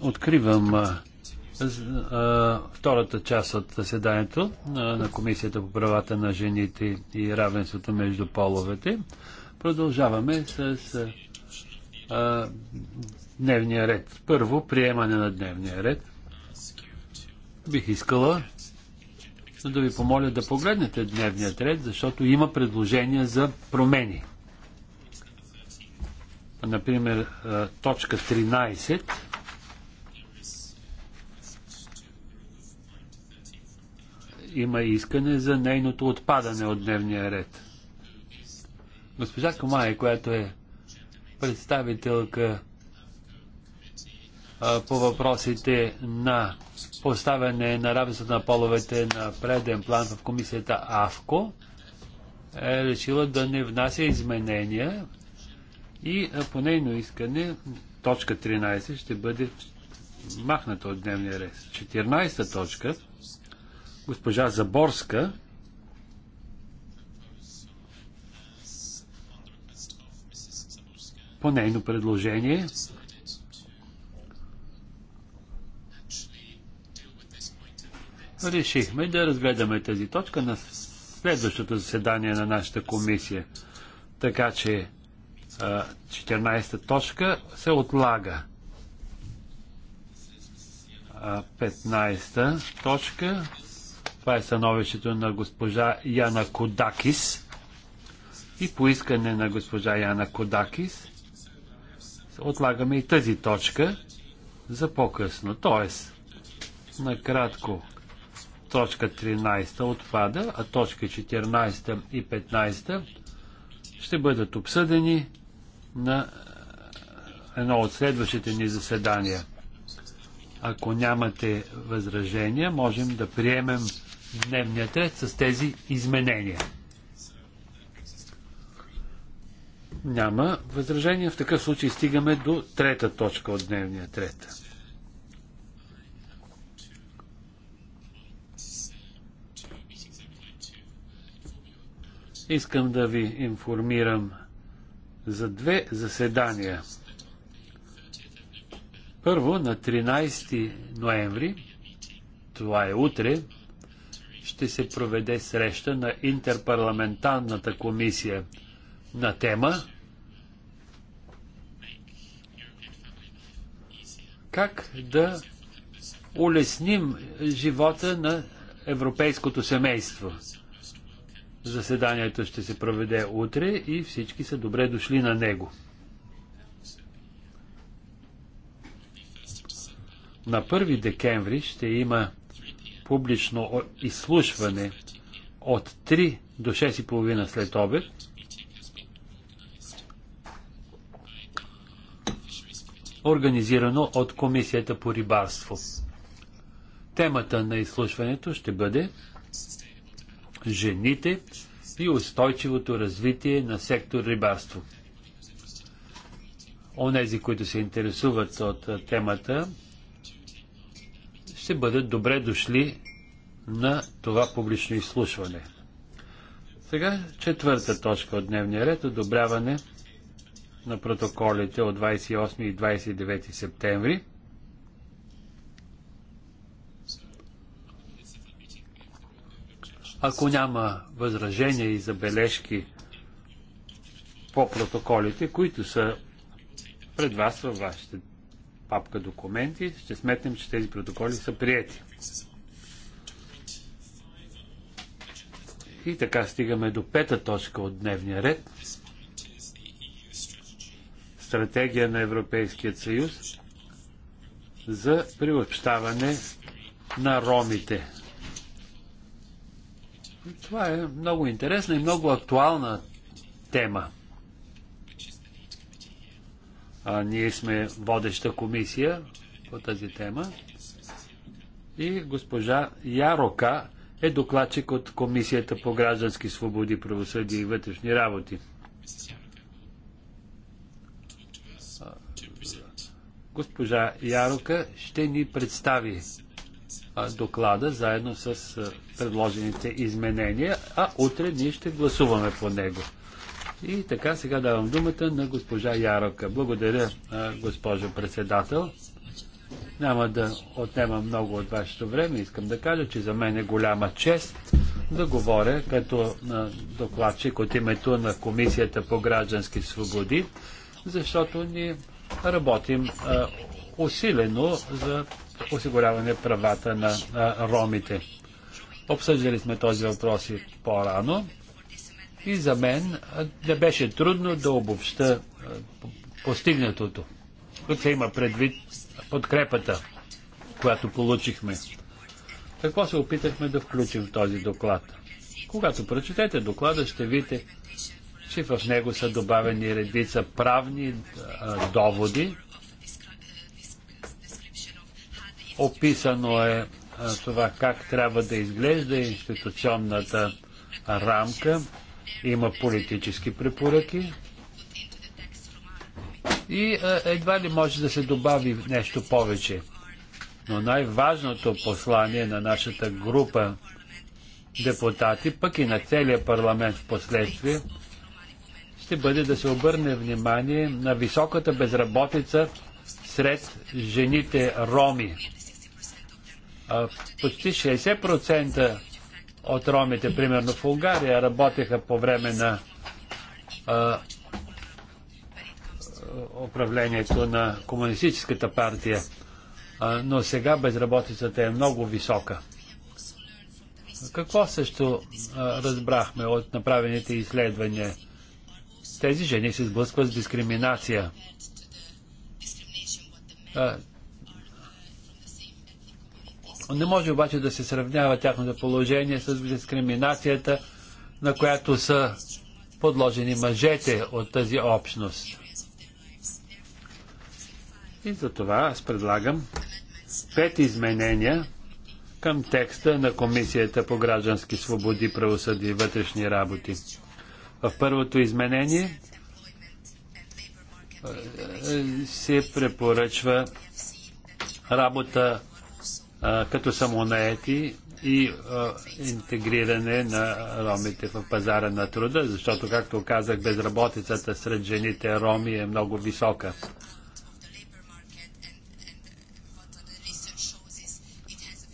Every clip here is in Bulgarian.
Откривам втората част от заседанието на Комисията по правата на жените и равенството между половете. Продължаваме с дневния ред. Първо, приемане на дневния ред. Бих искала да ви помоля да погледнете дневният ред, защото има предложения за промени. Например, е, точка 13 има искане за нейното отпадане от дневния ред. Госпожа Комай, която е представителка е, по въпросите на поставяне на равенството на половете на преден план в комисията АВКО, е решила да не внася изменения и по нейно искане точка 13 ще бъде махната от дневния рез. 14 та точка госпожа Заборска по нейно предложение решихме да разгледаме тази точка на следващото заседание на нашата комисия. Така че 14 та точка се отлага. 15 та точка. Това е становището на госпожа Яна Кодакис и поискане на госпожа Яна Кодакис отлагаме и тази точка за по-късно. Тоест, накратко, точка 13 отпада, а точка 14 и 15 ще бъдат обсъдени на е, едно от следващите ни заседания. Ако нямате възражения, можем да приемем дневния ред с тези изменения. Няма възражения. В такъв случай стигаме до трета точка от дневния ред. Искам да ви информирам за две заседания. Първо на 13 ноември, това е утре, ще се проведе среща на Интерпарламентарната комисия на тема как да улесним живота на европейското семейство. Заседанието ще се проведе утре и всички са добре дошли на него. На 1 декември ще има публично изслушване от 3 до 6.30 след обед. организирано от Комисията по рибарство. Темата на изслушването ще бъде жените и устойчивото развитие на сектор рибарство. Онези, които се интересуват от темата, ще бъдат добре дошли на това публично изслушване. Сега четвърта точка от дневния ред – одобряване на протоколите от 28 и 29 септември – Ако няма възражения и забележки по протоколите, които са пред вас във вашите папка документи, ще сметнем, че тези протоколи са приети. И така стигаме до пета точка от дневния ред. Стратегия на Европейският съюз за приобщаване на ромите. Това е много интересна и много актуална тема. А, ние сме водеща комисия по тази тема. И госпожа Ярока е докладчик от Комисията по граждански свободи, правосъдие и вътрешни работи. Госпожа Ярока ще ни представи доклада заедно с предложените изменения, а утре ние ще гласуваме по него. И така сега давам думата на госпожа Яровка. Благодаря, госпожо председател. Няма да отнема много от вашето време. Искам да кажа, че за мен е голяма чест да говоря като докладчик от името на Комисията по граждански свободи, защото ни работим усилено за осигуряване правата на, ромите. Обсъждали сме този въпрос и по-рано и за мен не беше трудно да обобща постигнатото. Тук се има предвид подкрепата, която получихме. Какво се опитахме да включим в този доклад? Когато прочетете доклада, ще видите, че в него са добавени редица правни доводи, Описано е това как трябва да изглежда институционната рамка. Има политически препоръки. И едва ли може да се добави нещо повече. Но най-важното послание на нашата група депутати, пък и на целия парламент в последствие, ще бъде да се обърне внимание на високата безработица сред жените роми почти 60% от ромите, примерно в Унгария, работеха по време на а, управлението на Комунистическата партия, а, но сега безработицата е много висока. Какво също а, разбрахме от направените изследвания? Тези жени се сблъскват с дискриминация. Не може обаче да се сравнява тяхното положение с дискриминацията, на която са подложени мъжете от тази общност. И за това аз предлагам пет изменения към текста на Комисията по граждански свободи, правосъди и вътрешни работи. В първото изменение е, е, се препоръчва работа като самонаети и а, интегриране на ромите в пазара на труда, защото, както казах, безработицата сред жените роми е много висока.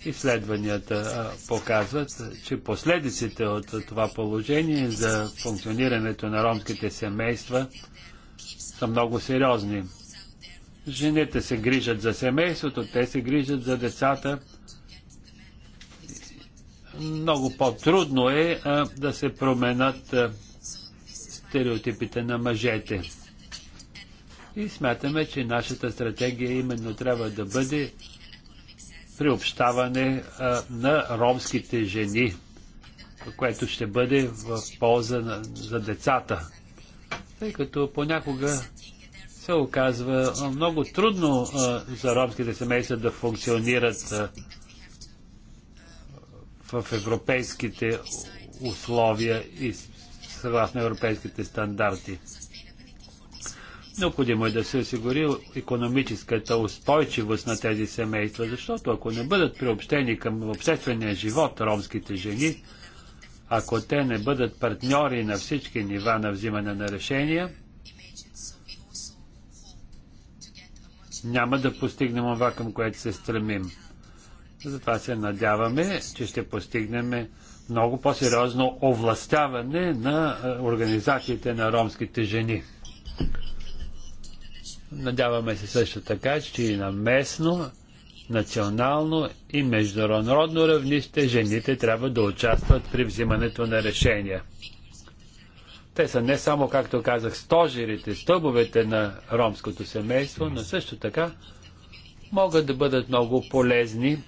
Изследванията показват, че последиците от това положение за функционирането на ромските семейства са много сериозни. Жените се грижат за семейството, те се грижат за децата. Много по-трудно е а, да се променят а, стереотипите на мъжете. И смятаме, че нашата стратегия именно трябва да бъде приобщаване а, на ромските жени, което ще бъде в полза на, за децата. Тъй като понякога се оказва много трудно а, за ромските семейства да функционират а, в европейските условия и съгласно европейските стандарти. Необходимо е да се осигури економическата устойчивост на тези семейства, защото ако не бъдат приобщени към обществения живот ромските жени, ако те не бъдат партньори на всички нива на взимане на решения, няма да постигнем това, към което се стремим. Затова се надяваме, че ще постигнем много по-сериозно овластяване на е, организациите на ромските жени. Надяваме се също така, че и на местно, национално и международно равнище жените трябва да участват при взимането на решения. Те са не само, както казах, стожерите, стълбовете на ромското семейство, но също така могат да бъдат много полезни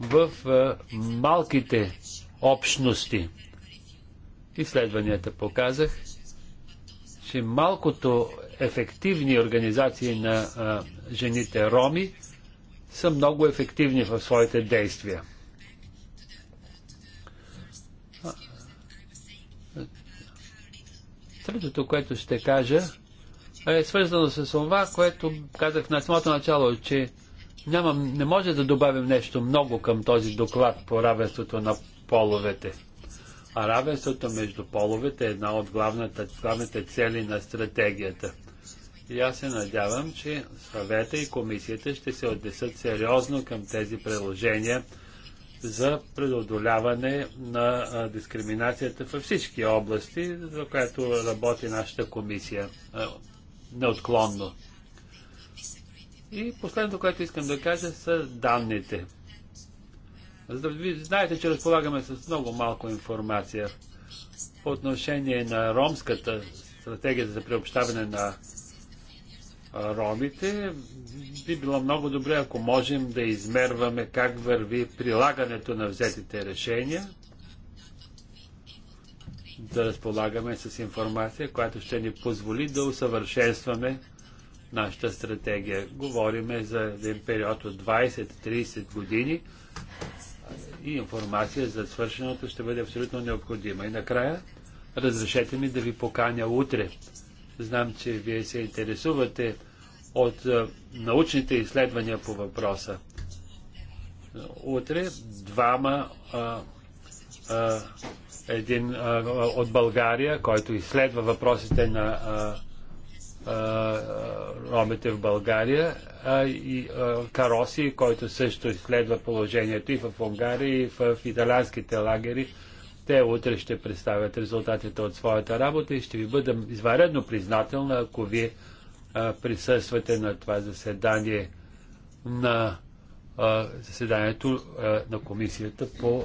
в е, малките общности. Изследванията показах, че малкото ефективни организации на а, е, жените роми са много ефективни в своите действия. Третото, което ще кажа, е свързано с това, което казах на самото начало, че нямам, не може да добавим нещо много към този доклад по равенството на половете. А равенството между половете е една от главната, главните цели на стратегията. И аз се надявам, че съвета и комисията ще се отнесат сериозно към тези приложения – за преодоляване на дискриминацията във всички области, за която работи нашата комисия неотклонно. И последното, което искам да кажа, са данните. За да ви знаете, че разполагаме с много малко информация по отношение на ромската стратегия за приобщаване на ромите, би било много добре, ако можем да измерваме как върви прилагането на взетите решения, да разполагаме с информация, която ще ни позволи да усъвършенстваме нашата стратегия. Говориме за един период от 20-30 години и информация за свършеното ще бъде абсолютно необходима. И накрая, разрешете ми да ви поканя утре. Знам, че вие се интересувате от е, научните изследвания по въпроса. Утре двама а, е, а, е, един а, от България, който изследва въпросите на а, а, ромите в България, а, и а, Кароси, който също изследва положението и в Унгария, и в, в италянските лагери. Те утре ще представят резултатите от своята работа и ще ви бъдем изваредно признателна, ако вие присъствате на това заседание на заседанието на Комисията по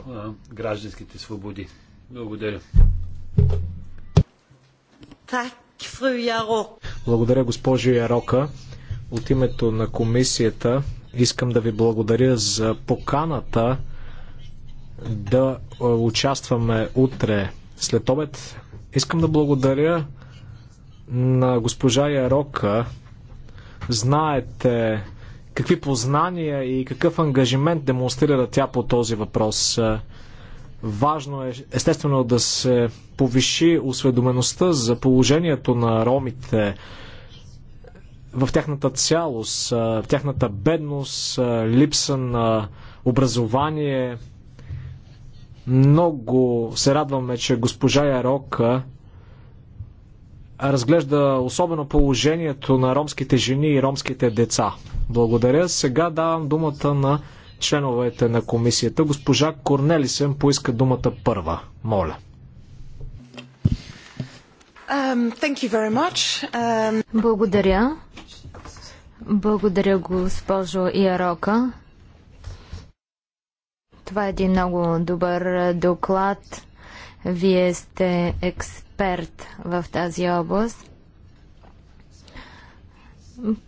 гражданските свободи. Благодаря. Благодаря, госпожо Ярока. От името на комисията искам да ви благодаря за поканата да участваме утре след обед. Искам да благодаря на госпожа Ярока, знаете какви познания и какъв ангажимент демонстрира тя по този въпрос. Важно е, естествено, да се повиши осведомеността за положението на ромите в тяхната цялост, в тяхната бедност, липса на образование. Много се радваме, че госпожа Ярока разглежда особено положението на ромските жени и ромските деца. Благодаря. Сега давам думата на членовете на комисията. Госпожа Корнелисен поиска думата първа. Моля. Um, um, Благодаря. Благодаря, госпожо Иарока. Това е един много добър доклад. Вие сте експерт в тази област.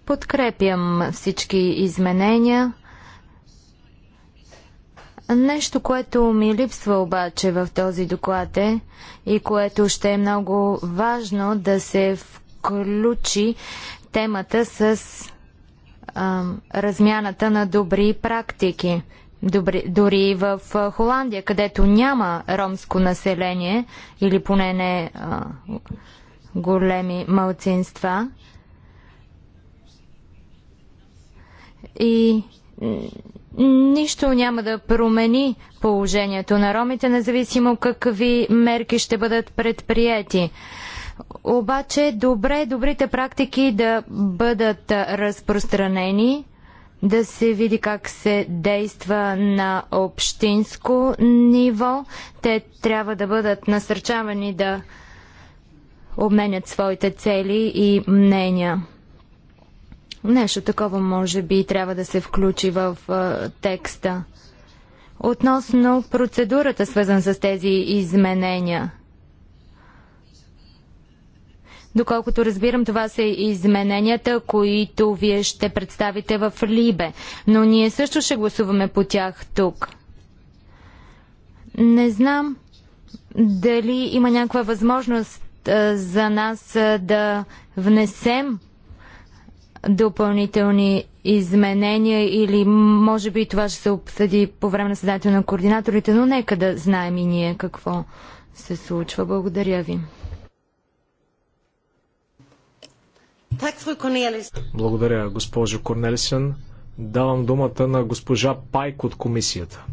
Подкрепям всички изменения. Нещо, което ми липсва обаче в този доклад е и което ще е много важно да се включи темата с а, размяната на добри практики. Добри, дори в Холандия, където няма ромско население или поне не а, големи малцинства. И нищо няма да промени положението на ромите, независимо какви мерки ще бъдат предприяти. Обаче добре добрите практики да бъдат разпространени да се види как се действа на общинско ниво. Те трябва да бъдат насърчавани да обменят своите цели и мнения. Нещо такова може би трябва да се включи в а, текста. Относно процедурата, свързан с тези изменения – Доколкото разбирам, това са измененията, които вие ще представите в Либе. Но ние също ще гласуваме по тях тук. Не знам дали има някаква възможност за нас да внесем допълнителни изменения или може би това ще се обсъди по време на съдателя на координаторите, но нека да знаем и ние какво се случва. Благодаря ви. Благодаря, госпожо Корнелисен. Давам думата на госпожа Пайк от комисията.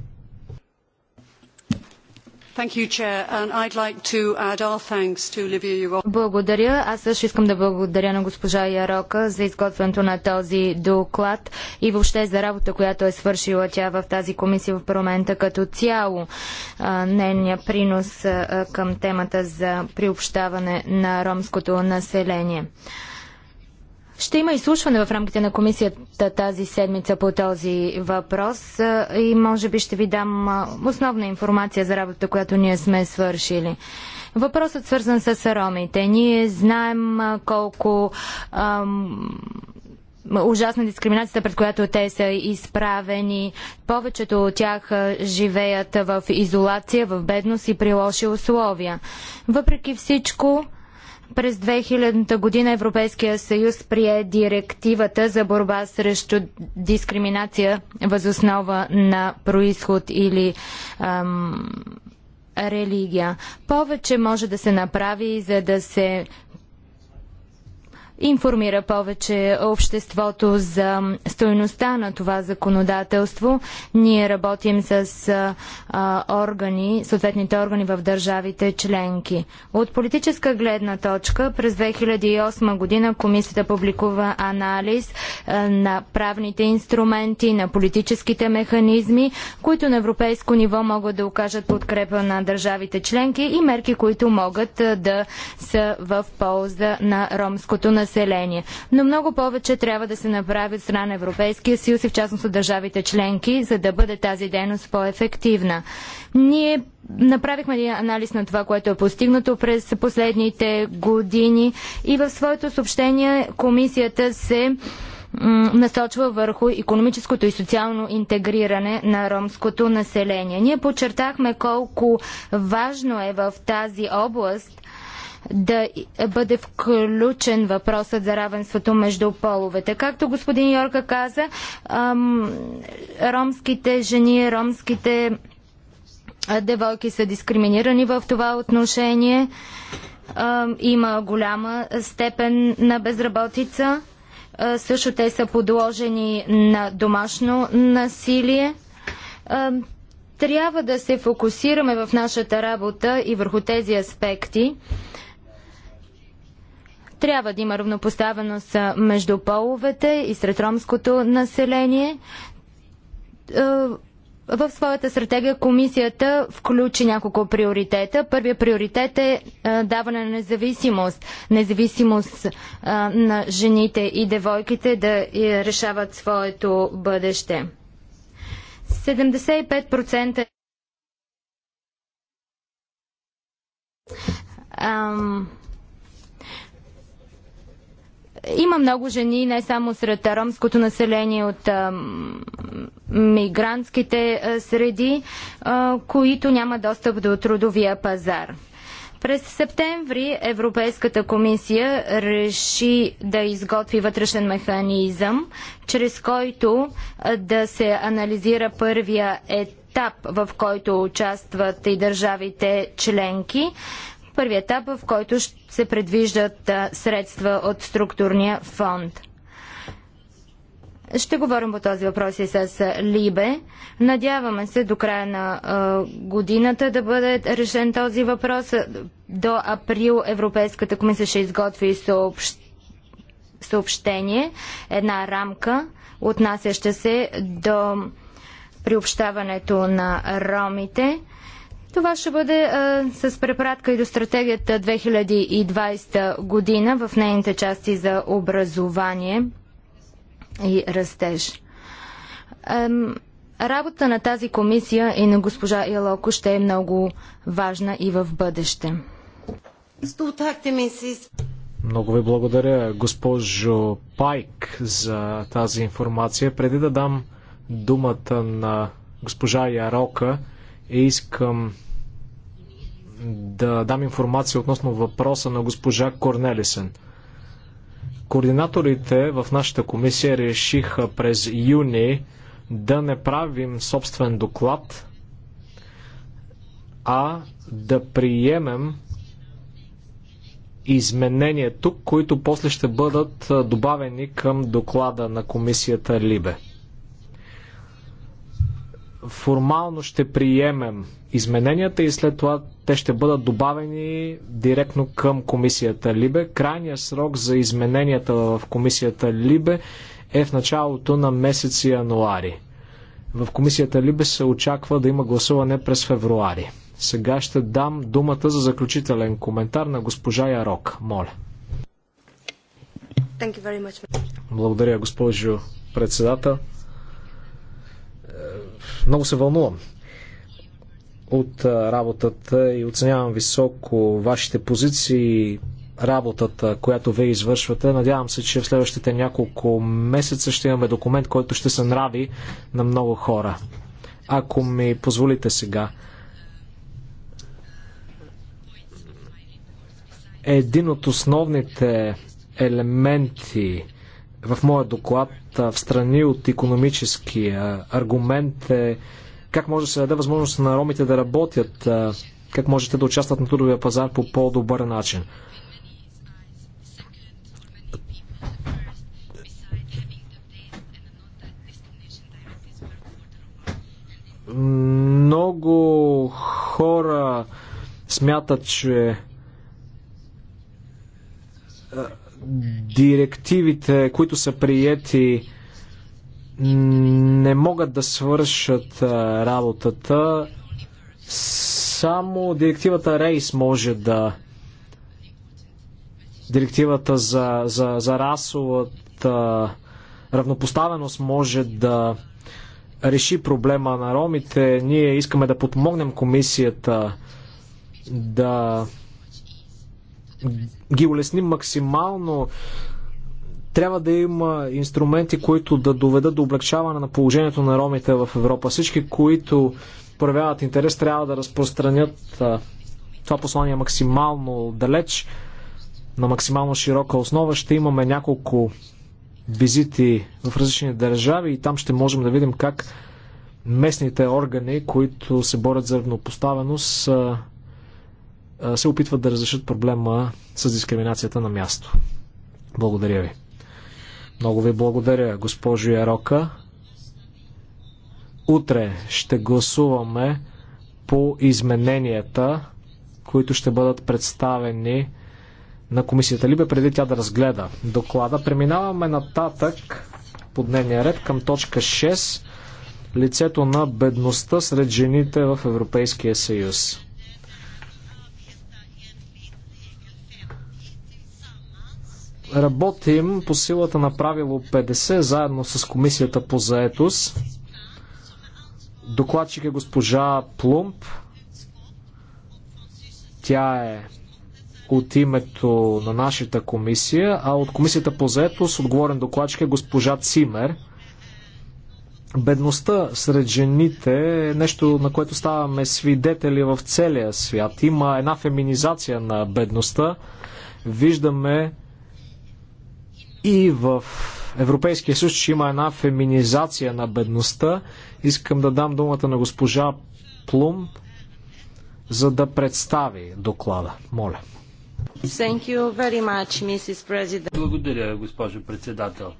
Благодаря. Аз също искам да благодаря на госпожа Ярока за изготвянето на този доклад и въобще за работа, която е свършила тя в тази комисия в парламента като цяло. Нейният принос към темата за приобщаване на ромското население. Ще има изслушване в рамките на комисията тази седмица по този въпрос и може би ще ви дам основна информация за работата, която ние сме свършили. Въпросът свързан с аромите. Ние знаем колко ам, ужасна дискриминацията, пред която те са изправени. Повечето от тях живеят в изолация, в бедност и при лоши условия. Въпреки всичко, през 2000 година Европейския съюз прие директивата за борба срещу дискриминация възоснова на происход или ам, религия. Повече може да се направи, за да се информира повече обществото за стоеността на това законодателство. Ние работим с а, органи, съответните органи в държавите членки. От политическа гледна точка през 2008 година комисията публикува анализ а, на правните инструменти, на политическите механизми, които на европейско ниво могат да окажат подкрепа на държавите членки и мерки, които могат а, да са в полза на ромското население население. Но много повече трябва да се направи от страна на Европейския съюз и в частност от държавите членки, за да бъде тази дейност по-ефективна. Ние направихме един анализ на това, което е постигнато през последните години и в своето съобщение комисията се насочва върху економическото и социално интегриране на ромското население. Ние подчертахме колко важно е в тази област да бъде включен въпросът за равенството между половете. Както господин Йорка каза, ромските жени, ромските девойки са дискриминирани в това отношение. Има голяма степен на безработица. Също те са подложени на домашно насилие трябва да се фокусираме в нашата работа и върху тези аспекти. Трябва да има равнопоставеност между половете и сред ромското население. В своята стратегия комисията включи няколко приоритета. Първият приоритет е даване на независимост. Независимост на жените и девойките да е, решават своето бъдеще. 75% Um... Има много жени, не само сред ромското население от а, мигрантските а, среди, а, които няма достъп до трудовия пазар. През септември Европейската комисия реши да изготви вътрешен механизъм, чрез който да се анализира първия етап, в който участват и държавите членки първи етап, в който се предвиждат средства от структурния фонд. Ще говорим по този въпрос и с Либе. Надяваме се до края на а, годината да бъде решен този въпрос. До април Европейската комисия ще изготви съобщ... съобщение, една рамка, отнасяща се до приобщаването на ромите. Това ще бъде а, с препратка и до стратегията 2020 година в нейните части за образование и растеж. Ам, работа на тази комисия и на госпожа Ялоко ще е много важна и в бъдеще. Много ви благодаря, госпожо Пайк, за тази информация. Преди да дам думата на госпожа Ярока, е искам да дам информация относно въпроса на госпожа Корнелисен. Координаторите в нашата комисия решиха през юни да не правим собствен доклад, а да приемем изменения тук, които после ще бъдат добавени към доклада на комисията Либе формално ще приемем измененията и след това те ще бъдат добавени директно към комисията Либе. Крайният срок за измененията в комисията Либе е в началото на месец януари. В комисията Либе се очаква да има гласуване през февруари. Сега ще дам думата за заключителен коментар на госпожа Ярок. Моля. Благодаря, госпожо председател. Много се вълнувам от работата и оценявам високо вашите позиции работата, която вие извършвате. Надявам се, че в следващите няколко месеца ще имаме документ, който ще се нрави на много хора. Ако ми позволите сега. Един от основните елементи в моя доклад в страни от економическия аргумент е как може да се даде възможност на ромите да работят, как можете да участват на трудовия пазар по по-добър начин. Много хора смятат, че директивите, които са приети, не могат да свършат работата. Само директивата Рейс може да. Директивата за, за, за расовата равнопоставеност може да реши проблема на ромите. Ние искаме да подмогнем комисията да ги улесним максимално. Трябва да има инструменти, които да доведат до облегчаване на положението на ромите в Европа. Всички, които проявяват интерес, трябва да разпространят това послание максимално далеч, на максимално широка основа. Ще имаме няколко визити в различни държави и там ще можем да видим как местните органи, които се борят за равнопоставеност, се опитват да разрешат проблема с дискриминацията на място. Благодаря ви. Много ви благодаря, госпожо Ярока. Утре ще гласуваме по измененията, които ще бъдат представени на комисията Либе, преди тя да разгледа доклада. Преминаваме нататък по дневния ред към точка 6 лицето на бедността сред жените в Европейския съюз. работим по силата на правило 50 заедно с комисията по Заетос, Докладчик е госпожа Плумп. Тя е от името на нашата комисия, а от комисията по заетост отговорен докладчик е госпожа Цимер. Бедността сред жените е нещо, на което ставаме свидетели в целия свят. Има една феминизация на бедността. Виждаме и в Европейския съюз ще има една феминизация на бедността. Искам да дам думата на госпожа Плум, за да представи доклада. Моля. Thank you very much, Mrs. President. Благодаря, госпожо председател.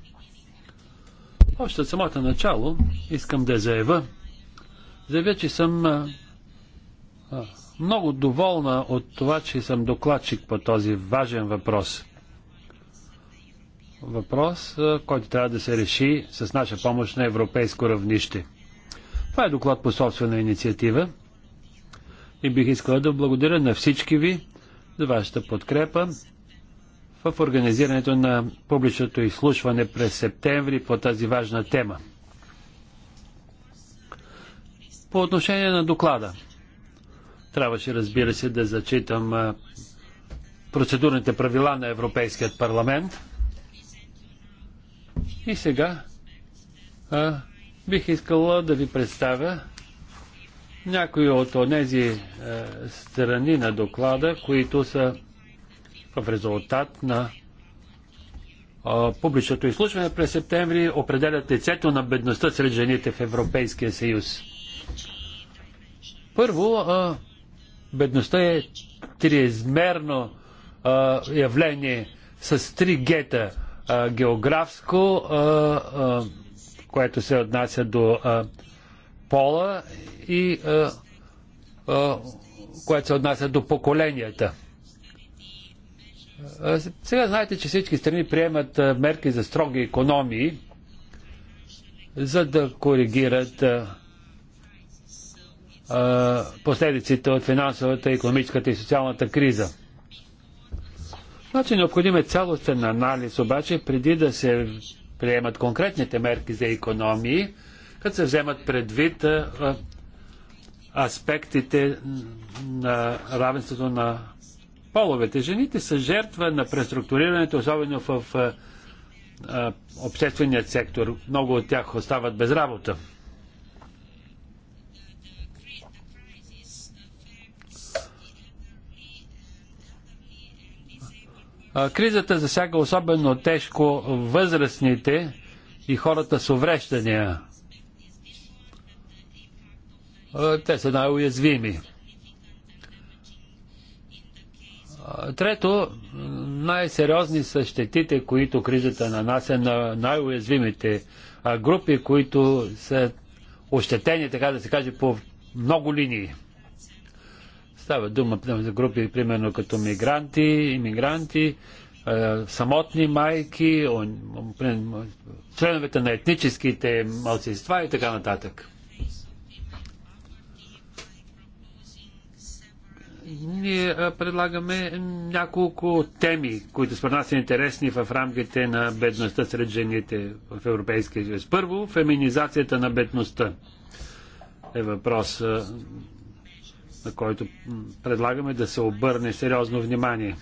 Още от самото начало искам да заявя, заявя, че съм а, много доволна от това, че съм докладчик по този важен въпрос – въпрос, който трябва да се реши с наша помощ на европейско равнище. Това е доклад по собствена инициатива и бих искала да благодаря на всички ви за вашата подкрепа в организирането на публичното изслушване през септември по тази важна тема. По отношение на доклада, трябваше, разбира се, да зачитам процедурните правила на Европейският парламент – и сега а, бих искала да ви представя някои от тези е, страни на доклада, които са в резултат на а, публичното изслушване през септември, определят лицето на бедността сред жените в Европейския съюз. Първо, а, бедността е триизмерно а, явление с три гета географско, а, а, което се отнася до а, пола и а, а, което се отнася до поколенията. Сега знаете, че всички страни приемат мерки за строги економии, за да коригират последиците от финансовата, економическата и социалната криза. Значи необходим е цялостен анализ, обаче преди да се приемат конкретните мерки за економии, като се вземат предвид аспектите на равенството на половете. Жените са жертва на преструктурирането, особено в обществения сектор. Много от тях остават без работа. Кризата засяга особено тежко възрастните и хората с увреждания. Те са най-уязвими. Трето, най-сериозни са щетите, които кризата нанася на най-уязвимите групи, които са ощетени, така да се каже, по много линии. Става дума за групи, примерно като мигранти, иммигранти, е, самотни майки, членовете на етническите малцинства и така нататък. Ние е, предлагаме няколко теми, които според нас са интересни в рамките на бедността сред жените в Европейския съюз. Първо, феминизацията на бедността е въпрос, е, на който предлагаме да се обърне сериозно внимание.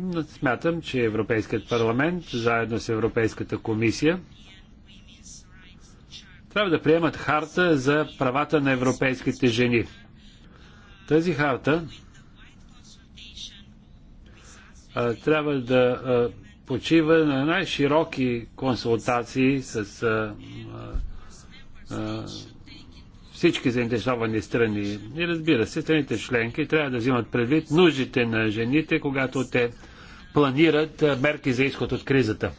Но смятам, че Европейският парламент, заедно с Европейската комисия, трябва да приемат харта за правата на европейските жени. Тази харта а, трябва да а, почива на най-широки консултации с а, а, всички заинтересовани страни. И разбира се, страните членки трябва да взимат предвид нуждите на жените, когато те планират мерки за изход от кризата.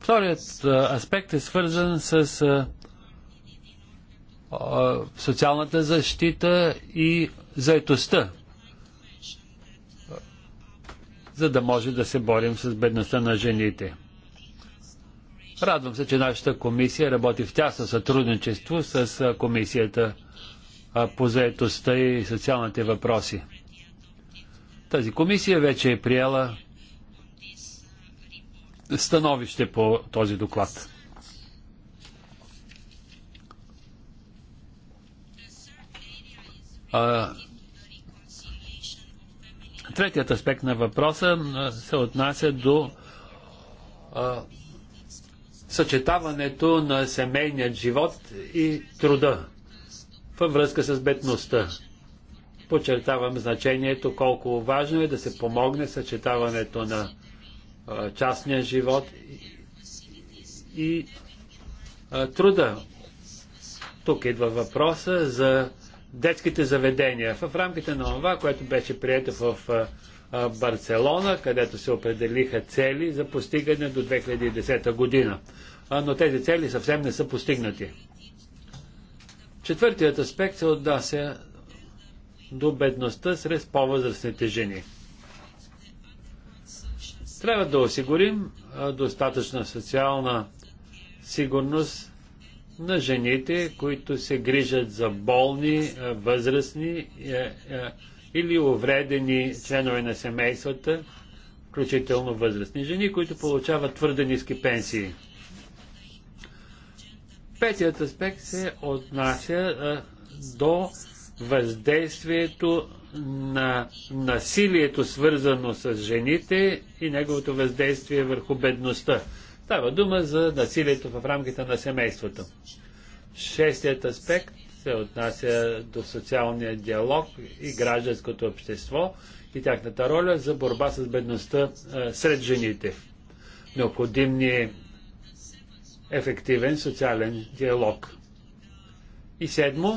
Вторият аспект е свързан с социалната защита и заетостта, за да може да се борим с бедността на жените. Радвам се, че нашата комисия работи в тясно сътрудничество с комисията по заетостта и социалните въпроси. Тази комисия вече е приела становище по този доклад. А, третият аспект на въпроса се отнася до а, съчетаването на семейният живот и труда във връзка с бедността. Подчертавам значението колко важно е да се помогне съчетаването на частния живот и труда. Тук идва въпроса за детските заведения. В рамките на това, което беше прието в Барселона, където се определиха цели за постигане до 2010 година. Но тези цели съвсем не са постигнати. Четвъртият аспект се отнася до бедността сред по-възрастните жени. Трябва да осигурим достатъчна социална сигурност на жените, които се грижат за болни, възрастни е, е, или увредени членове на семействата, включително възрастни жени, които получават твърде ниски пенсии. Петият аспект се отнася до въздействието на насилието, свързано с жените и неговото въздействие върху бедността. Става дума за насилието в рамките на семейството. Шестият аспект се отнася до социалния диалог и гражданското общество и тяхната роля за борба с бедността а, е, сред жените. Необходим ни е ефективен социален диалог. И седмо,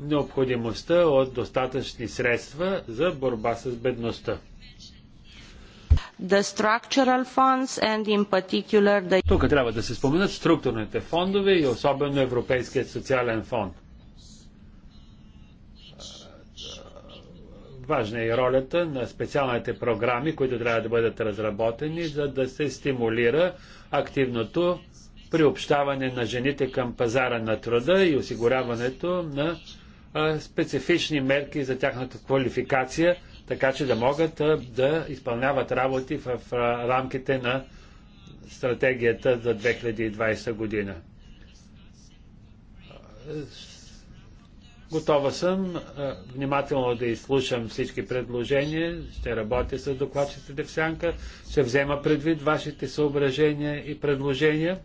необходимостта от достатъчни средства за борба с бедността the structural funds and in particular the... Тук трябва да се споменат структурните фондове и особено Европейският социален фонд. Важна е и ролята на специалните програми, които трябва да бъдат разработени, за да се стимулира активното приобщаване на жените към пазара на труда и осигуряването на специфични мерки за тяхната квалификация – така че да могат да изпълняват работи в рамките на стратегията за 2020 година. Готова съм внимателно да изслушам всички предложения, ще работя с докладчите девсянка. ще взема предвид вашите съображения и предложения.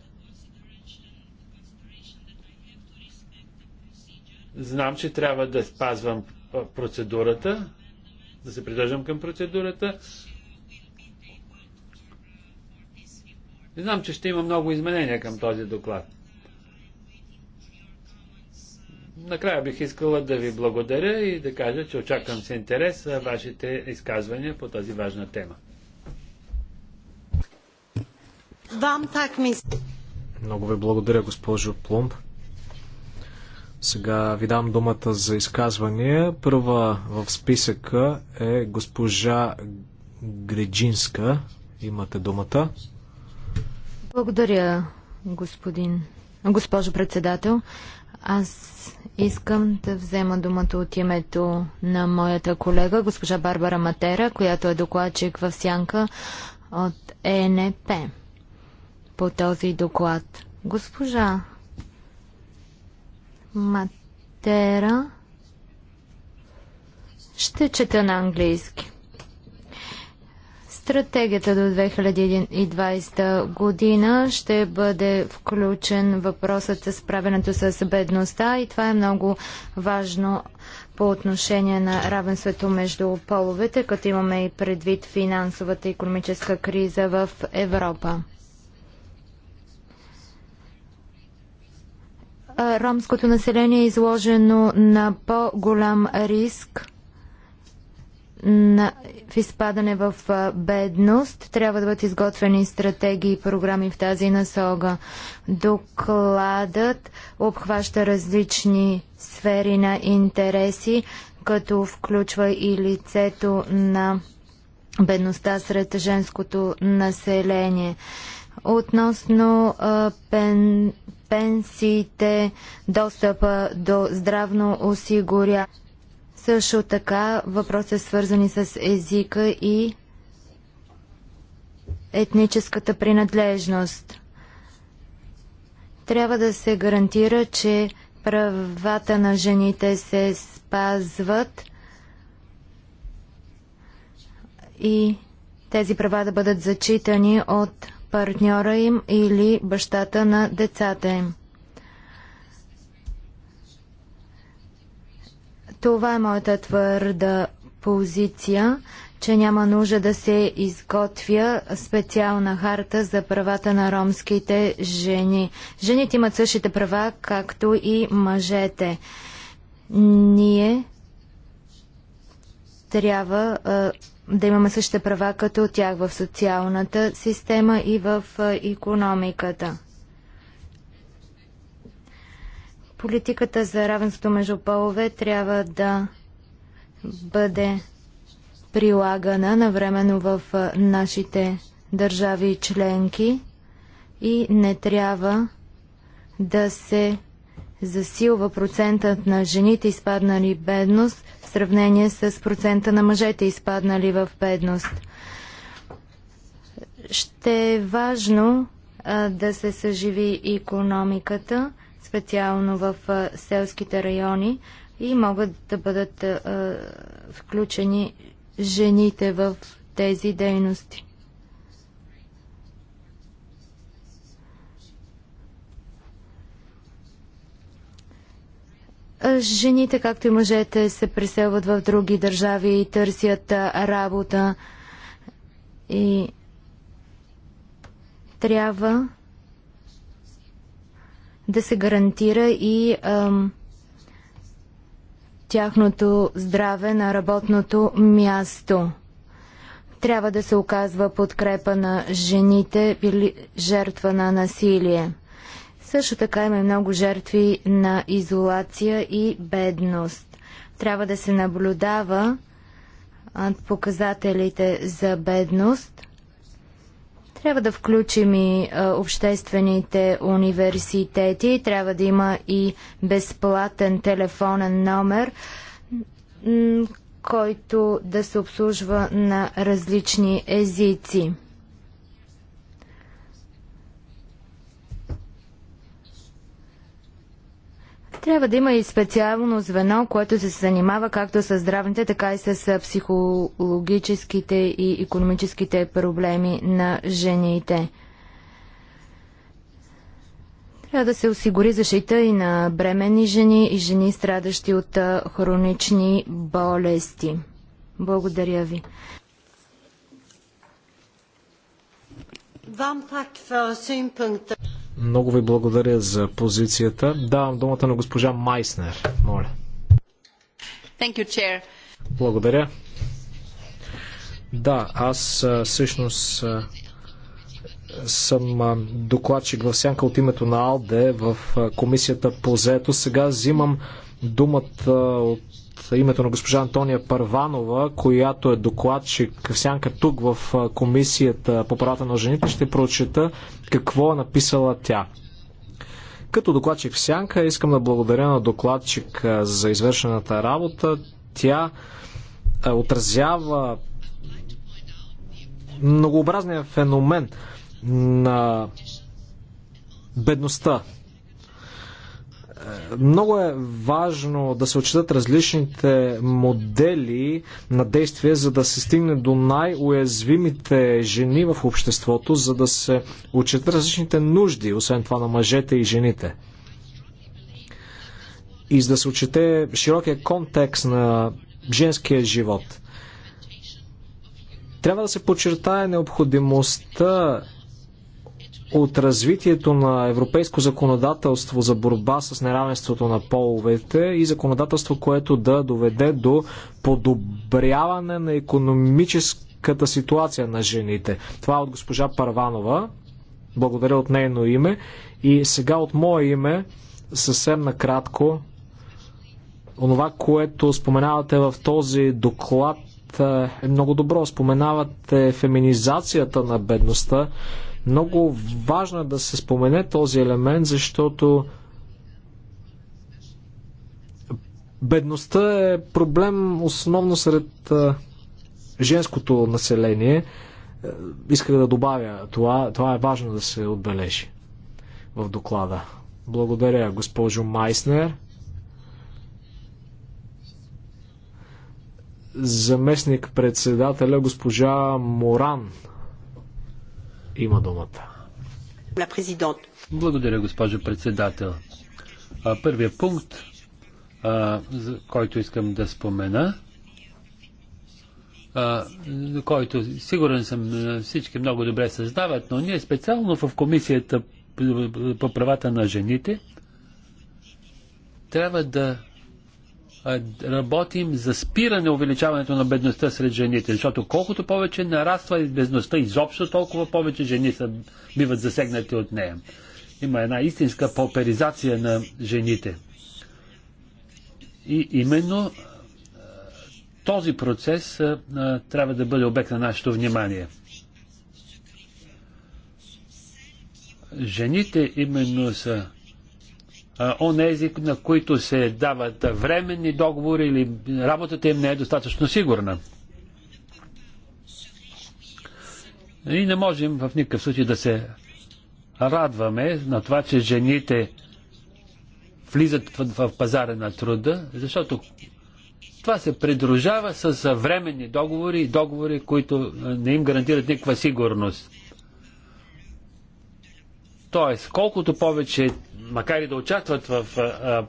Знам, че трябва да спазвам процедурата да се придържам към процедурата. Не знам, че ще има много изменения към този доклад. Накрая бих искала да ви благодаря и да кажа, че очаквам с интерес вашите изказвания по тази важна тема. Много ви благодаря, госпожо Пломб. Сега ви дам думата за изказвания. Първа в списъка е госпожа Греджинска. Имате думата. Благодаря, господин. Госпожо председател, аз искам да взема думата от името на моята колега, госпожа Барбара Матера, която е докладчик в Сянка от ЕНП по този доклад. Госпожа Матера. Ще чета на английски. Стратегията до 2020 година ще бъде включен въпросът с правенето с бедността и това е много важно по отношение на равенството между половете, като имаме и предвид финансовата и економическа криза в Европа. ромското население е изложено на по-голям риск на, в изпадане в бедност. Трябва да бъдат изготвени стратегии и програми в тази насога. Докладът обхваща различни сфери на интереси, като включва и лицето на бедността сред женското население. Относно а, пен, пенсиите, достъпа до здравно осигуря. Също така въпроси свързани с езика и етническата принадлежност. Трябва да се гарантира, че правата на жените се спазват и тези права да бъдат зачитани от партньора им или бащата на децата им. Това е моята твърда позиция, че няма нужда да се изготвя специална харта за правата на ромските жени. Жените имат същите права, както и мъжете. Ние трябва да имаме същите права като тях в социалната система и в економиката. Политиката за равенството между полове трябва да бъде прилагана навременно в нашите държави и членки и не трябва да се засилва процентът на жените изпаднали бедност сравнение с процента на мъжете, изпаднали в бедност. Ще е важно а, да се съживи економиката, специално в а, селските райони и могат да бъдат а, включени жените в тези дейности. Жените, както и мъжете, се преселват в други държави и търсят работа. И трябва да се гарантира и ам, тяхното здраве на работното място. Трябва да се оказва подкрепа на жените или жертва на насилие. Също така има много жертви на изолация и бедност. Трябва да се наблюдава показателите за бедност. Трябва да включим и а, обществените университети. Трябва да има и безплатен телефонен номер, който да се обслужва на различни езици. Трябва да има и специално звено, което се занимава както с здравните, така и с психологическите и економическите проблеми на жените. Трябва да се осигури защита и на бременни жени и жени, страдащи от хронични болести. Благодаря ви. Вам пак много ви благодаря за позицията. Давам думата на госпожа Майснер. Моля. Thank you, chair. Благодаря. Да, аз всъщност съм докладчик в сянка от името на АЛДЕ в комисията по заето. Сега взимам думата от името на госпожа Антония Първанова, която е докладчик в сянка тук в Комисията по правата на жените, ще прочета какво е написала тя. Като докладчик в сянка искам да благодаря на докладчик за извършената работа. Тя отразява многообразния феномен на бедността много е важно да се отчитат различните модели на действие, за да се стигне до най-уязвимите жени в обществото, за да се отчитат различните нужди, освен това на мъжете и жените. И за да се отчете широкия контекст на женския живот. Трябва да се подчертае необходимостта от развитието на европейско законодателство за борба с неравенството на половете и законодателство, което да доведе до подобряване на економическата ситуация на жените. Това е от госпожа Парванова. Благодаря от нейно име. И сега от мое име, съвсем накратко, онова, което споменавате в този доклад е много добро. Споменавате феминизацията на бедността. Много важно е да се спомене този елемент, защото бедността е проблем основно сред женското население. Е, исках да добавя това. Това е важно да се отбележи в доклада. Благодаря, госпожо Майснер. заместник председателя госпожа Моран има думата. Благодаря, госпожо председател. Първият пункт, за който искам да спомена, за който сигурен съм всички много добре създават, но ние специално в комисията по правата на жените трябва да работим за спиране увеличаването на бедността сред жените, защото колкото повече нараства и бедността изобщо, толкова повече жени са, биват засегнати от нея. Има една истинска пауперизация на жените. И именно този процес трябва да бъде обект на нашето внимание. Жените именно са онези, на които се дават временни договори или работата им не е достатъчно сигурна. И не можем в никакъв случай да се радваме на това, че жените влизат в, пазара на труда, защото това се придружава с временни договори и договори, които не им гарантират никаква сигурност. Тоест, колкото повече макар и да участват в,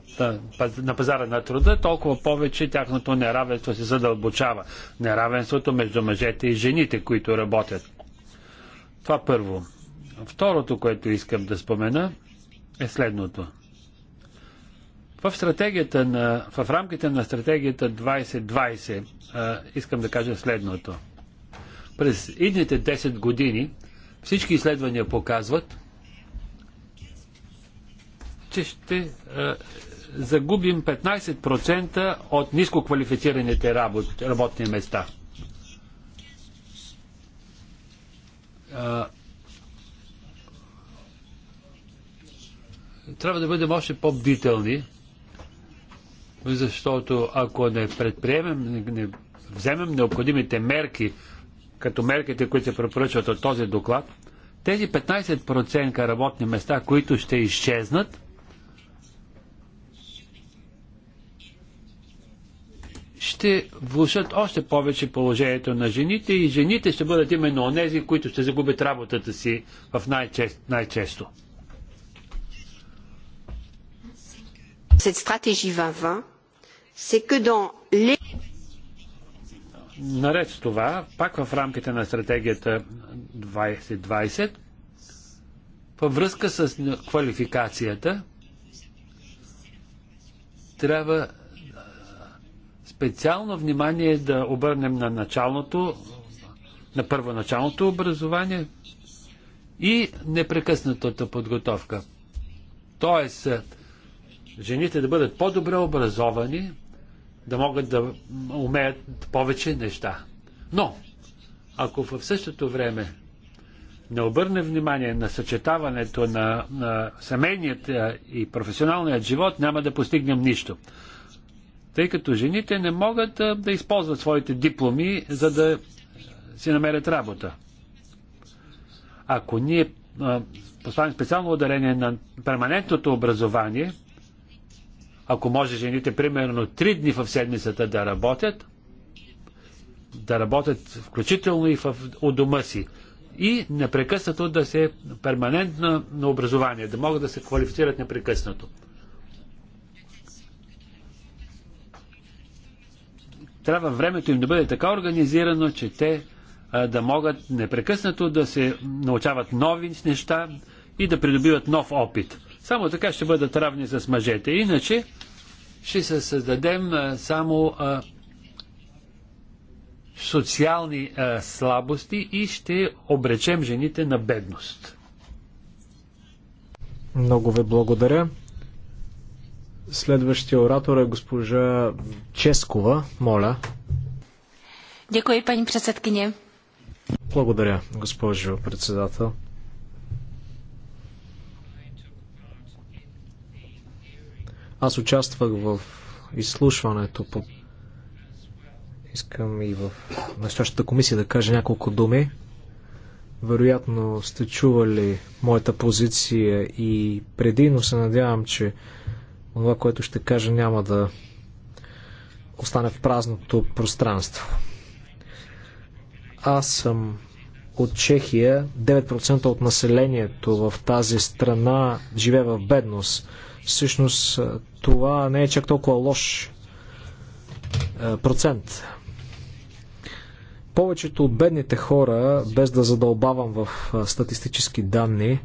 на пазара на труда, толкова повече тяхното неравенство се задълбочава. Неравенството между мъжете и жените, които работят. Това първо. Второто, което искам да спомена, е следното. В, стратегията на, в рамките на стратегията 2020 а, искам да кажа следното. През идните 10 години всички изследвания показват, че ще е, загубим 15% от нискоквалифицираните работни места. Е, трябва да бъдем още по-бдителни, защото ако не предприемем, не вземем необходимите мерки, като мерките, които се препоръчват от този доклад, тези 15% работни места, които ще изчезнат, ще влушат още повече положението на жените и жените ще бъдат именно онези, които ще загубят работата си в най-често. Най Cette stratégie 2020, c'est que dans les... Наред с това, пак в рамките на стратегията 2020, във връзка с квалификацията, трябва специално внимание да обърнем на началното, на първоначалното образование и непрекъснатата подготовка. Тоест, жените да бъдат по-добре образовани, да могат да умеят повече неща. Но, ако в същото време не обърне внимание на съчетаването на, на семейният и професионалният живот, няма да постигнем нищо тъй като жените не могат а, да използват своите дипломи, за да си намерят работа. Ако ние поставим специално ударение на перманентното образование, ако може жените примерно три дни в седмицата да работят, да работят включително и в, у дома си и непрекъснато да се е перманентно на образование, да могат да се квалифицират непрекъснато. трябва времето им да бъде така организирано, че те а, да могат непрекъснато да се научават нови неща и да придобиват нов опит. Само така ще бъдат равни с мъжете. Иначе ще се създадем а, само а, социални а, слабости и ще обречем жените на бедност. Много ви благодаря. Следващия оратор е госпожа Ческова. Моля. Дякую, пани председкиня. Благодаря, госпожо председател. Аз участвах в изслушването по искам и в настоящата комисия да кажа няколко думи. Вероятно сте чували моята позиция и преди, но се надявам, че това, което ще кажа, няма да остане в празното пространство. Аз съм от Чехия. 9% от населението в тази страна живее в бедност. Всъщност това не е чак толкова лош процент. Повечето от бедните хора, без да задълбавам в статистически данни,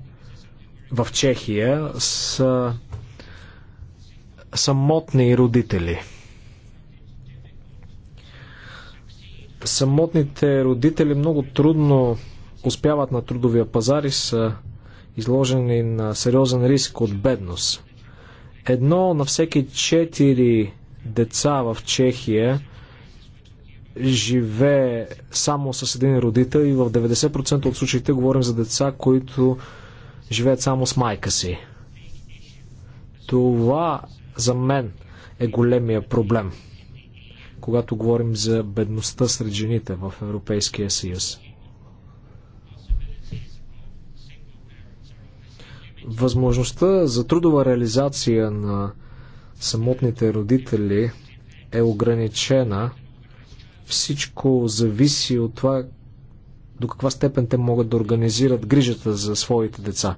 в Чехия са самотни родители. Самотните родители много трудно успяват на трудовия пазар и са изложени на сериозен риск от бедност. Едно на всеки четири деца в Чехия живее само с един родител и в 90% от случаите говорим за деца, които живеят само с майка си. Това за мен е големия проблем, когато говорим за бедността сред жените в Европейския съюз. Възможността за трудова реализация на самотните родители е ограничена. Всичко зависи от това до каква степен те могат да организират грижата за своите деца.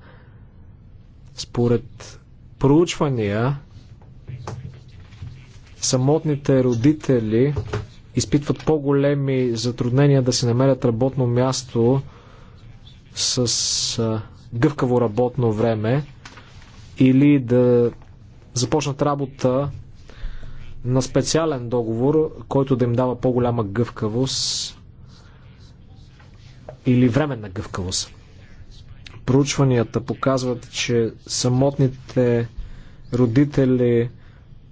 Според проучвания, самотните родители изпитват по-големи затруднения да се намерят работно място с гъвкаво работно време или да започнат работа на специален договор, който да им дава по-голяма гъвкавост или временна гъвкавост. Проучванията показват, че самотните родители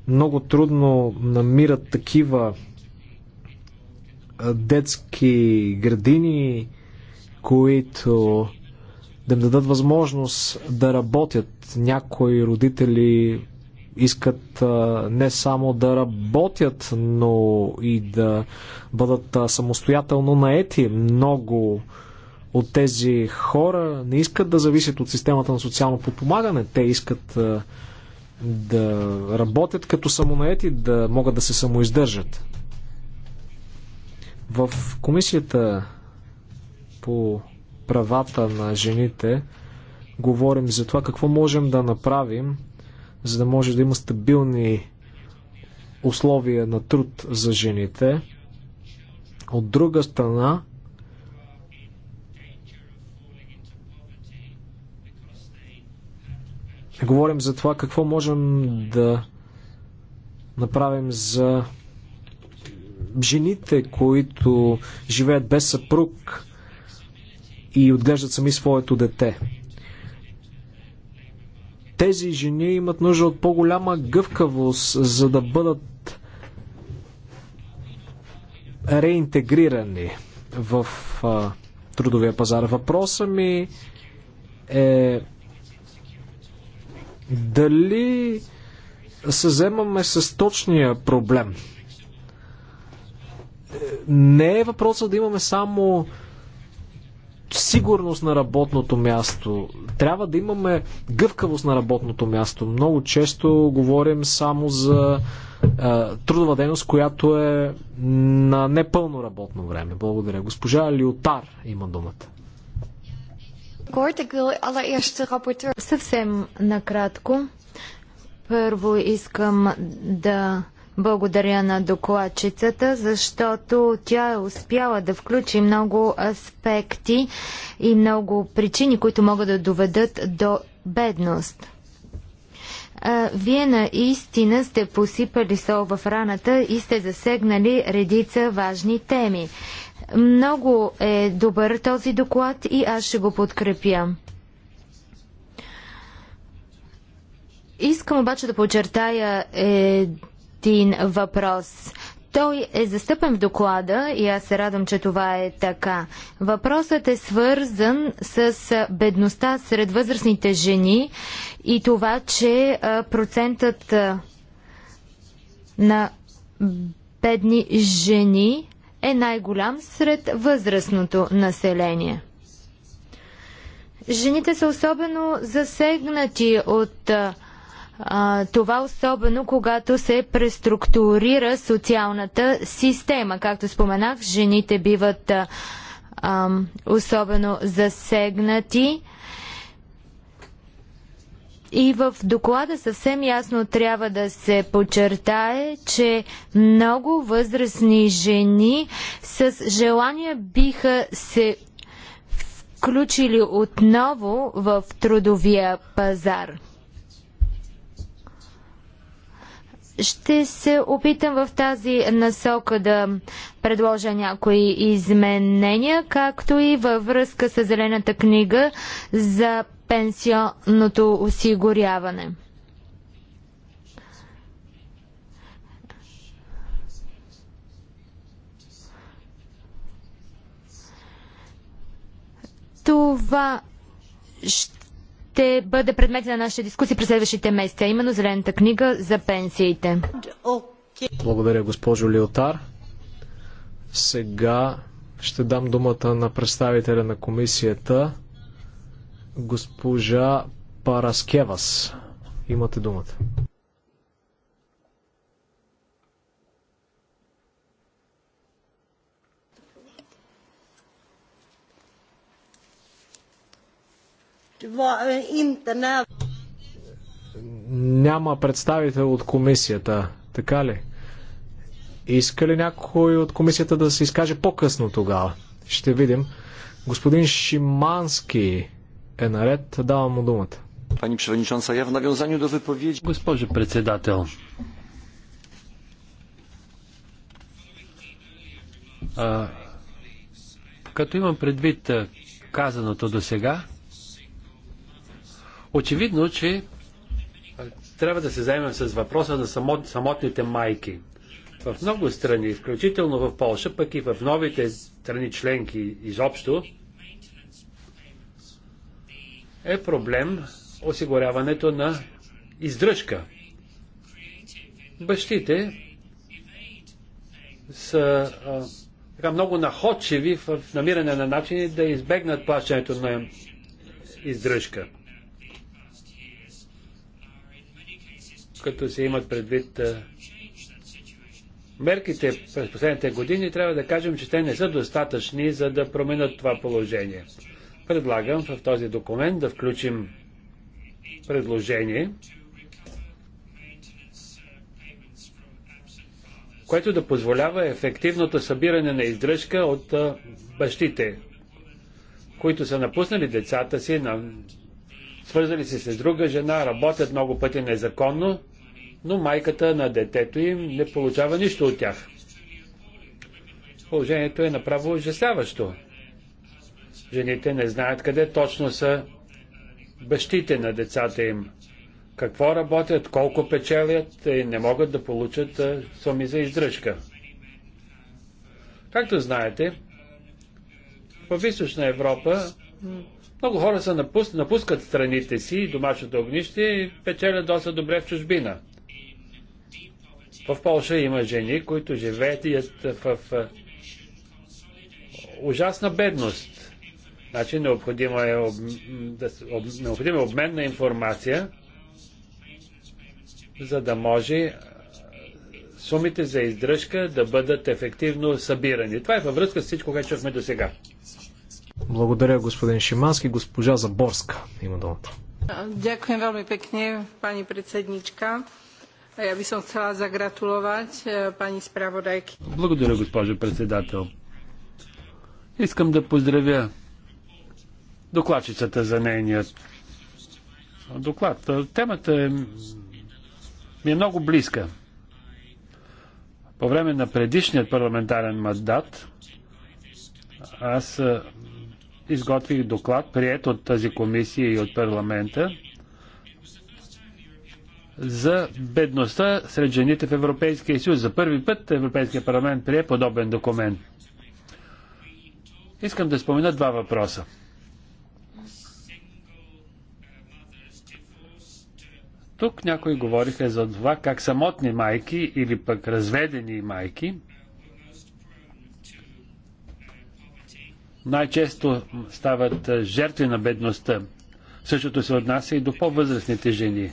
много трудно намират такива детски градини, които да им дадат възможност да работят. Някои родители искат не само да работят, но и да бъдат самостоятелно наети. Много от тези хора не искат да зависят от системата на социално подпомагане. Те искат да работят като самонаети, да могат да се самоиздържат. В комисията по правата на жените говорим за това какво можем да направим, за да може да има стабилни условия на труд за жените. От друга страна, говорим за това какво можем да направим за жените, които живеят без съпруг и отглеждат сами своето дете. Тези жени имат нужда от по-голяма гъвкавост, за да бъдат реинтегрирани в а, трудовия пазар. Въпросът ми е дали се вземаме с точния проблем? Не е въпросът да имаме само сигурност на работното място. Трябва да имаме гъвкавост на работното място. Много често говорим само за е, трудова дейност, която е на непълно работно време. Благодаря. Госпожа Лиотар има думата. Съвсем накратко. Първо искам да благодаря на докладчицата, защото тя е успяла да включи много аспекти и много причини, които могат да доведат до бедност. Вие наистина сте посипали сол в раната и сте засегнали редица важни теми. Много е добър този доклад и аз ще го подкрепя. Искам обаче да подчертая един въпрос. Той е застъпен в доклада и аз се радвам, че това е така. Въпросът е свързан с бедността сред възрастните жени и това, че процентът на бедни жени е най-голям сред възрастното население. Жените са особено засегнати от а, това, особено когато се преструктурира социалната система. Както споменах, жените биват а, особено засегнати и в доклада съвсем ясно трябва да се подчертае, че много възрастни жени с желание биха се включили отново в трудовия пазар. Ще се опитам в тази насока да предложа някои изменения, както и във връзка с Зелената книга за пенсионното осигуряване. Това ще бъде предмет на нашата дискусии през следващите месеца, именно Зелената книга за пенсиите. Благодаря, госпожо Лиотар. Сега ще дам думата на представителя на комисията Госпожа Параскевас, имате думата. Няма представител от комисията, така ли? Иска ли някой от комисията да се изкаже по-късно тогава? Ще видим. Господин Шимански е наред. Давам му думата. Пани Przewodnicząca, я в навязанию до wypowiedzi... Госпожо председател, а, като имам предвид казаното до сега, очевидно, че трябва да се заемем с въпроса на самот, самотните майки. В много страни, включително в Польша, пък и в новите страни членки изобщо, е проблем осигуряването на издръжка. Бащите са а, така много находчиви в намиране на начини да избегнат плащането на издръжка. Като се имат предвид а, мерките през последните години, трябва да кажем, че те не са достатъчни, за да променят това положение предлагам в този документ да включим предложение, което да позволява ефективното събиране на издръжка от бащите, които са напуснали децата си, на... свързали се с друга жена, работят много пъти незаконно, но майката на детето им не получава нищо от тях. Положението е направо ужасяващо. Жените не знаят къде точно са бащите на децата им, какво работят, колко печелят и не могат да получат суми за издръжка. Както знаете, в Източна Европа много хора са напус... напускат страните си и домашното огнище и печелят доста добре в чужбина. В Польша има жени, които живеят в ужасна бедност. Значи необходимо е, об... да... об... необходим е обмен на информация, за да може сумите за издръжка да бъдат ефективно събирани. Това е във връзка с всичко, което чухме до сега. Благодаря, господин Шимански. Госпожа Заборска има думата. Ďakujem пекне, пани председничка. predsednička. Ja by som chcela zagratulovať pani spravodajky. Благодаря, госпожо председател. Искам да поздравя докладчицата за нейният доклад. Темата е, ми е много близка. По време на предишният парламентарен мандат аз изготвих доклад, прият от тази комисия и от парламента, за бедността сред жените в Европейския съюз. За първи път Европейския парламент прие подобен документ. Искам да спомена два въпроса. Тук някои говориха за това как самотни майки или пък разведени майки най-често стават жертви на бедността. Същото се отнася и до по-възрастните жени.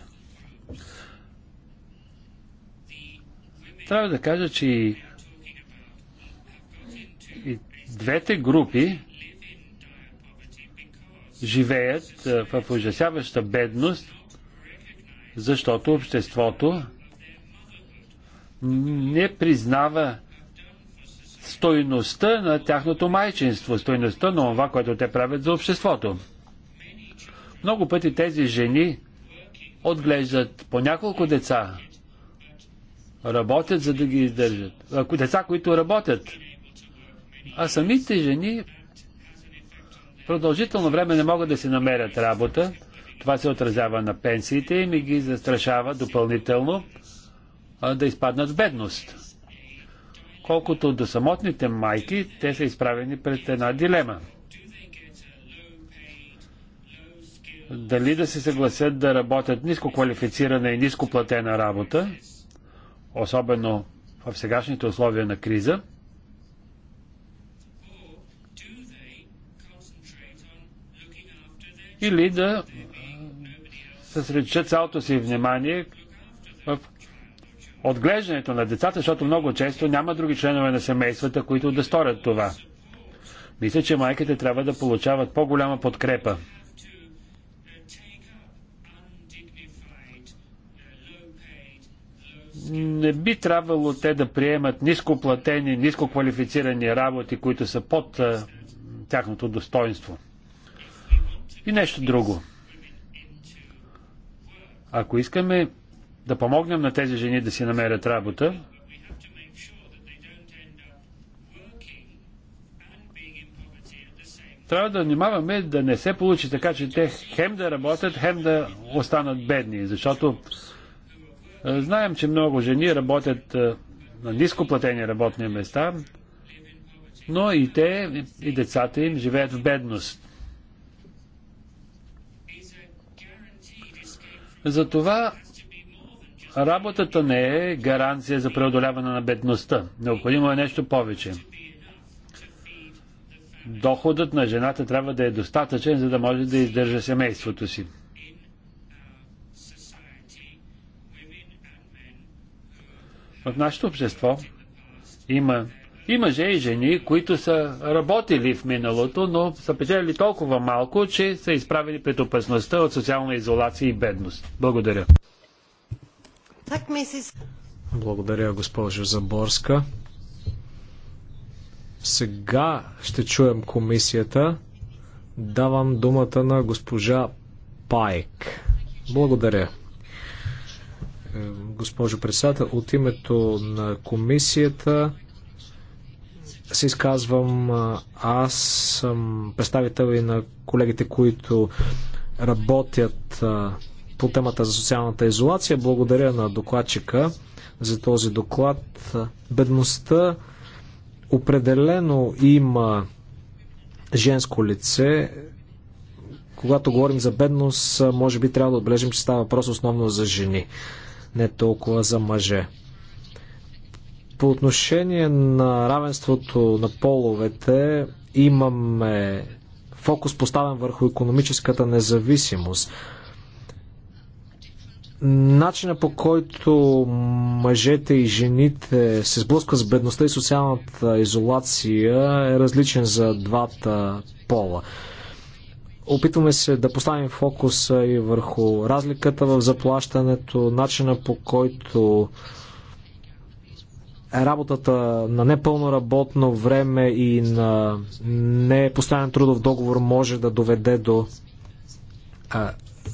Трябва да кажа, че и, и двете групи живеят в ужасяваща бедност защото обществото не признава стойността на тяхното майчинство, стойността на това, което те правят за обществото. Много пъти тези жени отглеждат по няколко деца, работят за да ги издържат. Деца, които работят. А самите жени продължително време не могат да си намерят работа, това се отразява на пенсиите и ми ги застрашава допълнително а, да изпаднат в бедност. Колкото до самотните майки, те са изправени пред една дилема. Дали да се съгласят да работят ниско квалифицирана и ниско платена работа, особено в сегашните условия на криза, или да съсредоточа цялото си внимание в отглеждането на децата, защото много често няма други членове на семействата, които да сторят това. Мисля, че майките трябва да получават по-голяма подкрепа. Не би трябвало те да приемат нископлатени, нискоквалифицирани работи, които са под а, тяхното достоинство. И нещо друго. Ако искаме да помогнем на тези жени да си намерят работа, трябва да внимаваме да не се получи така, че те хем да работят, хем да останат бедни, защото е, знаем, че много жени работят е, на нископлатени работни места, но и те, и децата им живеят в бедност. Затова работата не е гаранция за преодоляване на бедността. Необходимо е нещо повече. Доходът на жената трябва да е достатъчен, за да може да издържа семейството си. В нашето общество има и мъже и жени, които са работили в миналото, но са печели толкова малко, че са изправени пред опасността от социална изолация и бедност. Благодаря. Благодаря, госпожо Заборска. Сега ще чуем комисията. Давам думата на госпожа Пайк. Благодаря. Е, госпожо председател, от името на комисията се изказвам. Аз съм представител и на колегите, които работят по темата за социалната изолация. Благодаря на докладчика за този доклад. Бедността определено има женско лице. Когато говорим за бедност, може би трябва да отбележим, че става въпрос основно за жени, не толкова за мъже. По отношение на равенството на половете имаме фокус поставен върху економическата независимост. Начина по който мъжете и жените се сблъскват с бедността и социалната изолация е различен за двата пола. Опитваме се да поставим фокуса и върху разликата в заплащането, начина по който работата на непълно работно време и на непостоянен трудов договор може да доведе до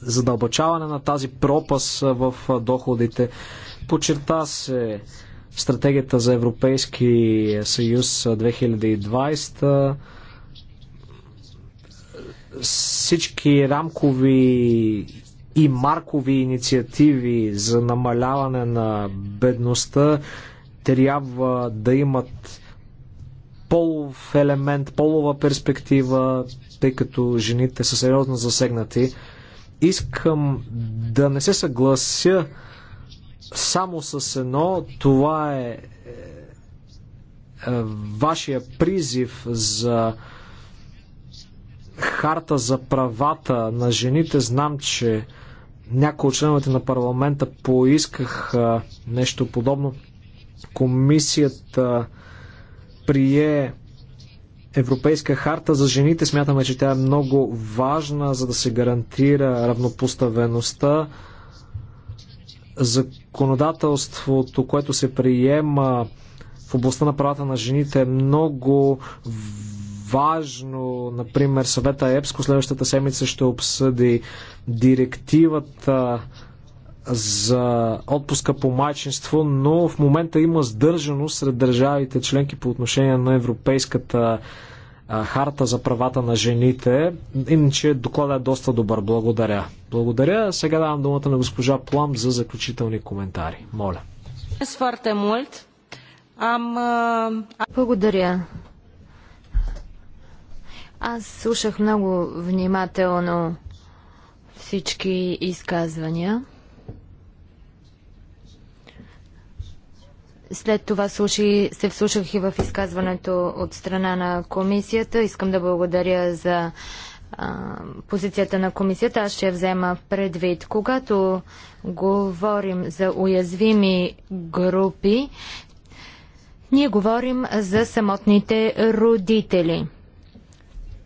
задълбачаване на тази пропас в доходите. Почерта се стратегията за Европейски съюз 2020 всички рамкови и маркови инициативи за намаляване на бедността трябва да имат полов елемент, полова перспектива, тъй като жените са сериозно засегнати. Искам да не се съглася само с едно. Това е, е вашия призив за харта за правата на жените. Знам, че някои от членовете на парламента поискаха нещо подобно. Комисията прие Европейска харта за жените. Смятаме, че тя е много важна, за да се гарантира равнопоставеността. Законодателството, което се приема в областта на правата на жените е много важно. Например, съвета ЕПСКО следващата седмица ще обсъди директивата за отпуска по майчинство, но в момента има сдържаност сред държавите членки по отношение на Европейската харта за правата на жените. Иначе докладът е доста добър. Благодаря. Благодаря. Сега давам думата на госпожа Плам за заключителни коментари. Моля. Благодаря. Аз слушах много внимателно всички изказвания. След това слуши, се вслушах и в изказването от страна на комисията. Искам да благодаря за а, позицията на комисията. Аз ще я взема предвид. Когато говорим за уязвими групи, ние говорим за самотните родители.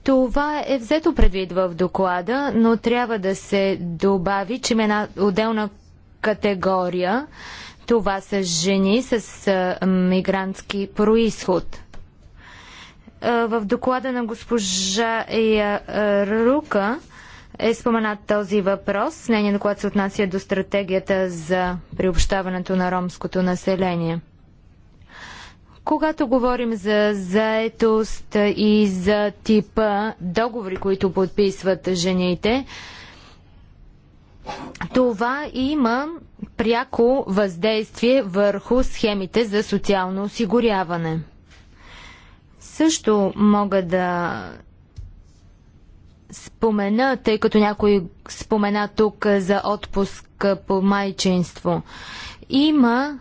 Това е взето предвид в доклада, но трябва да се добави, че има една отделна категория това са жени с мигрантски происход. В доклада на госпожа Рука е споменат този въпрос. Нейният доклад се отнася до стратегията за приобщаването на ромското население. Когато говорим за заетост и за типа договори, които подписват жените, това има пряко въздействие върху схемите за социално осигуряване. Също мога да спомена, тъй като някой спомена тук за отпуск по майчинство. Има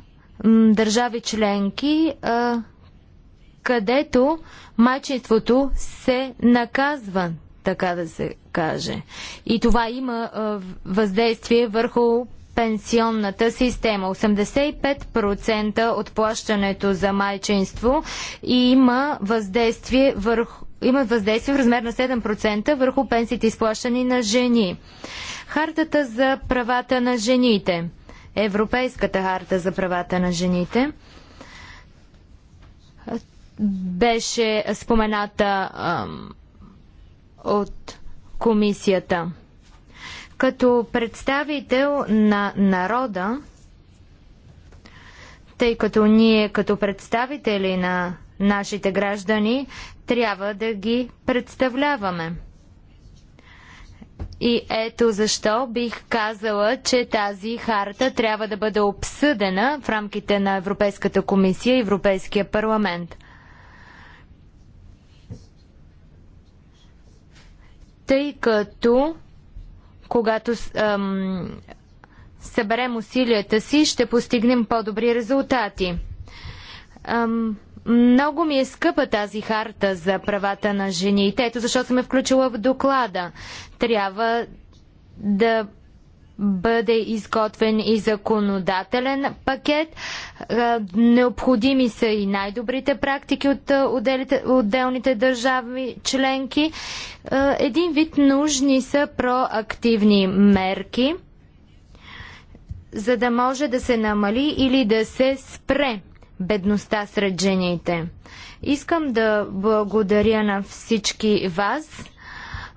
държави членки, където майчинството се наказва, така да се каже. И това има а, въздействие върху пенсионната система. 85% от плащането за майчинство има въздействие върху има въздействие в размер на 7% върху пенсиите изплащани на жени. Хартата за правата на жените. Европейската харта за правата на жените беше спомената ам, от комисията. Като представител на народа, тъй като ние като представители на нашите граждани трябва да ги представляваме. И ето защо бих казала, че тази харта трябва да бъде обсъдена в рамките на Европейската комисия и Европейския парламент. Тъй като когато ам, съберем усилията си, ще постигнем по-добри резултати. Ам, много ми е скъпа тази харта за правата на жените, ето защо съм я е включила в доклада. Трябва да бъде изготвен и законодателен пакет. Е, необходими са и най-добрите практики от е, отделните държави членки. Е, един вид нужни са проактивни мерки, за да може да се намали или да се спре бедността сред жените. Искам да благодаря на всички вас.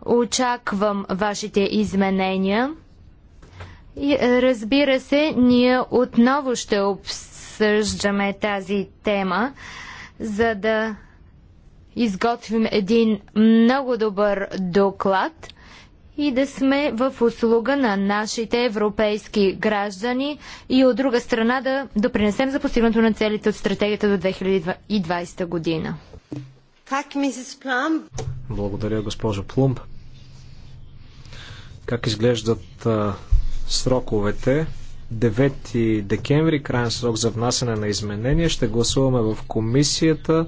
Очаквам вашите изменения. И, е, разбира се, ние отново ще обсъждаме тази тема, за да изготвим един много добър доклад и да сме в услуга на нашите европейски граждани и от друга страна да допринесем за постигнато на целите от стратегията до 2020 година. Благодаря, госпожо Плумб. Как изглеждат сроковете. 9 декември, крайен срок за внасяне на изменения. Ще гласуваме в комисията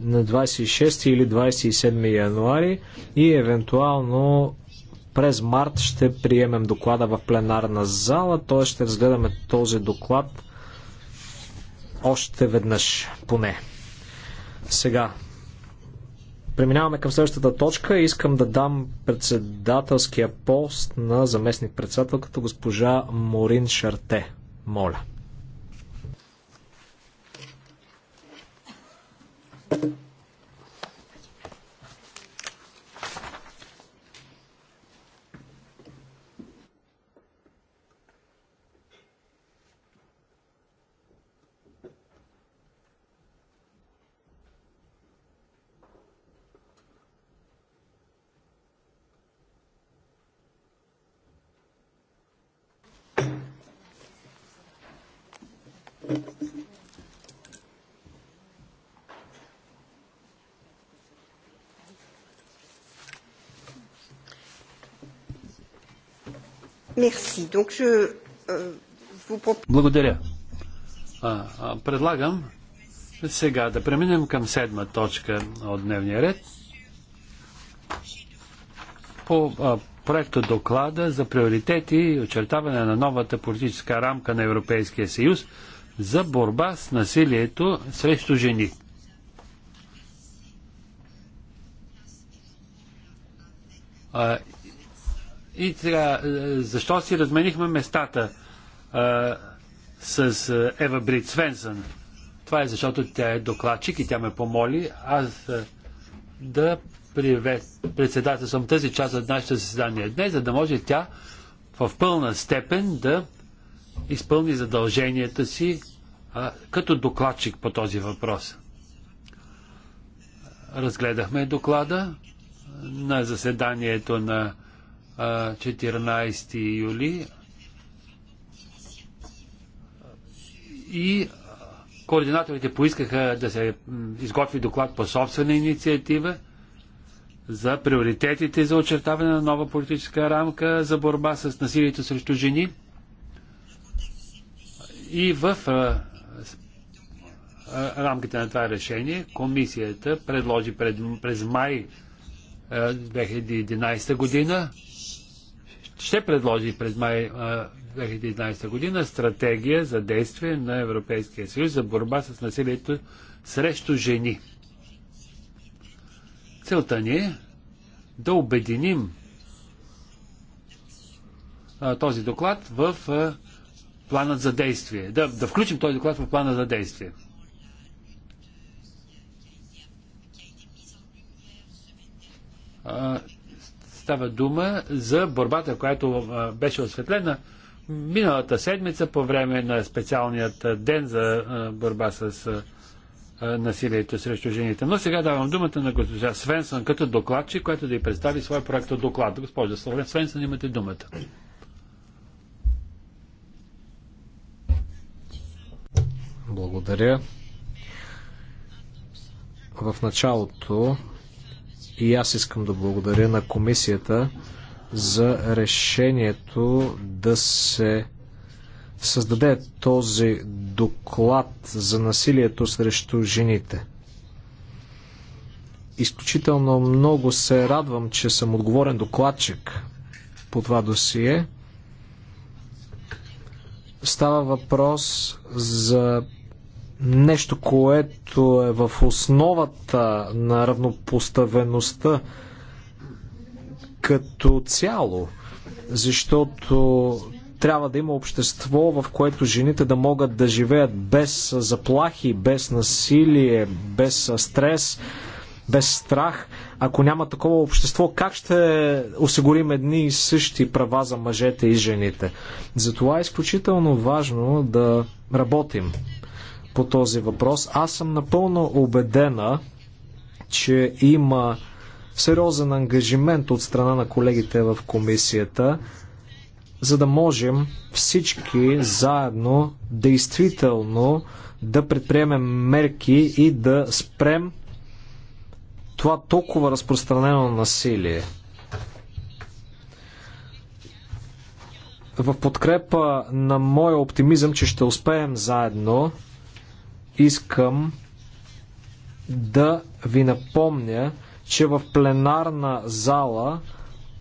на 26 или 27 януари и евентуално през март ще приемем доклада в пленарна зала, т.е. ще разгледаме този доклад още веднъж поне. Сега Преминаваме към следващата точка. Искам да дам председателския пост на заместник председателката госпожа Морин Шарте. Моля. Thank you. Euh, Благодаря. предлагам сега да преминем към седма точка от дневния ред. По проекта доклада за приоритети и очертаване на новата политическа рамка на Европейския съюз за борба с насилието срещу жени. А, и сега, е, защо си разменихме местата а, е, с е, Ева Брит Свенсън? Това е защото тя е докладчик и тя ме помоли аз а, да председател съм тази част от нашето заседание днес, за да може тя в пълна степен да изпълни задълженията си а, като докладчик по този въпрос. Разгледахме доклада на заседанието на 14 юли и координаторите поискаха да се изготви доклад по собствена инициатива за приоритетите за очертаване на нова политическа рамка за борба с насилието срещу жени и в рамките на това решение комисията предложи през май 2011 година ще предложи през май 2011 година стратегия за действие на Европейския съюз за борба с насилието срещу жени. Целта ни е да обединим този доклад в плана планът за действие. Да, да включим този доклад в плана за действие. А, Става дума за борбата, която беше осветлена миналата седмица по време на специалният ден за борба с насилието срещу жените. Но сега давам думата на госпожа Свенсън като докладчик, която да й представи своя проект доклад. Госпожа Свенсън, имате думата. Благодаря. В началото и аз искам да благодаря на комисията за решението да се създаде този доклад за насилието срещу жените. Изключително много се радвам, че съм отговорен докладчик по това досие. Става въпрос за нещо, което е в основата на равнопоставеността като цяло, защото трябва да има общество, в което жените да могат да живеят без заплахи, без насилие, без стрес, без страх. Ако няма такова общество, как ще осигурим едни и същи права за мъжете и жените? Затова е изключително важно да работим по този въпрос. Аз съм напълно убедена, че има сериозен ангажимент от страна на колегите в комисията, за да можем всички заедно действително да предприемем мерки и да спрем това толкова разпространено насилие. В подкрепа на моя оптимизъм, че ще успеем заедно, искам да ви напомня, че в пленарна зала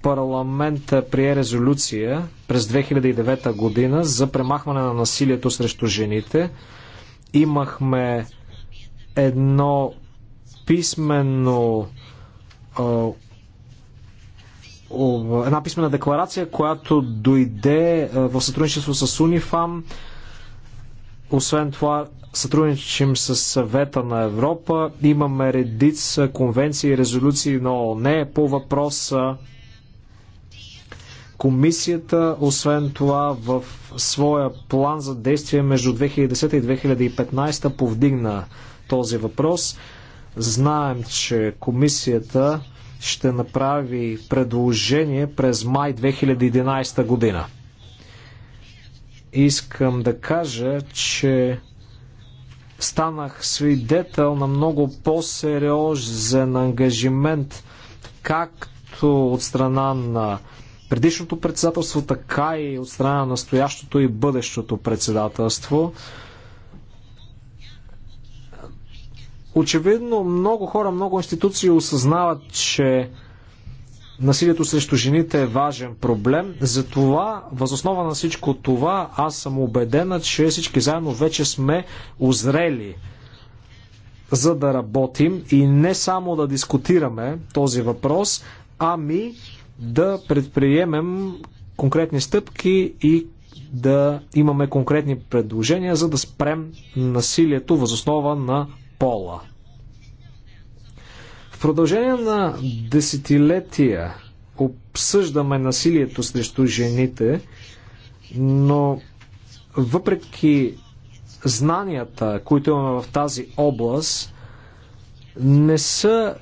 парламента прие резолюция през 2009 година за премахване на насилието срещу жените. Имахме едно писменно една писмена декларация, която дойде в сътрудничество с Унифам. Освен това, сътрудничим с съвета на Европа. Имаме редица конвенции и резолюции на ООН е по въпроса. Комисията, освен това, в своя план за действие между 2010 и 2015 повдигна този въпрос. Знаем, че комисията ще направи предложение през май 2011 година. Искам да кажа, че станах свидетел на много по-сериозен ангажимент, както от страна на предишното председателство, така и от страна на настоящото и бъдещото председателство. Очевидно, много хора, много институции осъзнават, че Насилието срещу жените е важен проблем. Затова, възоснова на всичко това, аз съм убедена, че всички заедно вече сме озрели за да работим и не само да дискутираме този въпрос, ами да предприемем конкретни стъпки и да имаме конкретни предложения, за да спрем насилието възоснова на пола. В продължение на десетилетия обсъждаме насилието срещу жените, но въпреки знанията, които имаме в тази област, не са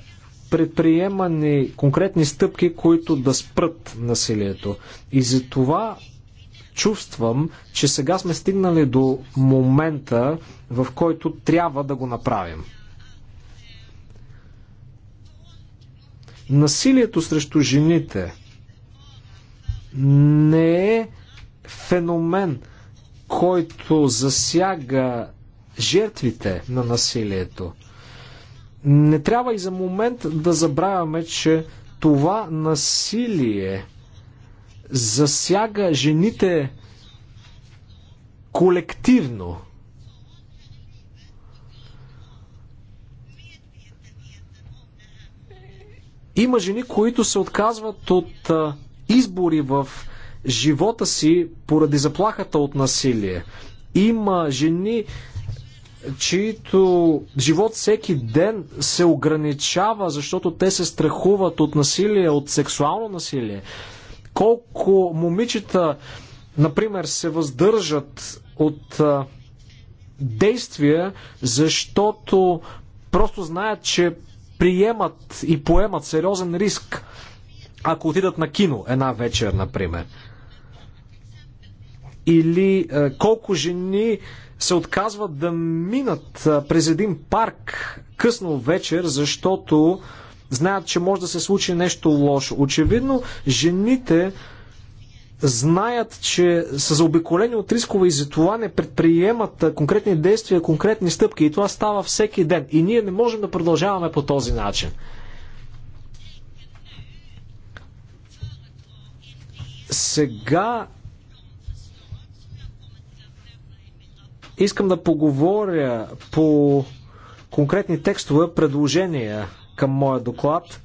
предприемани конкретни стъпки, които да спрат насилието. И за това чувствам, че сега сме стигнали до момента, в който трябва да го направим. Насилието срещу жените не е феномен, който засяга жертвите на насилието. Не трябва и за момент да забравяме, че това насилие засяга жените колективно. Има жени, които се отказват от избори в живота си поради заплахата от насилие. Има жени, чието живот всеки ден се ограничава, защото те се страхуват от насилие, от сексуално насилие. Колко момичета, например, се въздържат от а, действия, защото просто знаят, че приемат и поемат сериозен риск, ако отидат на кино една вечер, например. Или е, колко жени се отказват да минат е, през един парк късно вечер, защото знаят, че може да се случи нещо лошо. Очевидно, жените знаят, че са заобиколени от рискове и затова не предприемат конкретни действия, конкретни стъпки. И това става всеки ден. И ние не можем да продължаваме по този начин. Сега искам да поговоря по конкретни текстове, предложения към моя доклад.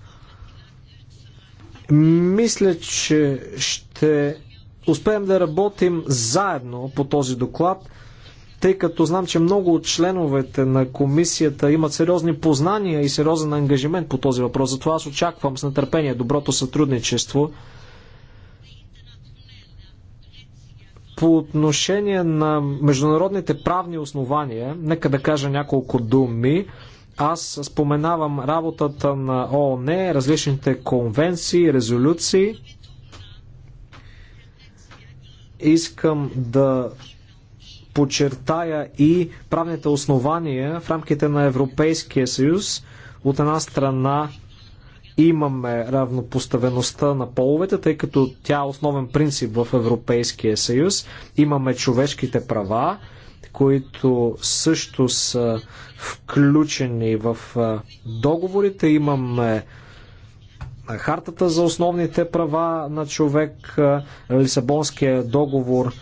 Мисля, че ще ще успеем да работим заедно по този доклад, тъй като знам, че много от членовете на комисията имат сериозни познания и сериозен ангажимент по този въпрос. Затова аз очаквам с нетърпение доброто сътрудничество. По отношение на международните правни основания, нека да кажа няколко думи. Аз споменавам работата на ООН, различните конвенции, резолюции. Искам да подчертая и правните основания в рамките на Европейския съюз. От една страна имаме равнопоставеността на половете, тъй като тя е основен принцип в Европейския съюз. Имаме човешките права, които също са включени в договорите. Имаме Хартата за основните права на човек, Лисабонския договор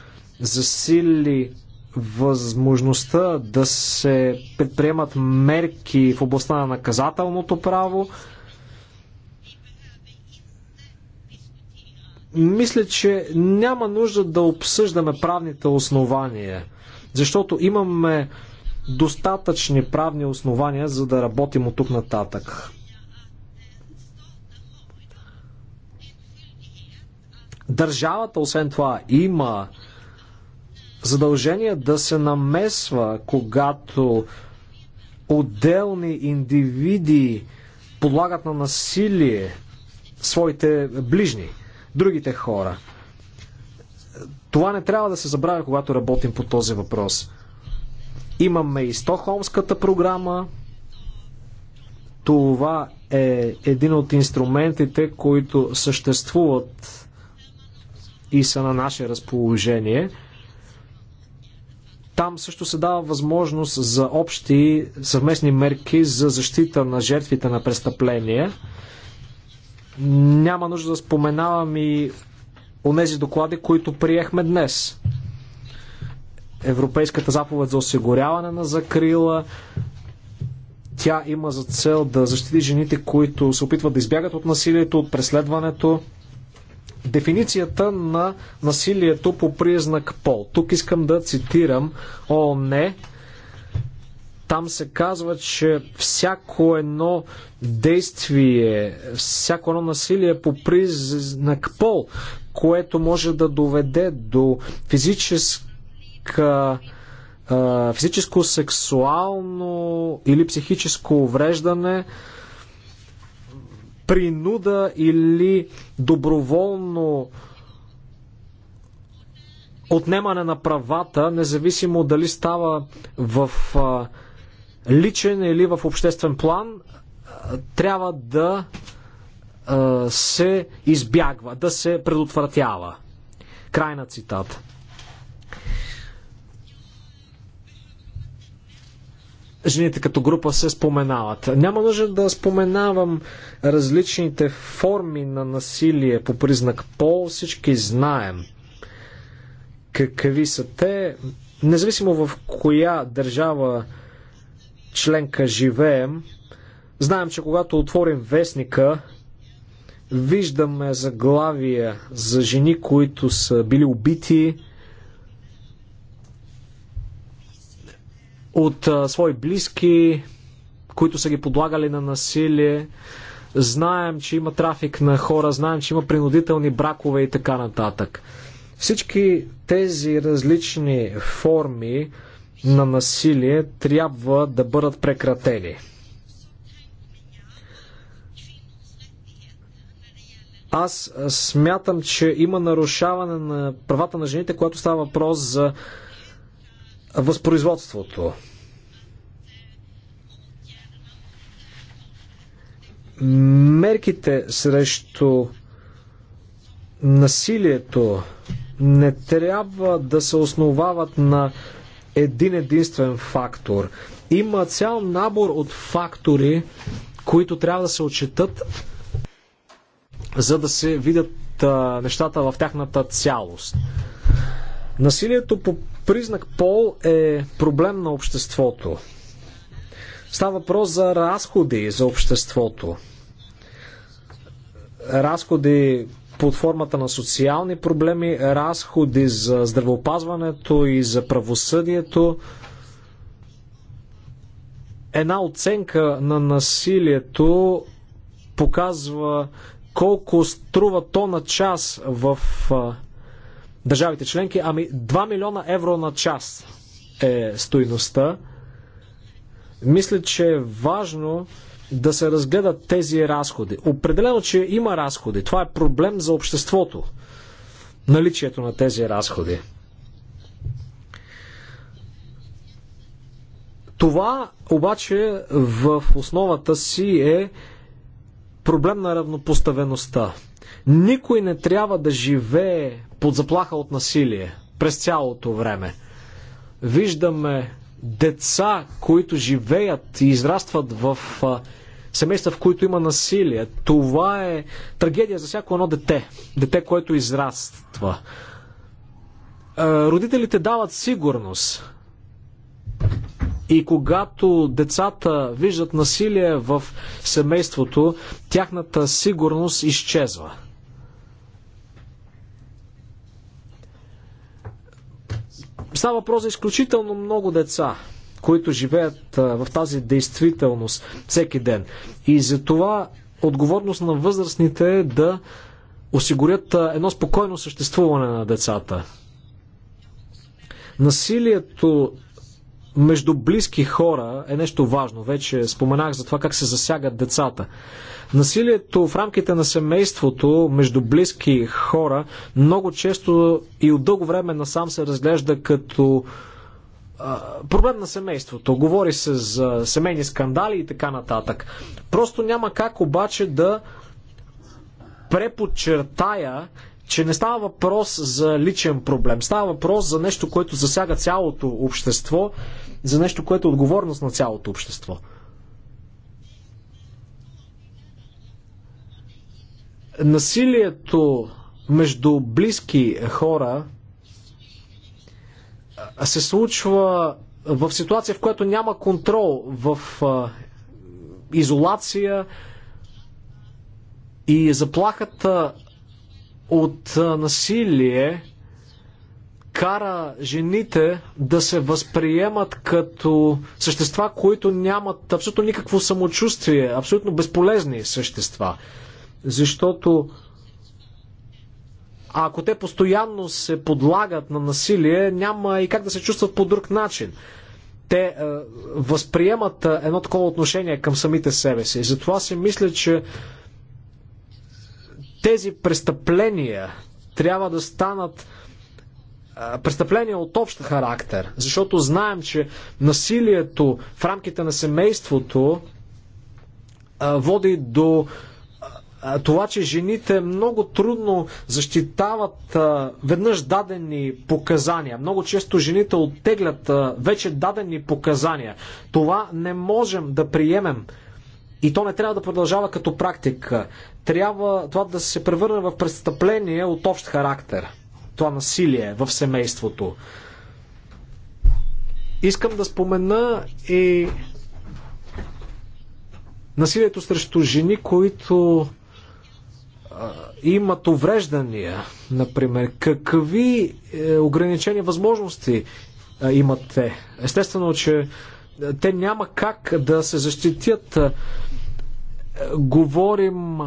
засили възможността да се предприемат мерки в областта на наказателното право. Мисля, че няма нужда да обсъждаме правните основания, защото имаме достатъчни правни основания, за да работим от тук нататък. Държавата, освен това, има задължение да се намесва, когато отделни индивиди подлагат на насилие своите ближни, другите хора. Това не трябва да се забравя, когато работим по този въпрос. Имаме и Стохолмската програма. Това е един от инструментите, които съществуват и са на наше разположение. Там също се дава възможност за общи съвместни мерки за защита на жертвите на престъпления. Няма нужда да споменавам и онези доклади, които приехме днес. Европейската заповед за осигуряване на закрила. Тя има за цел да защити жените, които се опитват да избягат от насилието, от преследването дефиницията на насилието по признак пол. Тук искам да цитирам ООН. Там се казва, че всяко едно действие, всяко едно насилие по признак пол, което може да доведе до физическа физическо, сексуално или психическо увреждане, принуда или доброволно отнемане на правата, независимо дали става в личен или в обществен план, трябва да се избягва, да се предотвратява. Край на цитата. жените като група се споменават. Няма нужда да споменавам различните форми на насилие по признак пол. Всички знаем какви са те. Независимо в коя държава членка живеем, знаем, че когато отворим вестника, виждаме заглавия за жени, които са били убити, от а, свои близки, които са ги подлагали на насилие. Знаем, че има трафик на хора, знаем, че има принудителни бракове и така нататък. Всички тези различни форми на насилие трябва да бъдат прекратени. Аз смятам, че има нарушаване на правата на жените, когато става въпрос за възпроизводството. Мерките срещу насилието не трябва да се основават на един единствен фактор. Има цял набор от фактори, които трябва да се отчитат, за да се видят а, нещата в тяхната цялост. Насилието по признак пол е проблем на обществото. Става въпрос за разходи за обществото. Разходи под формата на социални проблеми, разходи за здравеопазването и за правосъдието. Една оценка на насилието показва колко струва то на час в държавите членки, ами 2 милиона евро на час е стоиността. Мисля, че е важно да се разгледат тези разходи. Определено, че има разходи. Това е проблем за обществото. Наличието на тези разходи. Това обаче в основата си е проблем на равнопоставеността. Никой не трябва да живее под заплаха от насилие през цялото време. Виждаме деца, които живеят и израстват в семейства, в които има насилие. Това е трагедия за всяко едно дете. Дете, което израства. Родителите дават сигурност. И когато децата виждат насилие в семейството, тяхната сигурност изчезва. Става въпрос за изключително много деца, които живеят в тази действителност всеки ден. И за това отговорност на възрастните е да осигурят едно спокойно съществуване на децата. Насилието между близки хора е нещо важно. Вече споменах за това как се засягат децата. Насилието в рамките на семейството между близки хора много често и от дълго време насам се разглежда като проблем на семейството. Говори се за семейни скандали и така нататък. Просто няма как обаче да преподчертая че не става въпрос за личен проблем. Става въпрос за нещо, което засяга цялото общество, за нещо, което е отговорност на цялото общество. Насилието между близки хора се случва в ситуация, в която няма контрол, в изолация и заплахата от насилие кара жените да се възприемат като същества, които нямат абсолютно никакво самочувствие, абсолютно безполезни същества. Защото а ако те постоянно се подлагат на насилие, няма и как да се чувстват по друг начин. Те е, възприемат е, едно такова отношение към самите себе си. И Затова си мисля, че тези престъпления трябва да станат престъпления от общ характер, защото знаем, че насилието в рамките на семейството води до това, че жените много трудно защитават веднъж дадени показания. Много често жените оттеглят вече дадени показания. Това не можем да приемем. И то не трябва да продължава като практика трябва това да се превърне в престъпление от общ характер. Това насилие в семейството. Искам да спомена и насилието срещу жени, които а, имат увреждания, например. Какви е, ограничени възможности а, имат те? Естествено, че те няма как да се защитят. говорим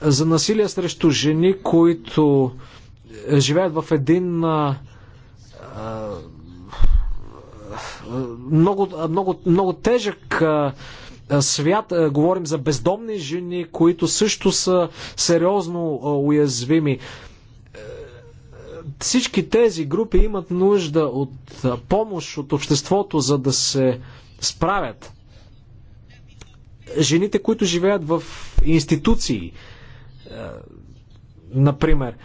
за насилие срещу жени, които е, живеят в един много, много, много тежък свят. Е, говорим за бездомни жени, които също са сериозно уязвими. Е, всички тези групи имат нужда от помощ от обществото, за да се справят. Жените, които живеят в институции, е, например. Е,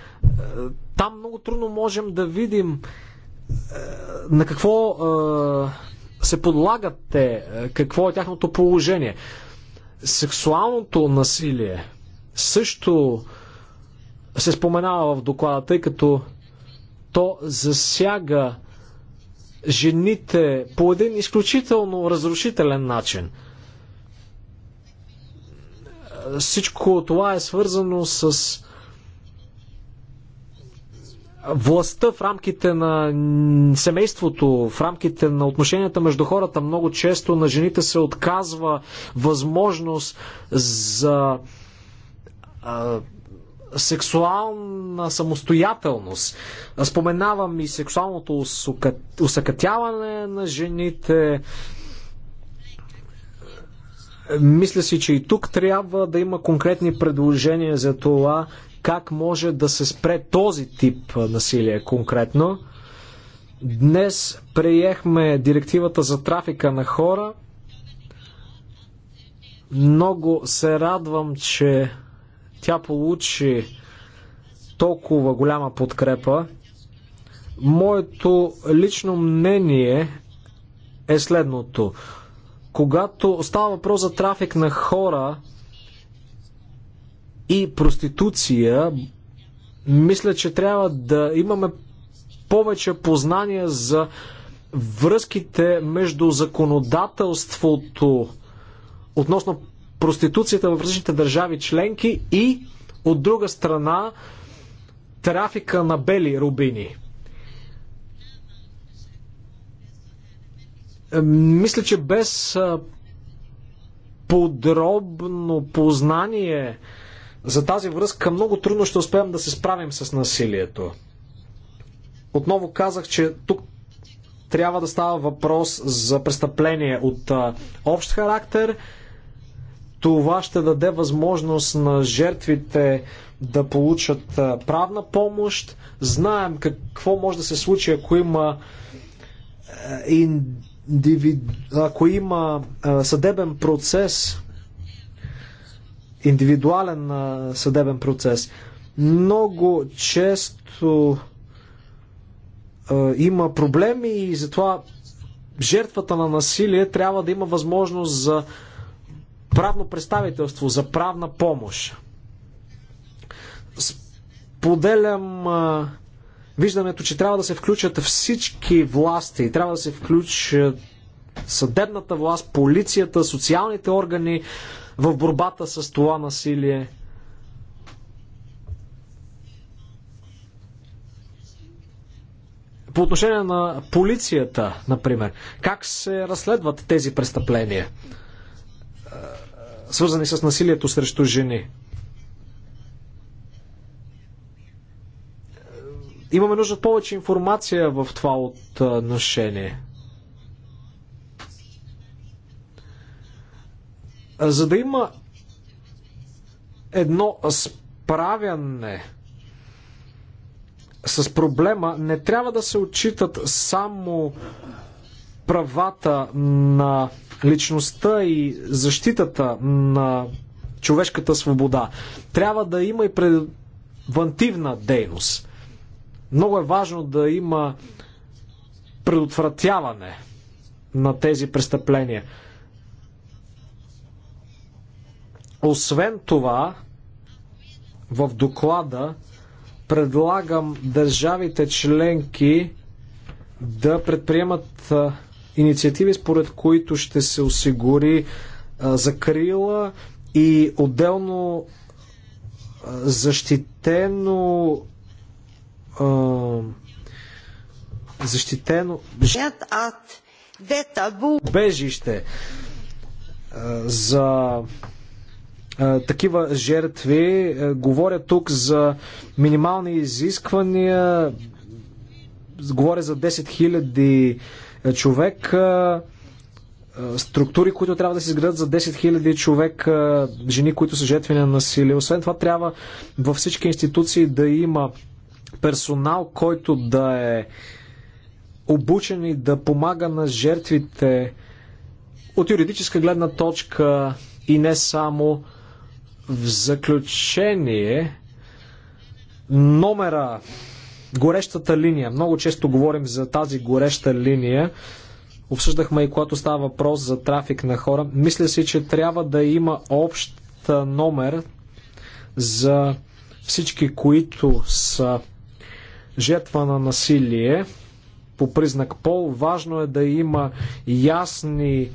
там много трудно можем да видим е, на какво се подлагат те, какво е тяхното положение. Сексуалното насилие също се споменава в доклада, тъй като то засяга жените по един изключително разрушителен начин – всичко това е свързано с властта в рамките на семейството, в рамките на отношенията между хората, много често на жените се отказва възможност за а, сексуална самостоятелност. Споменавам и сексуалното усъкътяване на жените, мисля си, че и тук трябва да има конкретни предложения за това как може да се спре този тип насилие конкретно. Днес приехме директивата за трафика на хора. Много се радвам, че тя получи толкова голяма подкрепа. Моето лично мнение е следното. Когато става въпрос за трафик на хора и проституция, мисля, че трябва да имаме повече познания за връзките между законодателството относно проституцията в различните държави членки и от друга страна трафика на бели рубини. Мисля, че без подробно познание за тази връзка много трудно ще успеем да се справим с насилието. Отново казах, че тук трябва да става въпрос за престъпление от а, общ характер. Това ще даде възможност на жертвите да получат а, правна помощ. Знаем какво може да се случи, ако има а, ако има съдебен процес, индивидуален съдебен процес, много често има проблеми и затова жертвата на насилие трябва да има възможност за правно представителство, за правна помощ. Споделям виждането, че трябва да се включат всички власти, трябва да се включат съдебната власт, полицията, социалните органи в борбата с това насилие. По отношение на полицията, например, как се разследват тези престъпления, свързани с насилието срещу жени? Имаме нужда повече информация в това отношение. За да има едно справяне с проблема, не трябва да се отчитат само правата на личността и защитата на човешката свобода. Трябва да има и превентивна дейност. Много е важно да има предотвратяване на тези престъпления. Освен това, в доклада предлагам държавите членки да предприемат инициативи, според които ще се осигури закрила и отделно защитено защитено бежище за такива жертви. Говоря тук за минимални изисквания. Говоря за 10 000 човека. Структури, които трябва да се изградят за 10 000 човека, жени, които са жертви на насилие. Освен това, трябва във всички институции да има персонал, който да е обучен и да помага на жертвите от юридическа гледна точка и не само в заключение номера, горещата линия. Много често говорим за тази гореща линия. Обсъждахме и когато става въпрос за трафик на хора. Мисля си, че трябва да има общ номер за всички, които са жертва на насилие по признак пол. Важно е да има ясни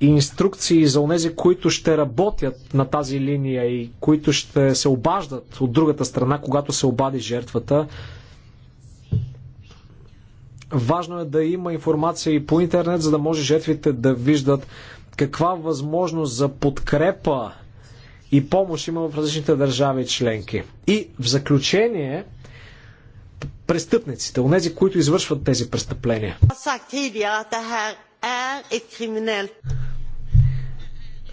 инструкции за онези, които ще работят на тази линия и които ще се обаждат от другата страна, когато се обади жертвата. Важно е да има информация и по интернет, за да може жертвите да виждат каква възможност за подкрепа и помощ има в различните държави членки. И в заключение, престъпниците, онези, които извършват тези престъпления.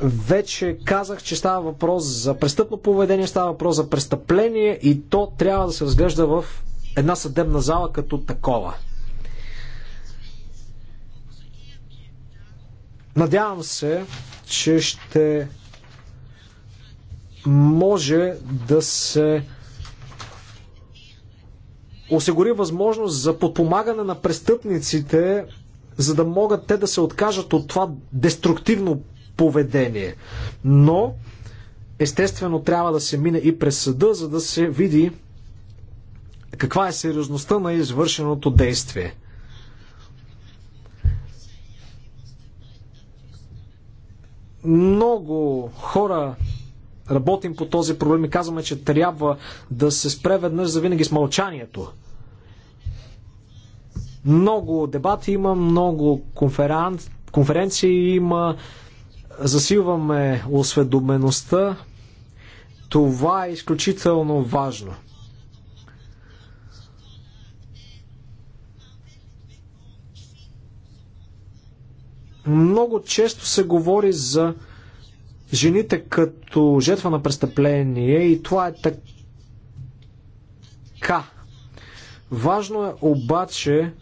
Вече казах, че става въпрос за престъпно поведение, става въпрос за престъпление и то трябва да се разглежда в една съдебна зала като такова. Надявам се, че ще може да се осигури възможност за подпомагане на престъпниците, за да могат те да се откажат от това деструктивно поведение. Но, естествено, трябва да се мине и през съда, за да се види каква е сериозността на извършеното действие. Много хора работим по този проблем и казваме, че трябва да се спре веднъж за винаги с мълчанието. Много дебати има, много конферен... конференции има, засилваме осведомеността. Това е изключително важно. Много често се говори за жените като жертва на престъпление и това е така. Важно е обаче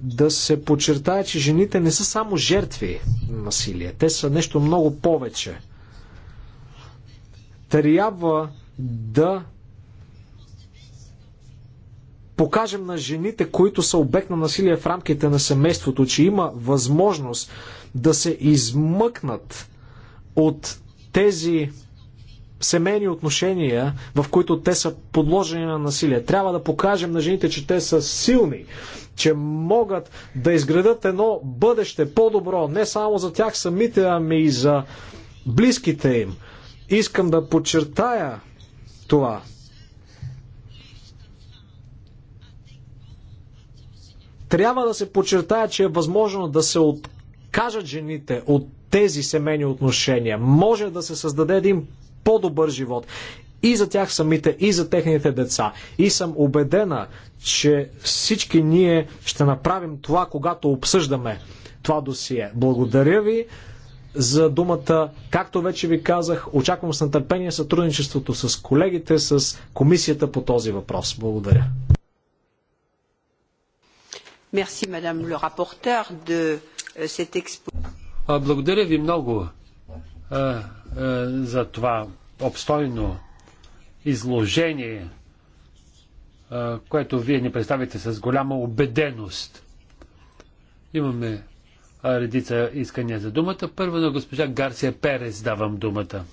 да се подчертая, че жените не са само жертви на насилие. Те са нещо много повече. Трябва да покажем на жените, които са обект на насилие в рамките на семейството, че има възможност да се измъкнат от тези семейни отношения, в които те са подложени на насилие. Трябва да покажем на жените, че те са силни, че могат да изградат едно бъдеще по-добро, не само за тях самите, ами и за близките им. Искам да подчертая това. Трябва да се подчертая, че е възможно да се откаже откажат жените от тези семейни отношения, може да се създаде един по-добър живот и за тях самите, и за техните деца. И съм убедена, че всички ние ще направим това, когато обсъждаме това досие. Благодаря ви за думата. Както вече ви казах, очаквам с нетърпение сътрудничеството с колегите, с комисията по този въпрос. Благодаря. Merci, madame le rapporteur, de Euh, cet expo. Благодаря ви много а, а, за това обстойно изложение, а, което вие ни представите с голяма убеденост. Имаме редица искания за думата. Първо на госпожа Гарсия Перес давам думата.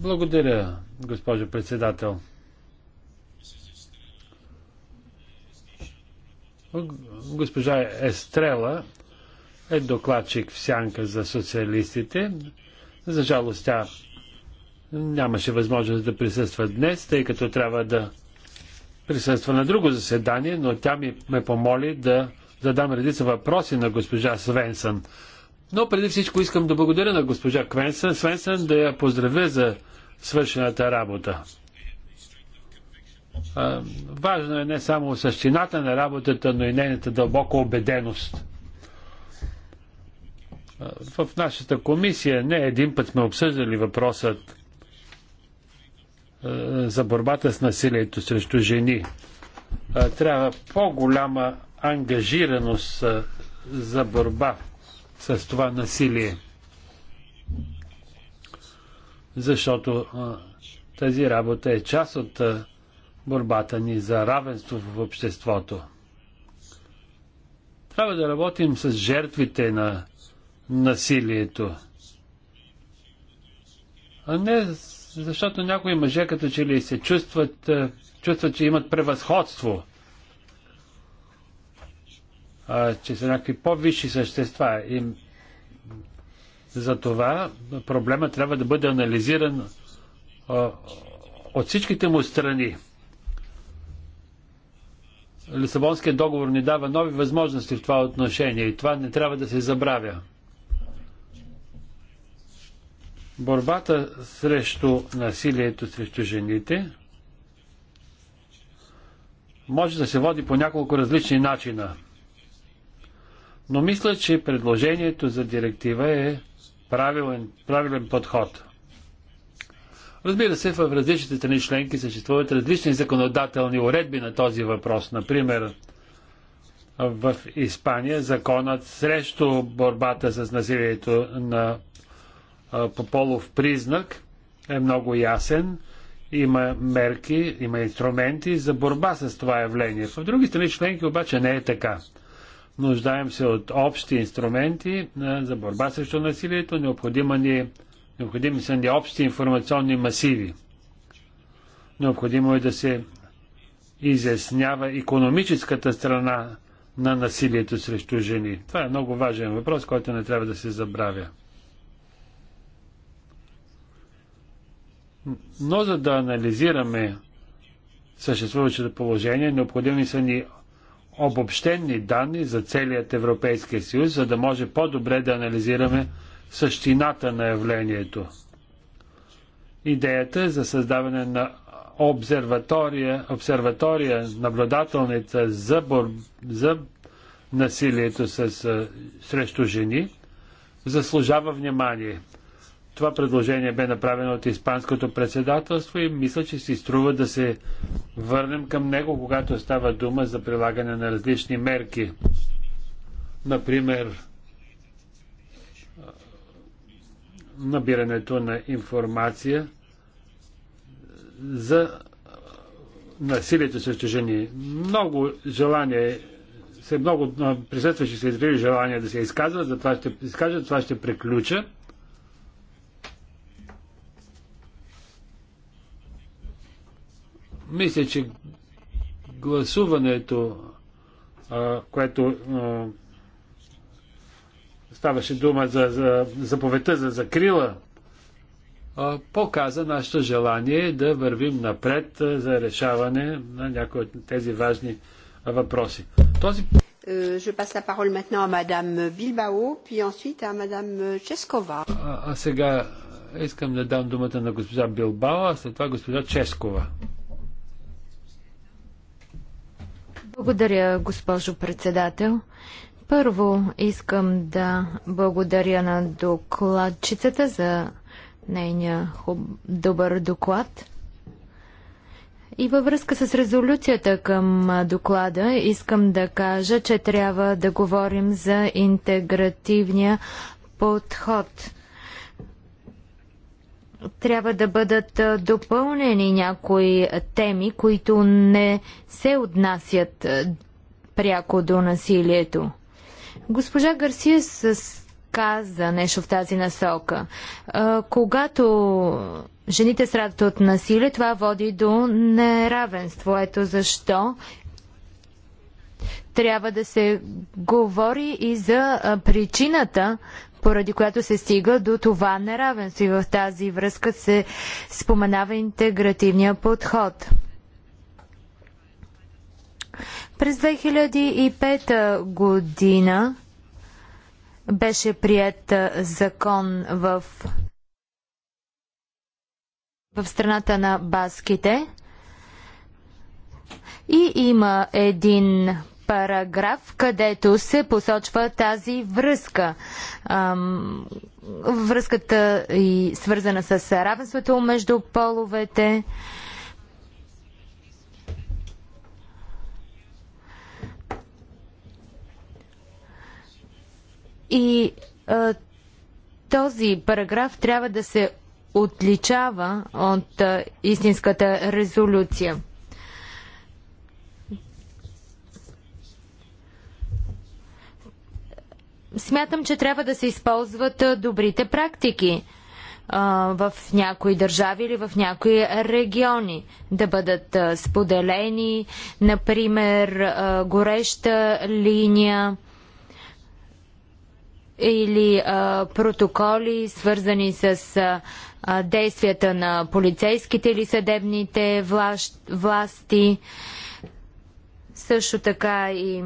Благодаря, госпожо председател. Госпожа Естрела е докладчик в сянка за социалистите. За жалост тя нямаше възможност да присъства днес, тъй като трябва да присъства на друго заседание, но тя ми ме помоли да задам редица въпроси на госпожа Свенсън. Но преди всичко искам да благодаря на госпожа Квенсън, Свенсън да я поздравя за свършената работа. Важно е не само същината на работата, но и нейната дълбока убеденост. В нашата комисия не един път сме обсъждали въпросът за борбата с насилието срещу жени. Трябва по-голяма ангажираност за борба с това насилие. Защото тази работа е част от борбата ни за равенство в обществото. Трябва да работим с жертвите на насилието. А не защото някои мъже като че ли се чувстват, чувстват, че имат превъзходство, а, че са някакви по-висши същества. И за това проблема трябва да бъде анализиран а, от всичките му страни. Лисабонският договор ни дава нови възможности в това отношение и това не трябва да се забравя. Борбата срещу насилието срещу жените може да се води по няколко различни начина. Но мисля, че предложението за директива е правилен, правилен подход. Разбира се, в различните страни членки съществуват различни законодателни уредби на този въпрос. Например, в Испания законът срещу борбата с насилието на Пополов признак е много ясен. Има мерки, има инструменти за борба с това явление. В други страни членки обаче не е така. Нуждаем се от общи инструменти за борба срещу насилието. Необходима ни е Необходими са ни общи информационни масиви. Необходимо е да се изяснява економическата страна на насилието срещу жени. Това е много важен въпрос, който не трябва да се забравя. Но за да анализираме съществуващото положение, необходими са ни обобщени данни за целият Европейския съюз, за да може по-добре да анализираме същината на явлението. Идеята е за създаване на обсерватория, обсерватория наблюдателница за, бор, за насилието с, срещу жени заслужава внимание. Това предложение бе направено от Испанското председателство и мисля, че си струва да се върнем към него, когато става дума за прилагане на различни мерки. Например, набирането на информация за насилието срещу жени. Много желание, се много присъстващи се изрели желание да се изказват, за това ще изкажа, това ще приключа. Мисля, че гласуването, което ставаше дума за, за заповедта за закрила, показа нашето желание да вървим напред за решаване на някои от тези важни въпроси. Този... Е, je passe la parole maintenant à Madame Bilbao, puis ensuite à Madame Cheskova. а сега искам да дам думата на госпожа Билбао, а след това госпожа Ческова. Благодаря, госпожо председател. Първо искам да благодаря на докладчицата за нейния хуб... добър доклад. И във връзка с резолюцията към доклада искам да кажа, че трябва да говорим за интегративния подход. Трябва да бъдат допълнени някои теми, които не се отнасят пряко до насилието. Госпожа Гарсия с каза нещо в тази насока. А, когато жените страдат от насилие, това води до неравенство. Ето защо трябва да се говори и за причината, поради която се стига до това неравенство. И в тази връзка се споменава интегративния подход. През 2005 година беше прият закон в в страната на баските. И има един параграф, където се посочва тази връзка. Ам, връзката и свързана с равенството между половете. И а, този параграф трябва да се отличава от а, истинската резолюция. Смятам, че трябва да се използват добрите практики а, в някои държави или в някои региони. Да бъдат а, споделени, например, гореща линия, или а, протоколи, свързани с а, действията на полицейските или съдебните власти. Също така и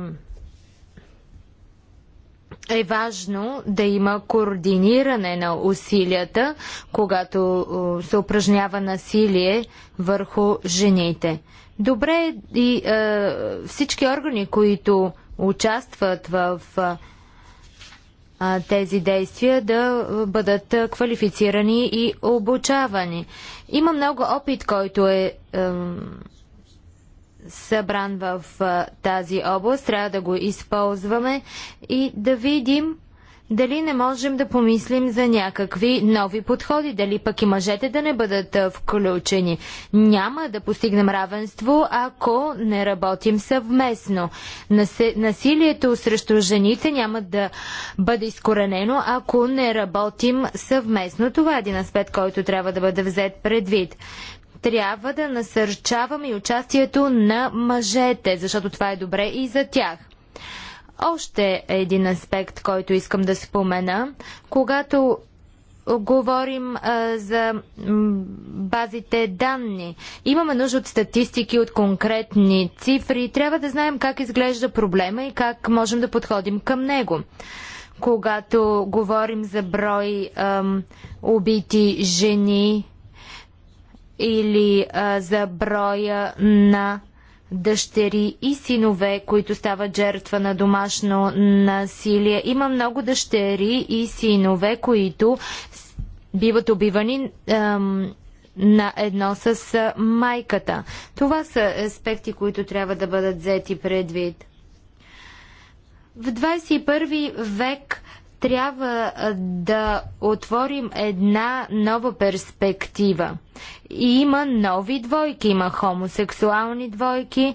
е важно да има координиране на усилията, когато се упражнява насилие върху жените. Добре е и а, всички органи, които участват в А, тези действия да бъдат квалифицирани и обучавани. Има много опит, който е събран в тази област. Трябва да го използваме и да видим дали не можем да помислим за някакви нови подходи? Дали пък и мъжете да не бъдат включени? Няма да постигнем равенство, ако не работим съвместно. Насилието срещу жените няма да бъде изкоренено, ако не работим съвместно. Това е един аспект, който трябва да бъде взет предвид трябва да насърчаваме и участието на мъжете, защото това е добре и за тях. Още един аспект, който искам да спомена. Когато говорим а, за базите данни. Имаме нужда от статистики, от конкретни цифри. Трябва да знаем как изглежда проблема и как можем да подходим към него. Когато говорим за брой а, убити жени или а, за броя на дъщери и синове, които стават жертва на домашно насилие. Има много дъщери и синове, които биват убивани ем, на едно с майката. Това са аспекти, които трябва да бъдат взети предвид. В 21 век трябва да отворим една нова перспектива. И има нови двойки, има хомосексуални двойки,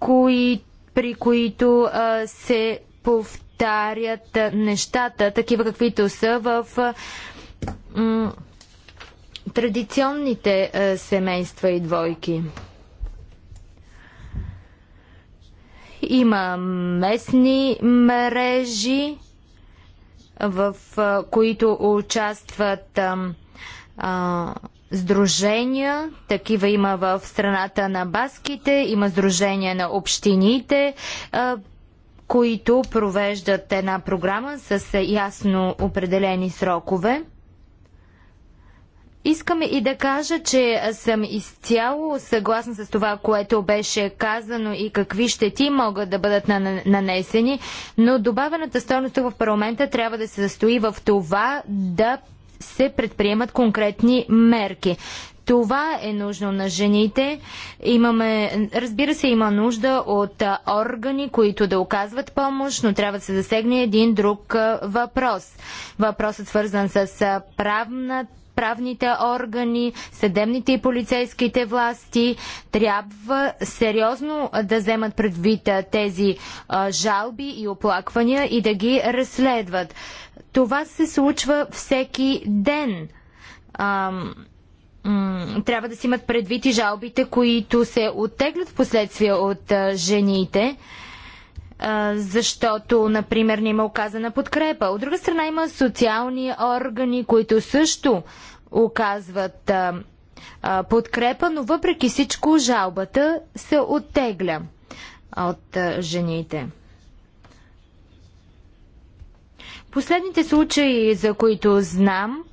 кои, при които а, се повтарят нещата, такива каквито са в а, традиционните а, семейства и двойки. Има местни мрежи, в които участват а, сдружения. Такива има в страната на баските, има сдружения на общините, а, които провеждат една програма с ясно определени срокове. Искам и да кажа, че съм изцяло съгласна с това, което беше казано и какви щети могат да бъдат нанесени, но добавената стойност в парламента трябва да се застои в това да се предприемат конкретни мерки. Това е нужно на жените. Имаме, разбира се, има нужда от органи, които да оказват помощ, но трябва да се засегне един друг въпрос. Въпросът свързан с правната правните органи, съдебните и полицейските власти трябва сериозно да вземат предвид тези а, жалби и оплаквания и да ги разследват. Това се случва всеки ден. А, трябва да си имат предвид и жалбите, които се оттеглят в последствие от а, жените. А, защото, например, не има оказана подкрепа. От друга страна има социални органи, които също оказват подкрепа, но въпреки всичко жалбата се оттегля от жените. Последните случаи, за които знам,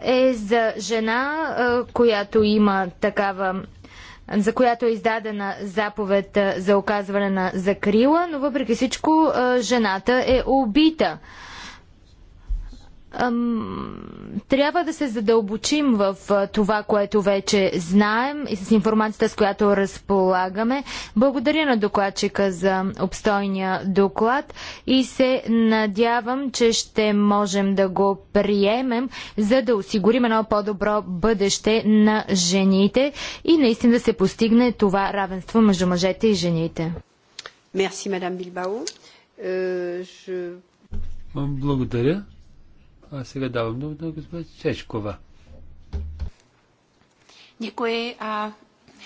е за жена, която има такава за която е издадена заповед за оказване на закрила, но въпреки всичко жената е убита трябва да се задълбочим в това, което вече знаем и с информацията, с която разполагаме. Благодаря на докладчика за обстойния доклад и се надявам, че ще можем да го приемем, за да осигурим едно по-добро бъдеще на жените и наистина да се постигне това равенство между мъжете и жените. Euh, Благодаря. А сега давам do на госпожа Чешкова. Děkuji a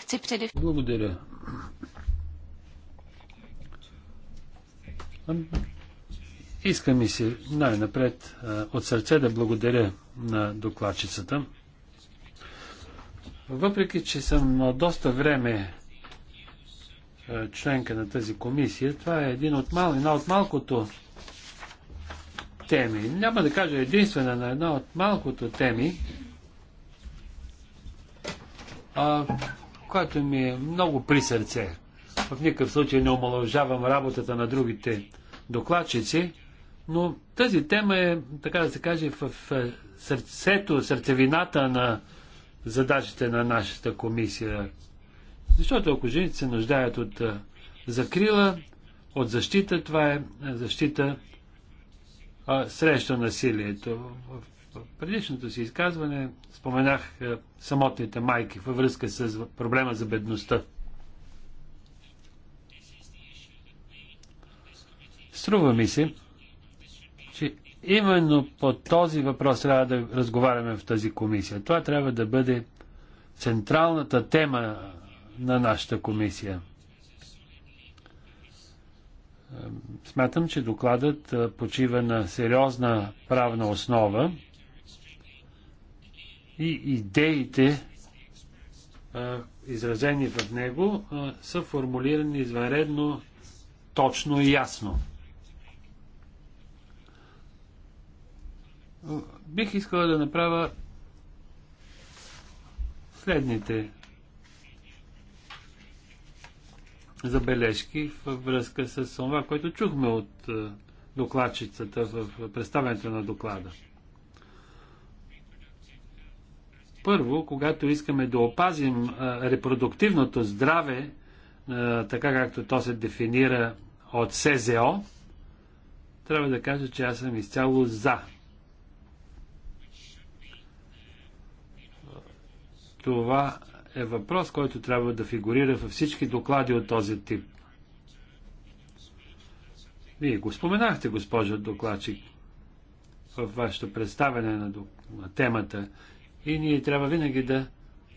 chci především... Благодаря. Иска ми се най-напред от сърце да благодаря на докладчицата. Въпреки, че съм доста време членка на тази комисия, това е един от мал, една от малкото теми. Няма да кажа единствена на една от малкото теми, а, която ми е много при сърце. В никакъв случай не омалъжавам работата на другите докладчици, но тази тема е, така да се каже, в сърцето, сърцевината на задачите на нашата комисия. Защото ако жените се нуждаят от закрила, от защита, това е защита а, срещу насилието. В предишното си изказване споменах а, е, самотните майки във връзка с проблема за бедността. Струва ми се, че именно по този въпрос трябва да разговаряме в тази комисия. Това трябва да бъде централната тема на нашата комисия. Смятам, че докладът почива на сериозна правна основа и идеите, изразени в него, са формулирани извънредно точно и ясно. Бих искала да направя следните забележки във връзка с това, което чухме от е, докладчицата в представянето на доклада. Първо, когато искаме да опазим е, репродуктивното здраве, е, така както то се дефинира от СЗО, трябва да кажа, че аз съм изцяло за. Това е въпрос, който трябва да фигурира във всички доклади от този тип. Вие го споменахте, госпожа докладчик, в вашето представяне на, на темата. И ние трябва винаги да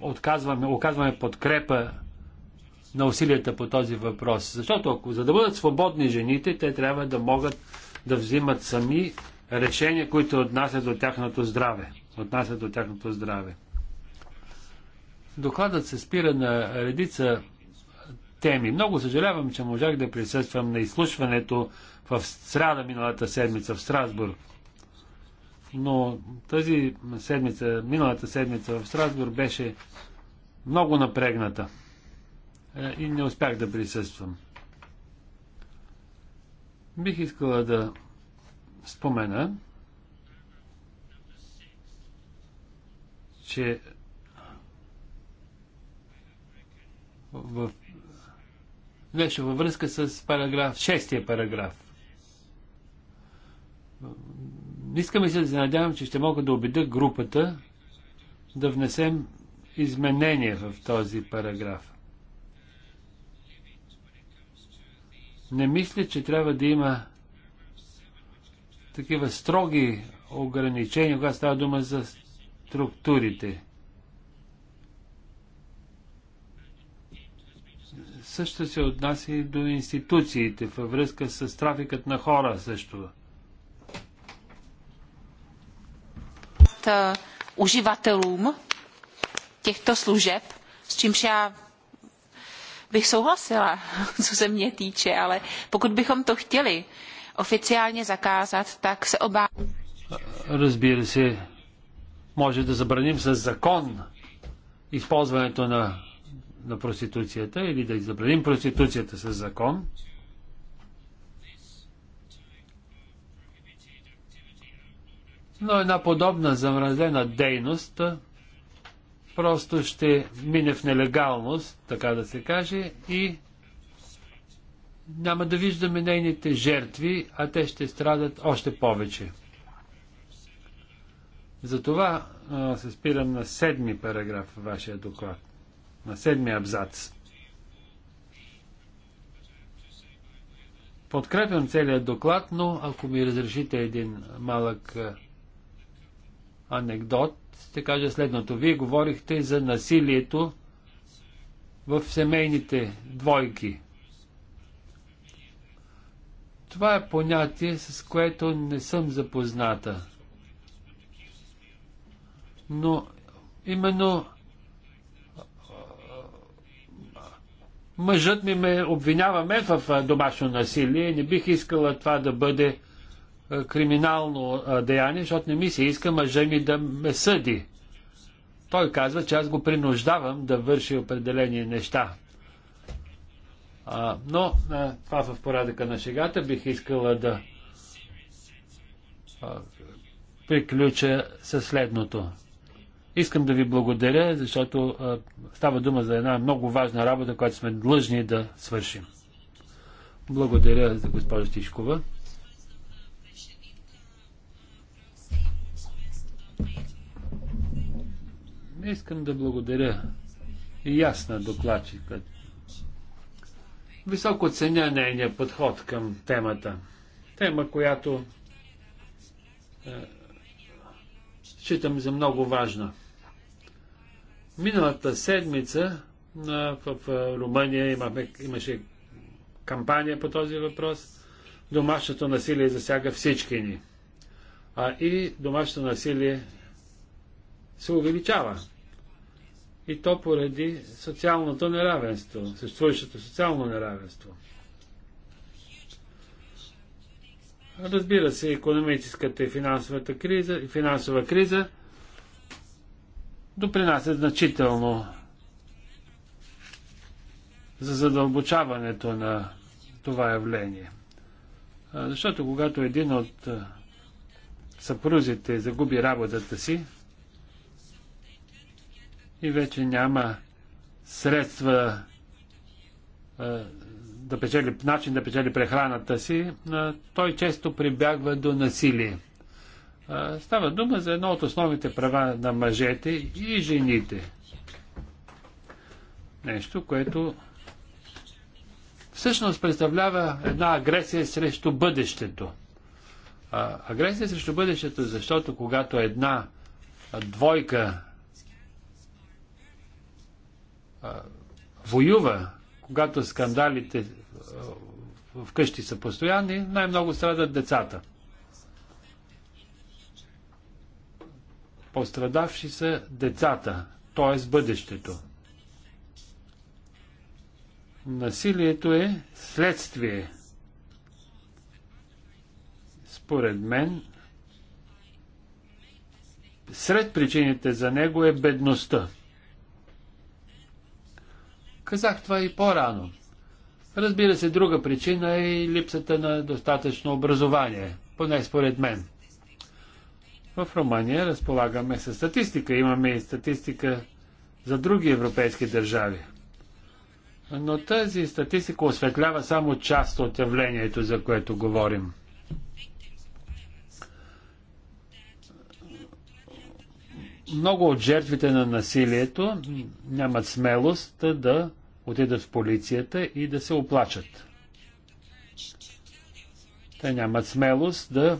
отказваме, оказваме подкрепа на усилията по този въпрос. Защото ако, за да бъдат свободни жените, те трябва да могат да взимат сами решения, които отнасят до тяхното здраве. Отнасят до тяхното здраве. Докладът се спира на редица теми. Много съжалявам, че можах да присъствам на изслушването в сряда миналата седмица в Страсбург. Но тази седмица, миналата седмица в Страсбург беше много напрегната е, и не успях да присъствам. Бих искала да спомена, че в... беше във връзка с параграф, шестия параграф. Искаме се да се надявам, че ще мога да убедя групата да внесем изменения в този параграф. Не мисля, че трябва да има такива строги ограничения, когато става дума за структурите. също се отнася и до институциите във връзка с трафикът на хора също. uživatelům těchto služeb, s čímž já bych souhlasila, co se mě týče, ale pokud bychom to chtěli oficiálně zakázat, tak se obávám. Разбира се, може да забраним с закон използването на на проституцията или да забраним проституцията с закон, но една подобна замразена дейност просто ще мине в нелегалност, така да се каже, и няма да виждаме нейните жертви, а те ще страдат още повече. Затова се спирам на седми параграф в вашия доклад на седмия абзац. Подкрепям целият доклад, но ако ми разрешите един малък анекдот, ще кажа следното. Вие говорихте за насилието в семейните двойки. Това е понятие, с което не съм запозната. Но именно мъжът ми ме обвиняваме в домашно насилие. Не бих искала това да бъде криминално деяние, защото не ми се иска мъжа ми да ме съди. Той казва, че аз го принуждавам да върши определени неща. А, но а, това в порадъка на шегата бих искала да а, приключа със следното. Искам да ви благодаря, защото а, става дума за една много важна работа, която сме длъжни да свършим. Благодаря за госпожа Тишкова. Искам да благодаря и аз на докладчика. Високо ценя нейния подход към темата. Тема, която е, считам за много важна. Миналата седмица в Румъния имахме, имаше кампания по този въпрос. Домашното насилие засяга всички ни. А и домашното насилие се увеличава. И то поради социалното неравенство, съществуващото социално неравенство. Разбира се, економическата и финансовата криза, финансова криза – допринася значително за задълбочаването на това явление. Защото когато един от съпрузите загуби работата си и вече няма средства да печели, начин да печели прехраната си, той често прибягва до насилие. Става дума за едно от основните права на мъжете и жените. Нещо, което всъщност представлява една агресия срещу бъдещето. А, агресия срещу бъдещето, защото когато една двойка а, воюва, когато скандалите а, вкъщи са постоянни, най-много страдат децата. Пострадавши са децата, т.е. бъдещето. Насилието е следствие. Според мен, сред причините за него е бедността. Казах това и по-рано. Разбира се, друга причина е и липсата на достатъчно образование, поне според мен. В Румъния разполагаме с статистика. Имаме и статистика за други европейски държави. Но тази статистика осветлява само част от явлението, за което говорим. Много от жертвите на насилието нямат смелост да отидат в полицията и да се оплачат. Те нямат смелост да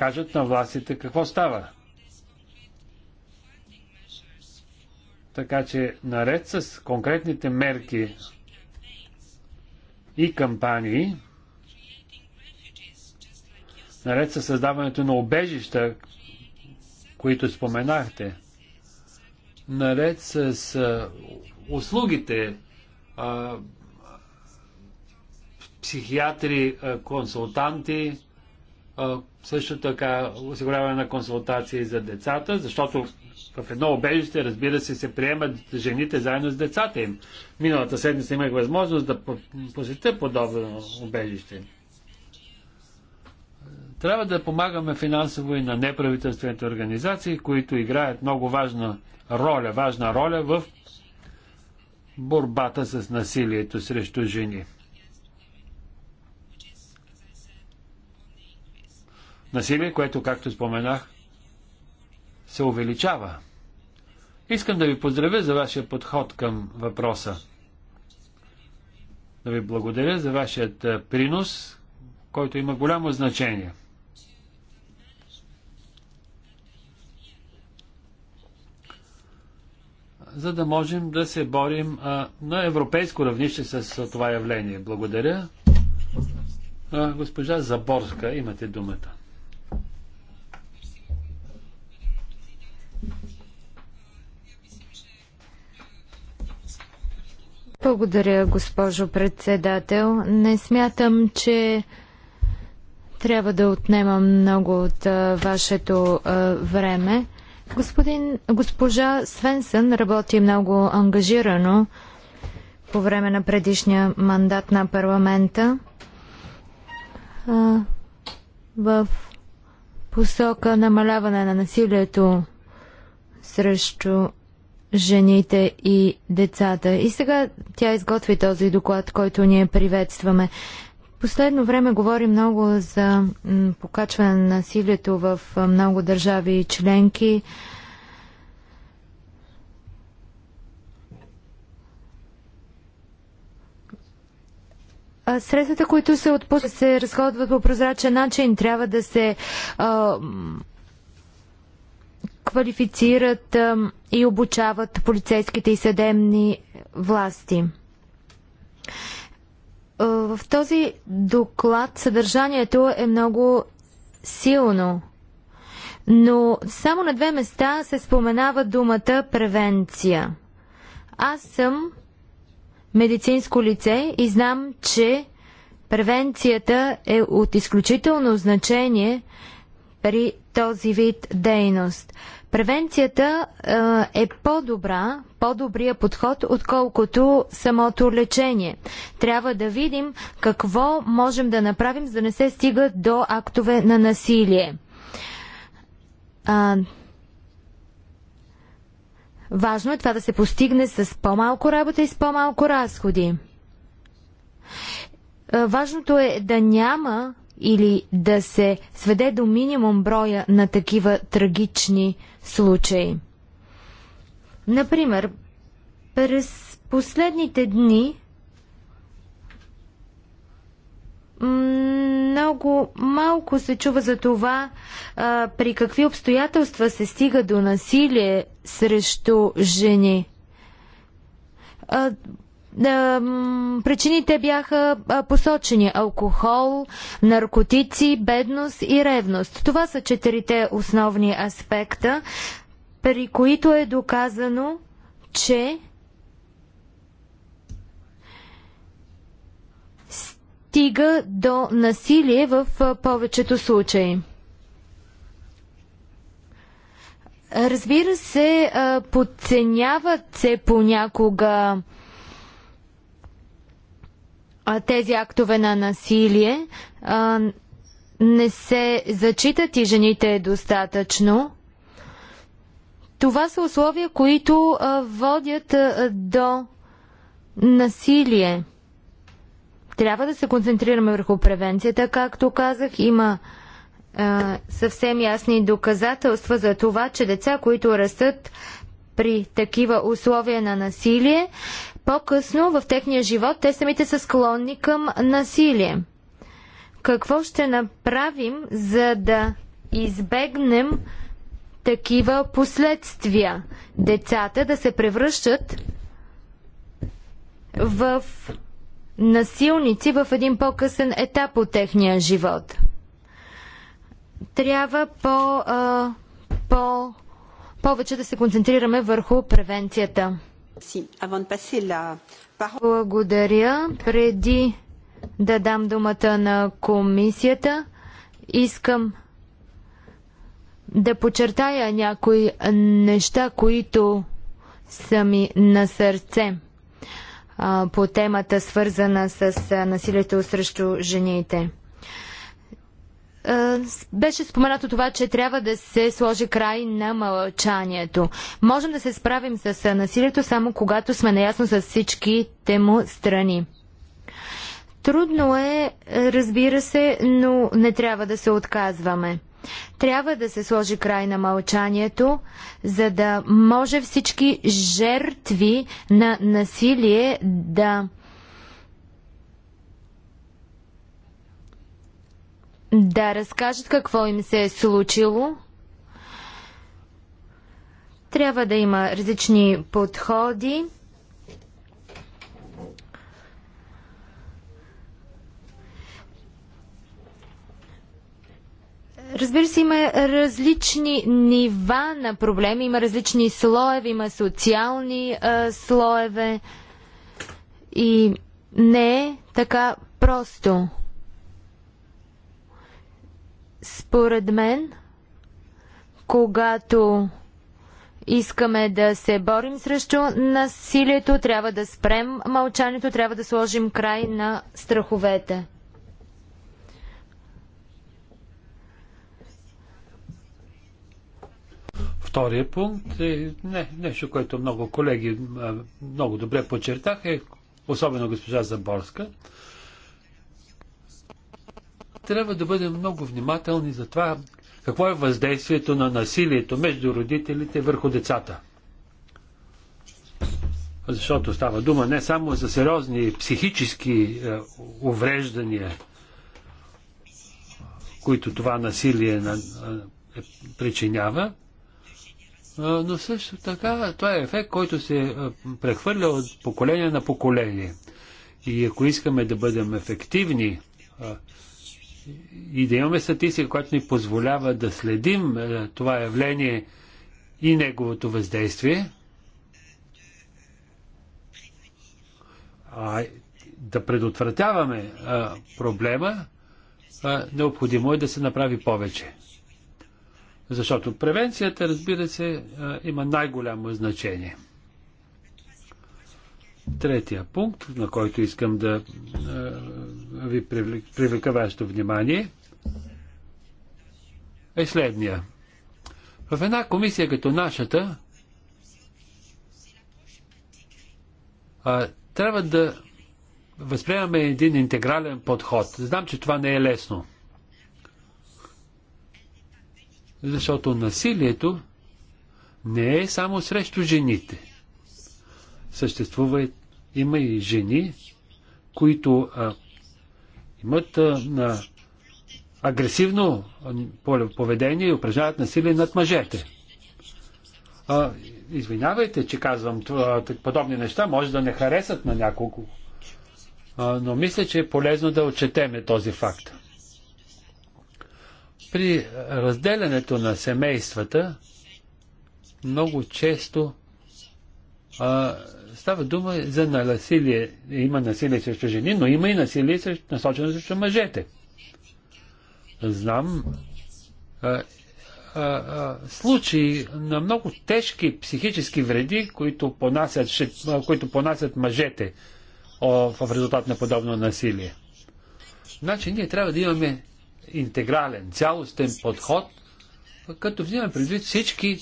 кажат на властите какво става. Така че наред с конкретните мерки и кампании, наред с създаването на обежища, които споменахте, наред с услугите, психиатри, консултанти, също така осигуряване на консултации за децата, защото в едно обежище, разбира се, се приемат жените заедно с децата им. Миналата седмица имах възможност да посетя подобно обежище. Трябва да помагаме финансово и на неправителствените организации, които играят много важна роля, важна роля в борбата с насилието срещу жени. насилие, което, както споменах, се увеличава. Искам да ви поздравя за вашия подход към въпроса. Да ви благодаря за вашият е, принос, който има голямо значение. За да можем да се борим а, е, на европейско равнище с това явление. Благодаря. А, е, госпожа Заборска, имате думата. Благодаря, госпожо председател. Не смятам, че трябва да отнемам много от а, вашето а, време. Господин, госпожа Свенсън работи много ангажирано по време на предишния мандат на парламента а, в посока намаляване на насилието срещу жените и децата. И сега тя изготви този доклад, който ние приветстваме. Последно време говори много за покачване на насилието в много държави и членки. Средствата, които се отпускат, се разходват по прозрачен начин. Трябва да се а, квалифицират и обучават полицейските и съдебни власти. Е, в този доклад съдържанието е много силно, но само на две места се споменава думата превенция. Аз съм медицинско лице и знам, че превенцията е от изключително значение при този вид дейност. Превенцията е, е по-добра, по-добрия подход, отколкото самото лечение. Трябва да видим какво можем да направим, за да не се стига до актове на насилие. А, важно е това да се постигне с по-малко работа и с по-малко разходи. Е, важното е да няма или да се сведе до минимум броя на такива трагични случаи. Например, през последните дни много малко се чува за това а, при какви обстоятелства се стига до насилие срещу жени. А, причините бяха посочени алкохол, наркотици, бедност и ревност. Това са четирите основни аспекта, при които е доказано, че стига до насилие в повечето случаи. Разбира се, подценяват се понякога тези актове на насилие а, не се зачитат и жените достатъчно. Това са условия, които а, водят а, до насилие. Трябва да се концентрираме върху превенцията, както казах. Има а, съвсем ясни доказателства за това, че деца, които растат при такива условия на насилие, по-късно в техния живот те самите са склонни към насилие. Какво ще направим, за да избегнем такива последствия? Децата да се превръщат в насилници в един по-късен етап от техния живот. Трябва по, а, по, повече да се концентрираме върху превенцията. Благодаря. Преди да дам думата на комисията, искам да подчертая някои неща, които са ми на сърце по темата, свързана с насилието срещу жените беше споменато това, че трябва да се сложи край на мълчанието. Можем да се справим с насилието само когато сме наясно с всичките му страни. Трудно е, разбира се, но не трябва да се отказваме. Трябва да се сложи край на мълчанието, за да може всички жертви на насилие да да разкажат какво им се е случило. Трябва да има различни подходи. Разбира се, има различни нива на проблеми, има различни слоеве, има социални а, слоеве и не е така просто. Според мен, когато искаме да се борим срещу насилието, трябва да спрем мълчанието, трябва да сложим край на страховете. Втория пункт е не, нещо, което много колеги много добре подчертаха, е, особено госпожа Заборска – трябва да бъдем много внимателни за това какво е въздействието на насилието между родителите върху децата. Защото става дума не само за сериозни психически е, увреждания, които това насилие е, причинява, е, но също така това е ефект, който се прехвърля от поколение на поколение. И ако искаме да бъдем ефективни и да имаме статистика, която ни позволява да следим е, това явление и неговото въздействие, а, да предотвратяваме а, е, проблема, а, е, необходимо е да се направи повече. Защото превенцията, разбира се, а, има най-голямо значение. Третия пункт, на който искам да а, ви привлека вашето внимание, е следния. В една комисия като нашата, а, трябва да възприемаме един интегрален подход. Знам, че това не е лесно. Защото насилието не е само срещу жените. Съществува, има и жени, които а, имат на агресивно поведение и упражняват насилие над мъжете. А, извинявайте, че казвам това, подобни неща, може да не харесат на няколко, а, но мисля, че е полезно да отчетеме този факт. При разделянето на семействата много често а, става дума за насилие. Има насилие срещу жени, но има и насилие срещу, насочено срещу мъжете. Знам а, а, а, случаи на много тежки психически вреди, които понасят, които понасят мъжете в резултат на подобно насилие. Значи ние трябва да имаме интегрален, цялостен подход, като взимаме предвид всички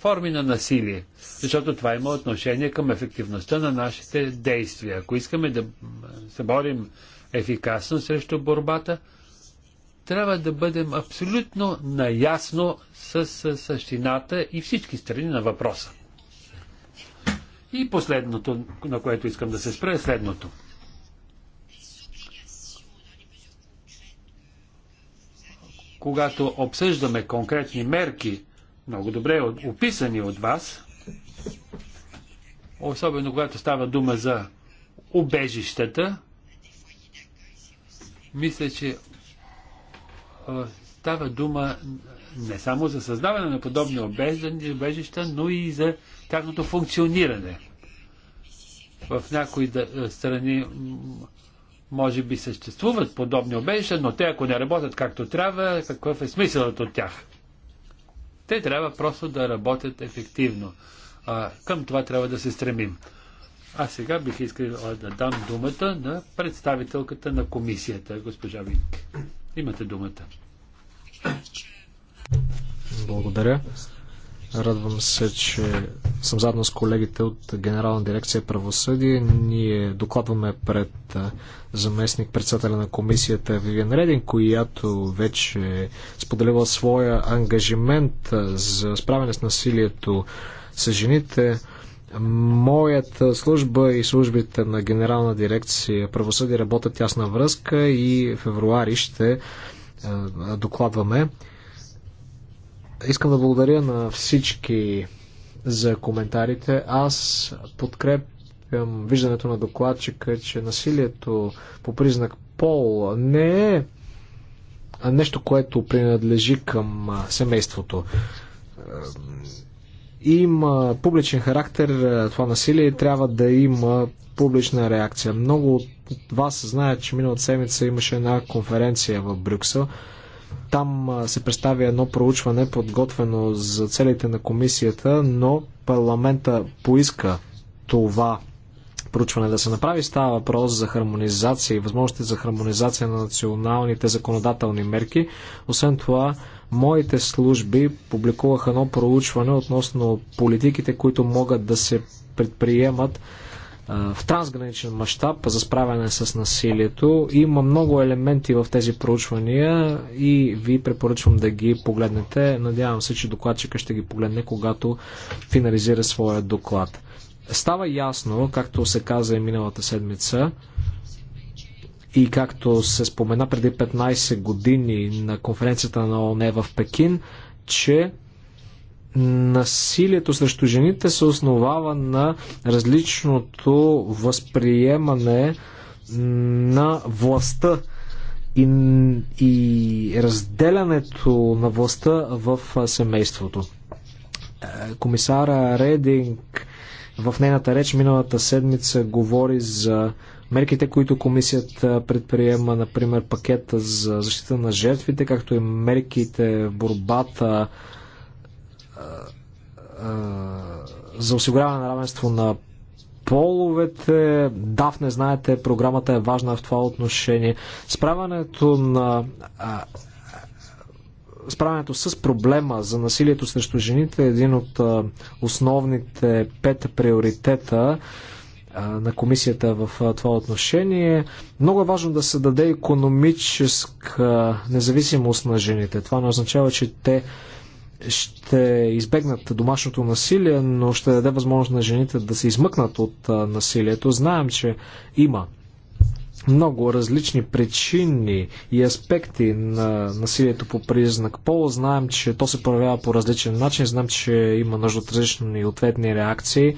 форми на насилие, защото това има отношение към ефективността на нашите действия. Ако искаме да се борим ефикасно срещу борбата, трябва да бъдем абсолютно наясно с същината и всички страни на въпроса. И последното, на което искам да се спре, е следното. Когато обсъждаме конкретни мерки, много добре описани от вас, особено когато става дума за убежищата, мисля, че става дума не само за създаване на подобни убежища, но и за тяхното функциониране. В някои страни може би съществуват подобни обеща, но те ако не работят както трябва, какъв е смисълът от тях? Те трябва просто да работят ефективно. А, към това трябва да се стремим. А сега бих искал да дам думата на представителката на комисията, госпожа Вик. Имате думата. Благодаря. Радвам се, че съм заедно с колегите от Генерална дирекция правосъдие. Ние докладваме пред заместник председателя на комисията Вивиан Редин, която вече е споделила своя ангажимент за справяне с насилието с жените. Моята служба и службите на Генерална дирекция правосъдие работят тясна връзка и февруари ще докладваме Искам да благодаря на всички за коментарите. Аз подкрепям виждането на докладчика, че насилието по признак пол не е нещо, което принадлежи към семейството. Е, има публичен характер това насилие и трябва да има публична реакция. Много от вас знаят, че миналата седмица имаше една конференция в Брюксел. Там се представя едно проучване, подготвено за целите на комисията, но парламента поиска това проучване да се направи. Става въпрос за хармонизация и възможности за хармонизация на националните законодателни мерки. Освен това, моите служби публикуваха едно проучване относно политиките, които могат да се предприемат в трансграничен мащаб за справяне с насилието. Има много елементи в тези проучвания и ви препоръчвам да ги погледнете. Надявам се, че докладчика ще ги погледне, когато финализира своя доклад. Става ясно, както се каза и миналата седмица, и както се спомена преди 15 години на конференцията на ОНЕ в Пекин, че насилието срещу жените се основава на различното възприемане на властта и, и разделянето на властта в семейството. Е, комисара Рединг в нейната реч миналата седмица говори за мерките, които комисията предприема, например пакета за защита на жертвите, както и мерките в борбата за осигуряване на равенство на половете. ДАФ, не знаете, програмата е важна в това отношение. Справянето на справянето с проблема за насилието срещу жените е един от основните пет приоритета на комисията в това отношение. Много е важно да се даде економическа независимост на жените. Това не означава, че те ще избегнат домашното насилие, но ще даде възможност на жените да се измъкнат от насилието. Знаем, че има много различни причини и аспекти на насилието по признак пол. Знаем, че то се проявява по различен начин. Знаем, че има нужда от различни ответни реакции.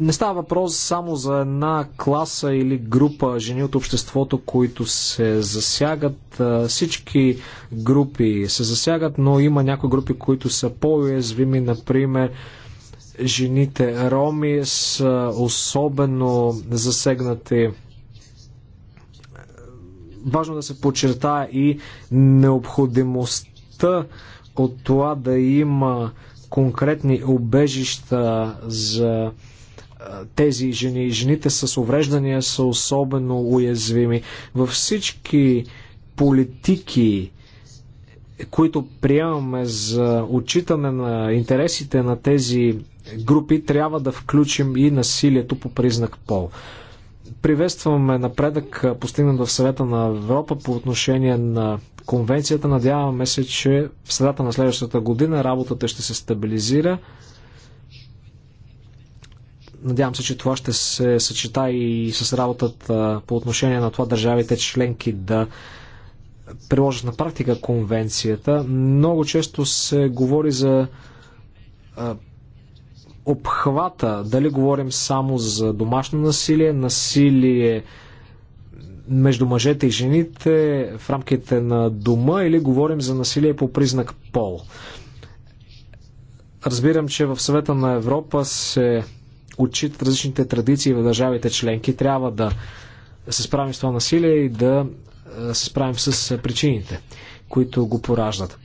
Не става въпрос само за една класа или група жени от обществото, които се засягат. Всички групи се засягат, но има някои групи, които са по-уязвими, например жените роми са особено засегнати. Важно да се подчертая и необходимостта от това да има конкретни обежища за тези жени. Жените с увреждания са особено уязвими. Във всички политики, които приемаме за отчитане на интересите на тези групи, трябва да включим и насилието по признак пол. Приветстваме напредък, постигнат в съвета на Европа по отношение на конвенцията. Надяваме се, че в средата на следващата година работата ще се стабилизира. Надявам се, че това ще се съчета и с работата по отношение на това държавите членки да приложат на практика конвенцията. Много често се говори за обхвата, дали говорим само за домашно насилие, насилие между мъжете и жените в рамките на дома или говорим за насилие по признак пол. Разбирам, че в съвета на Европа се отчитат различните традиции в държавите членки. Трябва да се справим с това насилие и да е, се справим с е, причините, които го пораждат.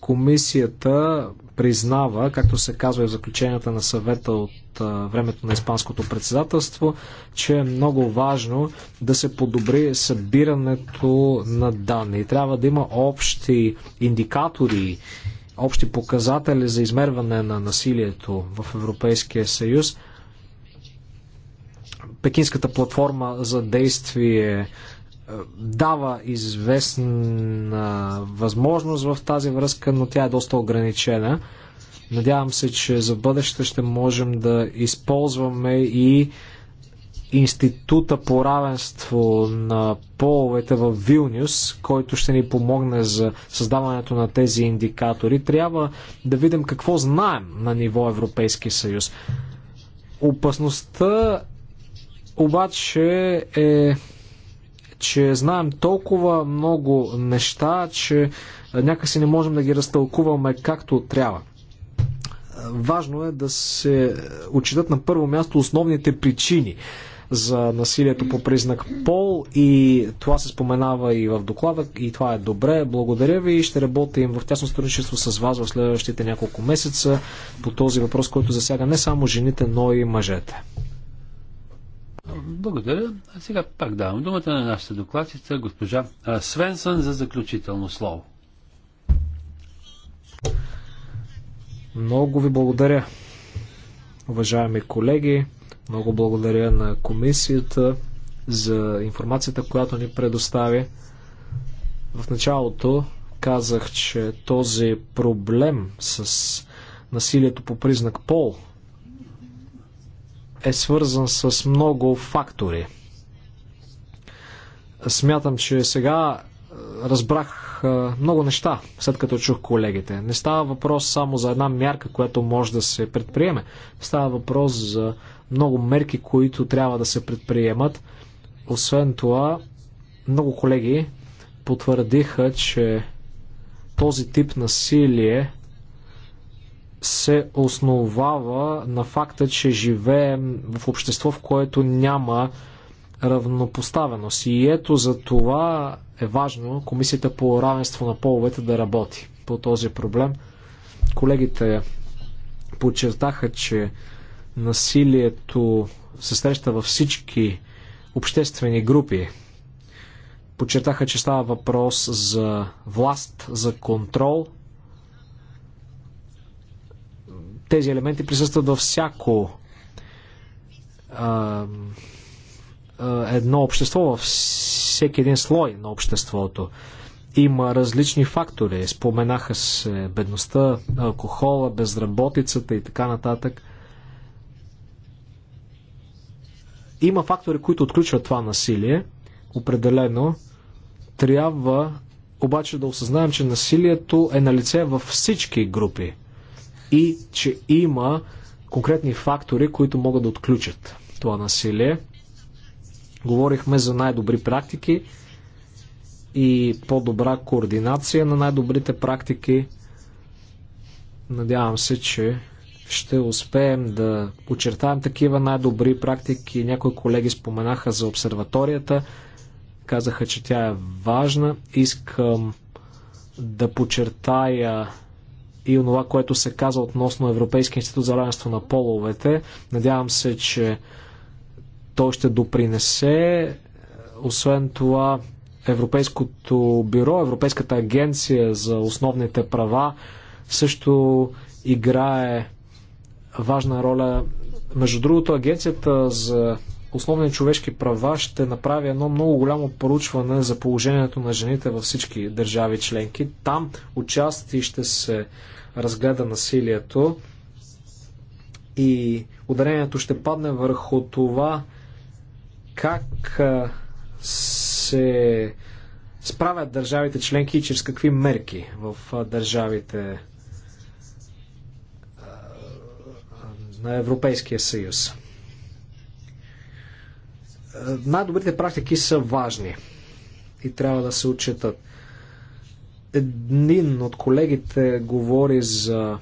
Комисията признава, както се казва и в заключенията на съвета от времето на Испанското председателство, че е много важно да се подобри събирането на данни. Трябва да има общи индикатори, общи показатели за измерване на насилието в Европейския съюз. Пекинската платформа за действие дава известна възможност в тази връзка, но тя е доста ограничена. Надявам се, че за бъдеще ще можем да използваме и Института по равенство на половете в Вилнюс, който ще ни помогне за създаването на тези индикатори. Трябва да видим какво знаем на ниво Европейски съюз. Опасността обаче е че знаем толкова много неща, че някакси не можем да ги разтълкуваме както трябва. Важно е да се отчитат на първо място основните причини за насилието по признак пол и това се споменава и в доклада и това е добре. Благодаря ви и ще работим в тясно сътрудничество с вас в следващите няколко месеца по този въпрос, който засяга не само жените, но и мъжете. Благодаря. А сега пак давам думата на нашата докладчица, госпожа Свенсън, за заключително слово. Много ви благодаря, уважаеми колеги. Много благодаря на комисията за информацията, която ни предостави. В началото казах, че този проблем с насилието по признак пол е свързан с много фактори. Смятам, че сега разбрах много неща, след като чух колегите. Не става въпрос само за една мярка, която може да се предприеме. Става въпрос за много мерки, които трябва да се предприемат. Освен това, много колеги потвърдиха, че този тип насилие се основава на факта, че живеем в общество, в което няма равнопоставеност. И ето за това е важно Комисията по равенство на половете да работи по този проблем. Колегите подчертаха, че насилието се среща във всички обществени групи. Подчертаха, че става въпрос за власт, за контрол Тези елементи присъстват във всяко а, едно общество, във всеки един слой на обществото. Има различни фактори. Споменаха се бедността, алкохола, безработицата и така нататък. Има фактори, които отключват това насилие. Определено трябва обаче да осъзнаем, че насилието е на лице във всички групи и че има конкретни фактори, които могат да отключат това насилие. Говорихме за най-добри практики и по-добра координация на най-добрите практики. Надявам се, че ще успеем да очертаем такива най-добри практики. Някои колеги споменаха за обсерваторията, казаха, че тя е важна. Искам да почертая и онова, което се каза относно Европейския институт за равенство на половете. Надявам се, че той ще допринесе. Освен това, Европейското бюро, Европейската агенция за основните права също играе важна роля. Между другото, Агенцията за основни човешки права ще направи едно много голямо поручване за положението на жените във всички държави членки. Там участие ще се разгледа насилието и ударението ще падне върху това как се справят държавите членки и чрез какви мерки в държавите на Европейския съюз. Най-добрите практики са важни и трябва да се отчитат. Един от колегите говори за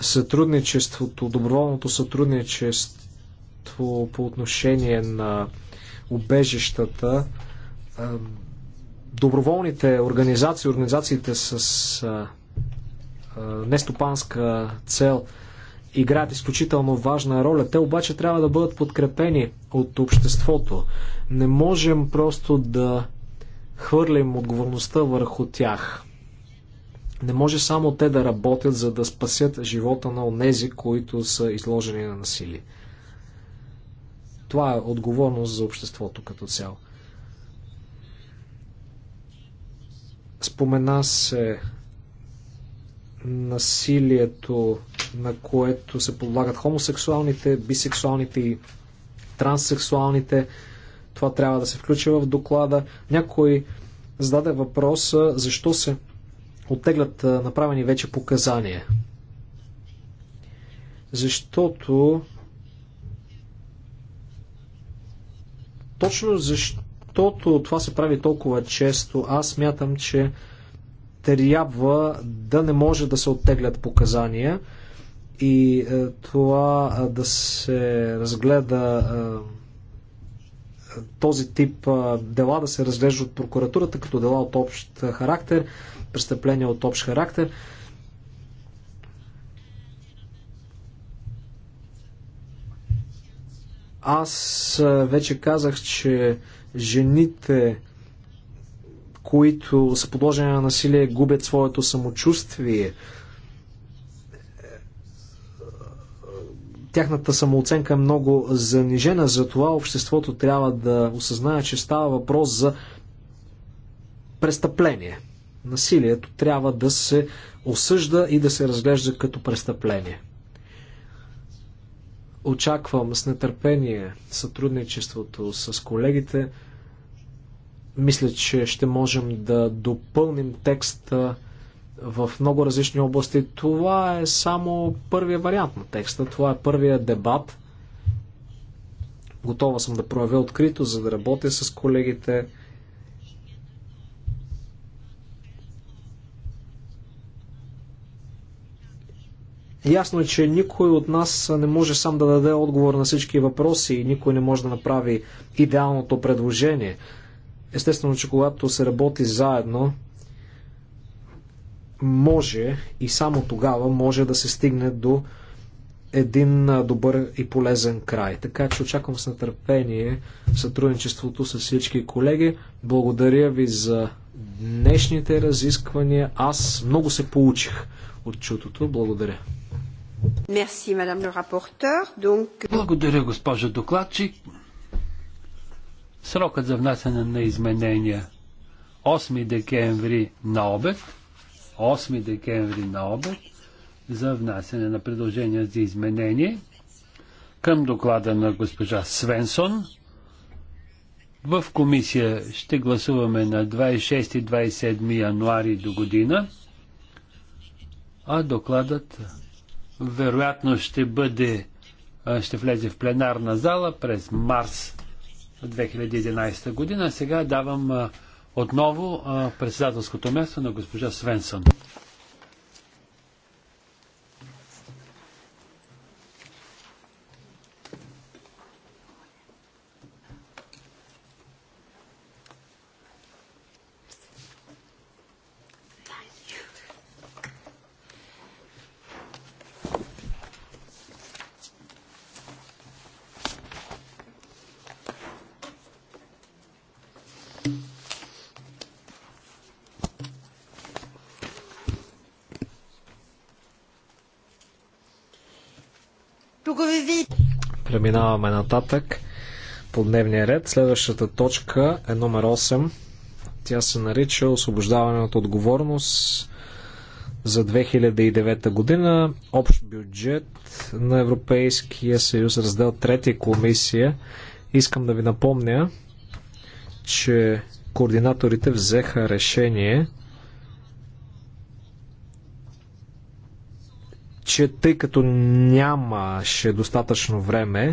сътрудничеството, доброволното сътрудничество по отношение на убежищата. Доброволните организации, организациите с нестопанска цел играят изключително важна роля. Те обаче трябва да бъдат подкрепени от обществото. Не можем просто да Хвърлям отговорността върху тях. Не може само те да работят, за да спасят живота на онези, които са изложени на насилие. Това е отговорност за обществото като цяло. Спомена се насилието, на което се подлагат хомосексуалните, бисексуалните и транссексуалните. Това трябва да се включи в доклада. Някой зададе въпроса защо се оттеглят направени вече показания. Защото точно защото това се прави толкова често, аз мятам, че трябва да не може да се оттеглят показания и е, това е, да се разгледа е, този тип дела да се разглежда от прокуратурата като дела от общ характер, престъпления от общ характер. Аз вече казах, че жените, които са подложени на насилие, губят своето самочувствие, тяхната самооценка е много занижена, затова обществото трябва да осъзнае, че става въпрос за престъпление. Насилието трябва да се осъжда и да се разглежда като престъпление. Очаквам с нетърпение сътрудничеството с колегите. Мисля, че ще можем да допълним текста в много различни области. Това е само първия вариант на текста, това е първия дебат. Готова съм да проявя открито, за да работя с колегите. Ясно е, че никой от нас не може сам да даде отговор на всички въпроси и никой не може да направи идеалното предложение. Естествено, че когато се работи заедно, може и само тогава може да се стигне до един добър и полезен край. Така че очаквам с нетърпение сътрудничеството с всички колеги. Благодаря ви за днешните разисквания. Аз много се получих от чутото. Благодаря. Merci, madame le rapporteur. Donc... Благодаря, госпожо докладчик. Срокът за внасяне на изменения 8 декември на обед. 8 декември на обед за внасяне на предложения за изменение към доклада на госпожа Свенсон. В комисия ще гласуваме на 26 и 27 януари до година, а докладът вероятно ще бъде ще влезе в пленарна зала през марс 2011 година. Сега давам отново председателското място на госпожа Свенсън. Преминаваме нататък по дневния ред. Следващата точка е номер 8. Тя се нарича Освобождаване от отговорност за 2009 година. Общ бюджет на Европейския съюз, раздел 3 комисия. Искам да ви напомня, че координаторите взеха решение че тъй като нямаше достатъчно време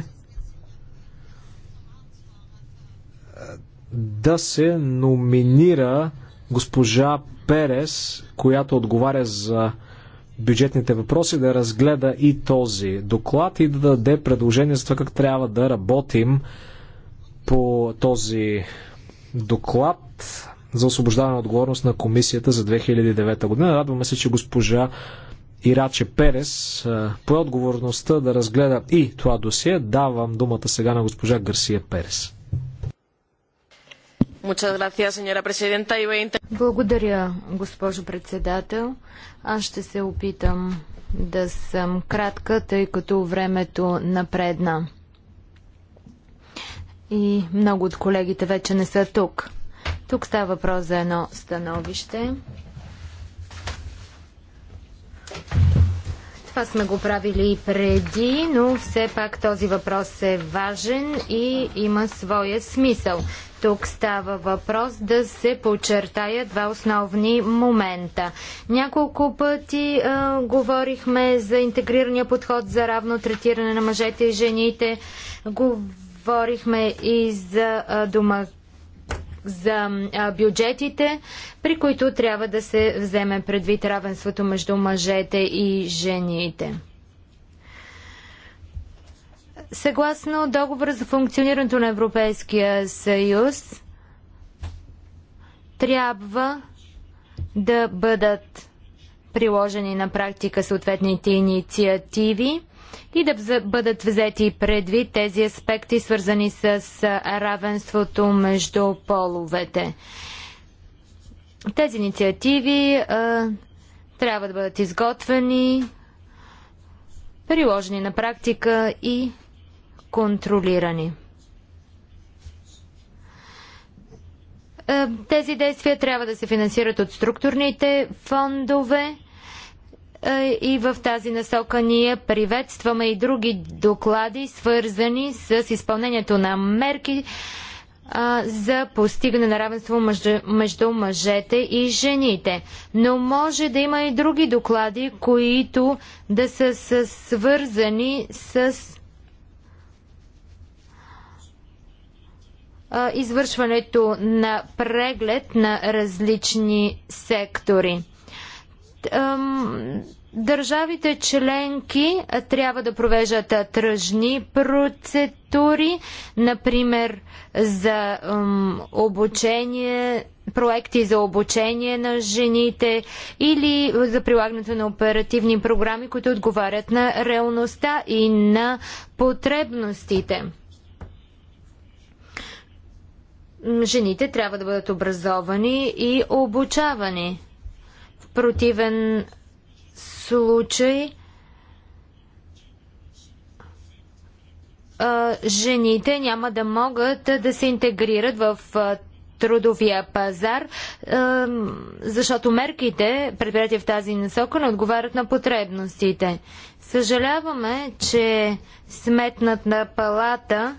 е, да се номинира госпожа Перес, която отговаря за бюджетните въпроси, да разгледа и този доклад и да даде предложение за това как трябва да работим по този доклад за освобождаване на отговорност на комисията за 2009 година. Радваме се, че госпожа Ираче Перес по отговорността да разгледа и това досие. Давам думата сега на госпожа Гарсия Перес. Благодаря, госпожо председател. Аз ще се опитам да съм кратка, тъй като времето напредна. И много от колегите вече не са тук. Тук става въпрос за едно становище това сме го правили и преди, но все пак този въпрос е важен и има своя смисъл. Тук става въпрос да се подчертая два основни момента. Няколко пъти а, говорихме за интегрирания подход за равно третиране на мъжете и жените. Говорихме и за а, за бюджетите, при които трябва да се вземе предвид равенството между мъжете и жените. Съгласно договора за функционирането на Европейския съюз, трябва да бъдат приложени на практика съответните инициативи и да бъдат взети предвид тези аспекти, свързани с равенството между половете. Тези инициативи а, трябва да бъдат изготвени, приложени на практика и контролирани. Тези действия трябва да се финансират от структурните фондове е, и в тази насока ние приветстваме и други доклади, свързани с изпълнението на мерки а, е, за постигане на равенство мъже, между мъжете и жените. Но може да има и други доклади, които да са, свързани с а, е, извършването на преглед на различни сектори. Държавите членки трябва да провеждат тръжни процедури, например за обучение, проекти за обучение на жените или за прилагането на оперативни програми, които отговарят на реалността и на потребностите. Жените трябва да бъдат образовани и обучавани противен случай жените няма да могат да се интегрират в трудовия пазар, защото мерките, предприяти в тази насока, не отговарят на потребностите. Съжаляваме, че Сметната палата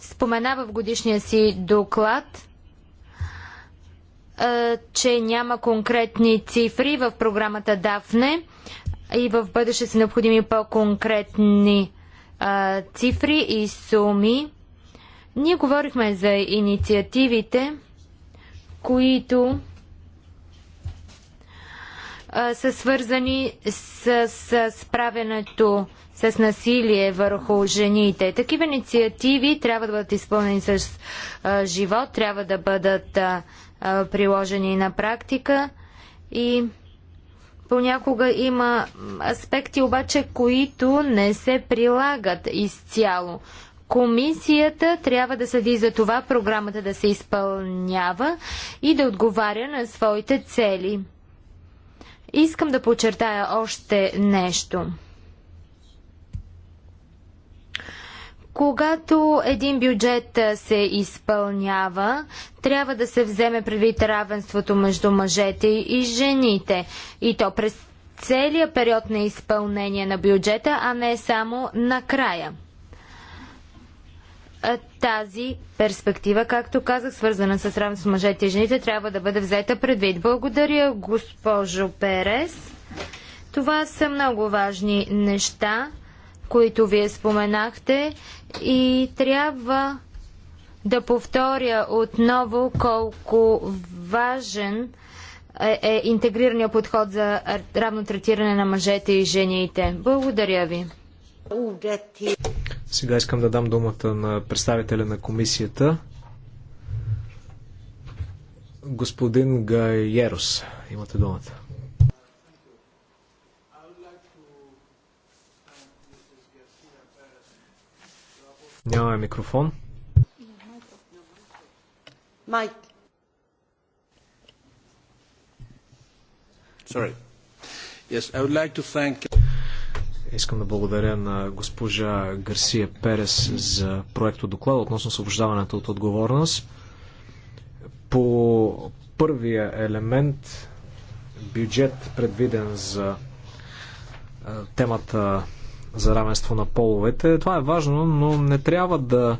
споменава в годишния си доклад, че няма конкретни цифри в програмата Дафне и в бъдеще са необходими по-конкретни цифри и суми. Ние говорихме за инициативите, които са свързани с, с справянето с насилие върху жените. Такива инициативи трябва да бъдат изпълнени с а, живот, трябва да бъдат а, приложени на практика и понякога има аспекти обаче, които не се прилагат изцяло. Комисията трябва да съди за това програмата да се изпълнява и да отговаря на своите цели. Искам да подчертая още нещо. Когато един бюджет се изпълнява, трябва да се вземе предвид равенството между мъжете и жените. И то през целия период на изпълнение на бюджета, а не само накрая. Тази перспектива, както казах, свързана с равенство мъжете и жените, трябва да бъде взета предвид. Благодаря, госпожо Перес. Това са много важни неща които вие споменахте и трябва да повторя отново колко важен е, е, интегрирания подход за равно третиране на мъжете и жените. Благодаря ви. Сега искам да дам думата на представителя на комисията. Господин Гайерос, имате думата. Нямаме микрофон. Майк. Sorry. Yes, I would like to thank... Искам да благодаря на госпожа Гарсия Перес за проекто доклада относно освобождаването от отговорност. По първия елемент бюджет предвиден за темата за равенство на половете. Това е важно, но не трябва да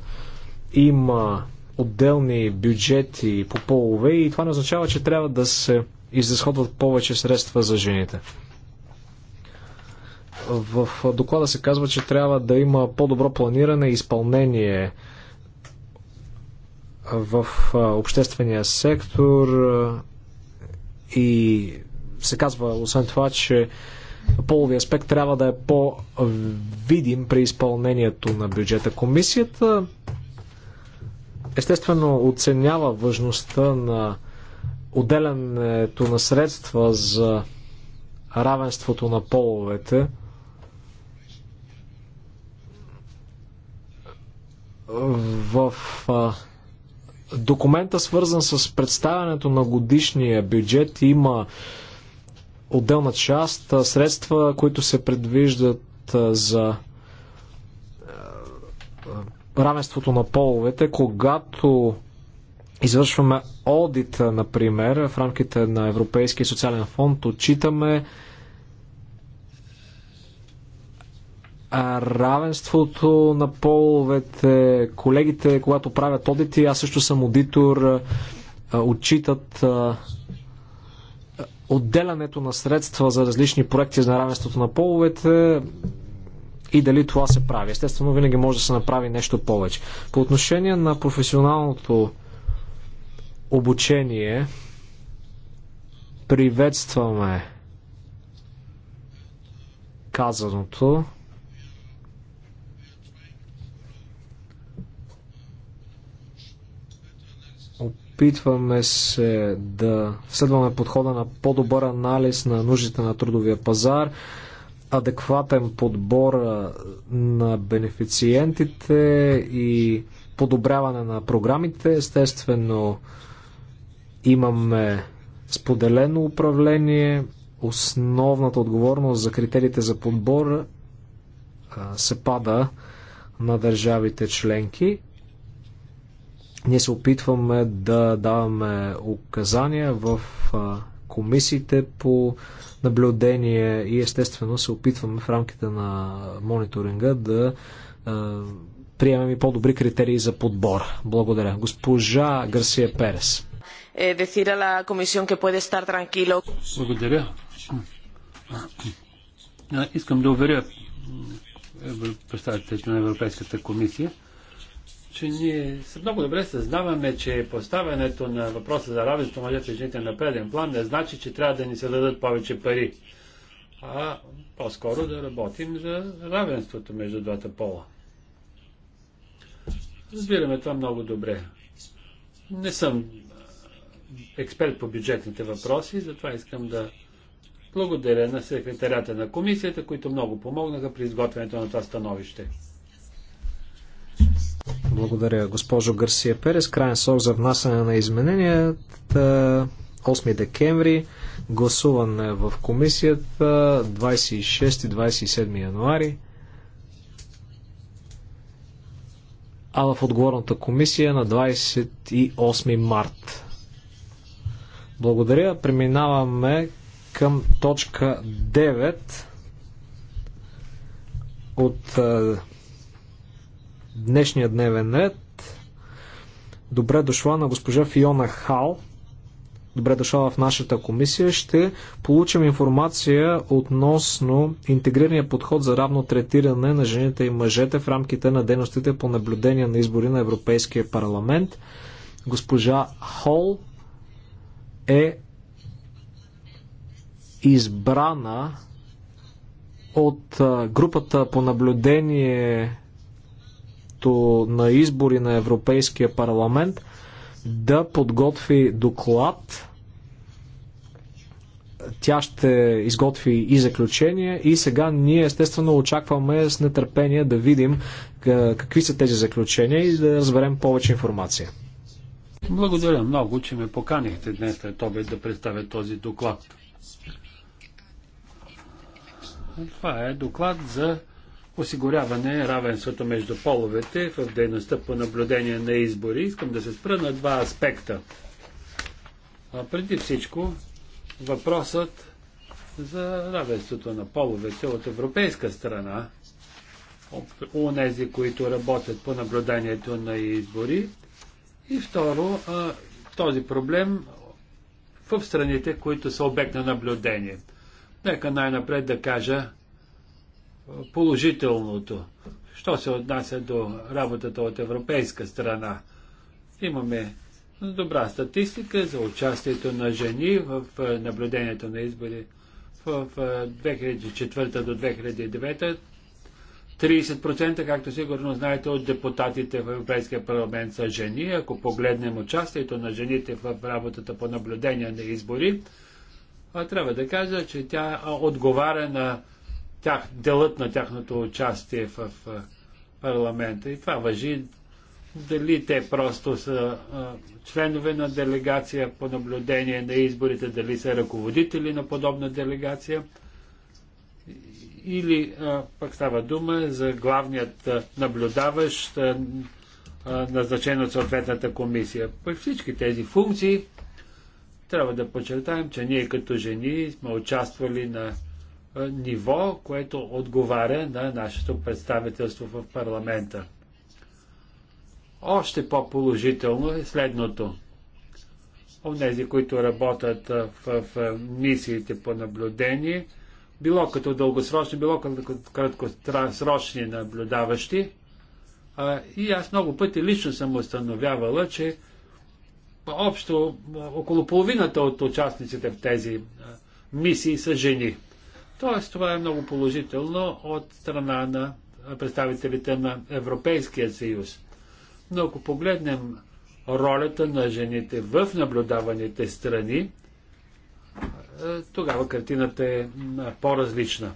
има отделни бюджети по полове и това не означава, че трябва да се изразходват повече средства за жените. В доклада се казва, че трябва да има по-добро планиране и изпълнение в обществения сектор и се казва освен това, че половия аспект трябва да е по-видим при изпълнението на бюджета. Комисията естествено оценява важността на отделянето на средства за равенството на половете. В документа, свързан с представянето на годишния бюджет, има отделна част, средства, които се предвиждат за равенството на половете, когато извършваме одит, например, в рамките на Европейския социален фонд, отчитаме равенството на половете, колегите, когато правят одити, аз също съм аудитор, отчитат отделянето на средства за различни проекти за равенството на половете и дали това се прави. Естествено, винаги може да се направи нещо повече. По отношение на професионалното обучение, приветстваме казаното. Опитваме се да следваме подхода на по-добър анализ на нуждите на трудовия пазар, адекватен подбор на бенефициентите и подобряване на програмите. Естествено, имаме споделено управление, основната отговорност за критериите за подбор се пада на държавите членки. Ние се опитваме да даваме указания в комисиите по наблюдение и естествено се опитваме в рамките на мониторинга да приемем и по-добри критерии за подбор. Благодаря. Госпожа Гарсия Перес. Е, Благодаря. Искам да уверя представителите на Европейската комисия, че ние много добре съзнаваме, че поставянето на въпроса за равенство мъжете и жените на преден план не значи, че трябва да ни се дадат повече пари, а по-скоро да работим за равенството между двата пола. Разбираме това много добре. Не съм експерт по бюджетните въпроси, затова искам да благодаря на секретарята на комисията, които много помогнаха при изготвянето на това становище. Благодаря, госпожо Гарсия Перес. Крайен срок за внасяне на измененията 8 декември, гласуване в комисията 26 27 януари. а в отговорната комисия на 28 март. Благодаря. Преминаваме към точка 9 от днешния дневен ред. Добре дошла на госпожа Фиона Хал. Добре дошла в нашата комисия. Ще получим информация относно интегрирания подход за равно третиране на жените и мъжете в рамките на дейностите по наблюдение на избори на Европейския парламент. Госпожа Хол е избрана от групата по наблюдение времето на избори на Европейския парламент да подготви доклад. Тя ще изготви и заключение и сега ние естествено очакваме с нетърпение да видим какви са тези заключения и да разберем повече информация. Благодаря много, че ме поканихте днес след обед да представя този доклад. Това е доклад за осигуряване равенството между половете в дейността по наблюдение на избори. Искам да се спра на два аспекта. А преди всичко, въпросът за равенството на половете от европейска страна, онези, които работят по наблюдението на избори. И второ, а, този проблем в страните, които са обект на наблюдение. Нека най-напред да кажа положителното, що се отнася до работата от европейска страна. Имаме добра статистика за участието на жени в е, наблюдението на избори в 2004 е, до 2009 30%, както сигурно знаете, от депутатите в Европейския парламент са жени. Ако погледнем участието на жените в работата по наблюдение на избори, трябва да кажа, че тя отговаря на тях, делът на тяхното участие в, парламента. И това въжи дали те просто са а, членове на делегация по наблюдение на изборите, дали са ръководители на подобна делегация, или а, пък става дума за главният а, наблюдаващ, а, а, назначен от съответната комисия. При всички тези функции трябва да подчертаем, че ние като жени сме участвали на е, ниво, което отговаря на нашето представителство в парламента. Още по-положително е следното. Онези, които работят е, в, в е, мисиите по наблюдение, било като дългосрочни, било като краткосрочни наблюдаващи, а, и аз много пъти лично съм установявала, че общо около половината от участниците в тези мисии са жени. Тоест, това е много положително от страна на представителите на Европейския съюз. Но ако погледнем ролята на жените в наблюдаваните страни, е, тогава картината е, е по-различна.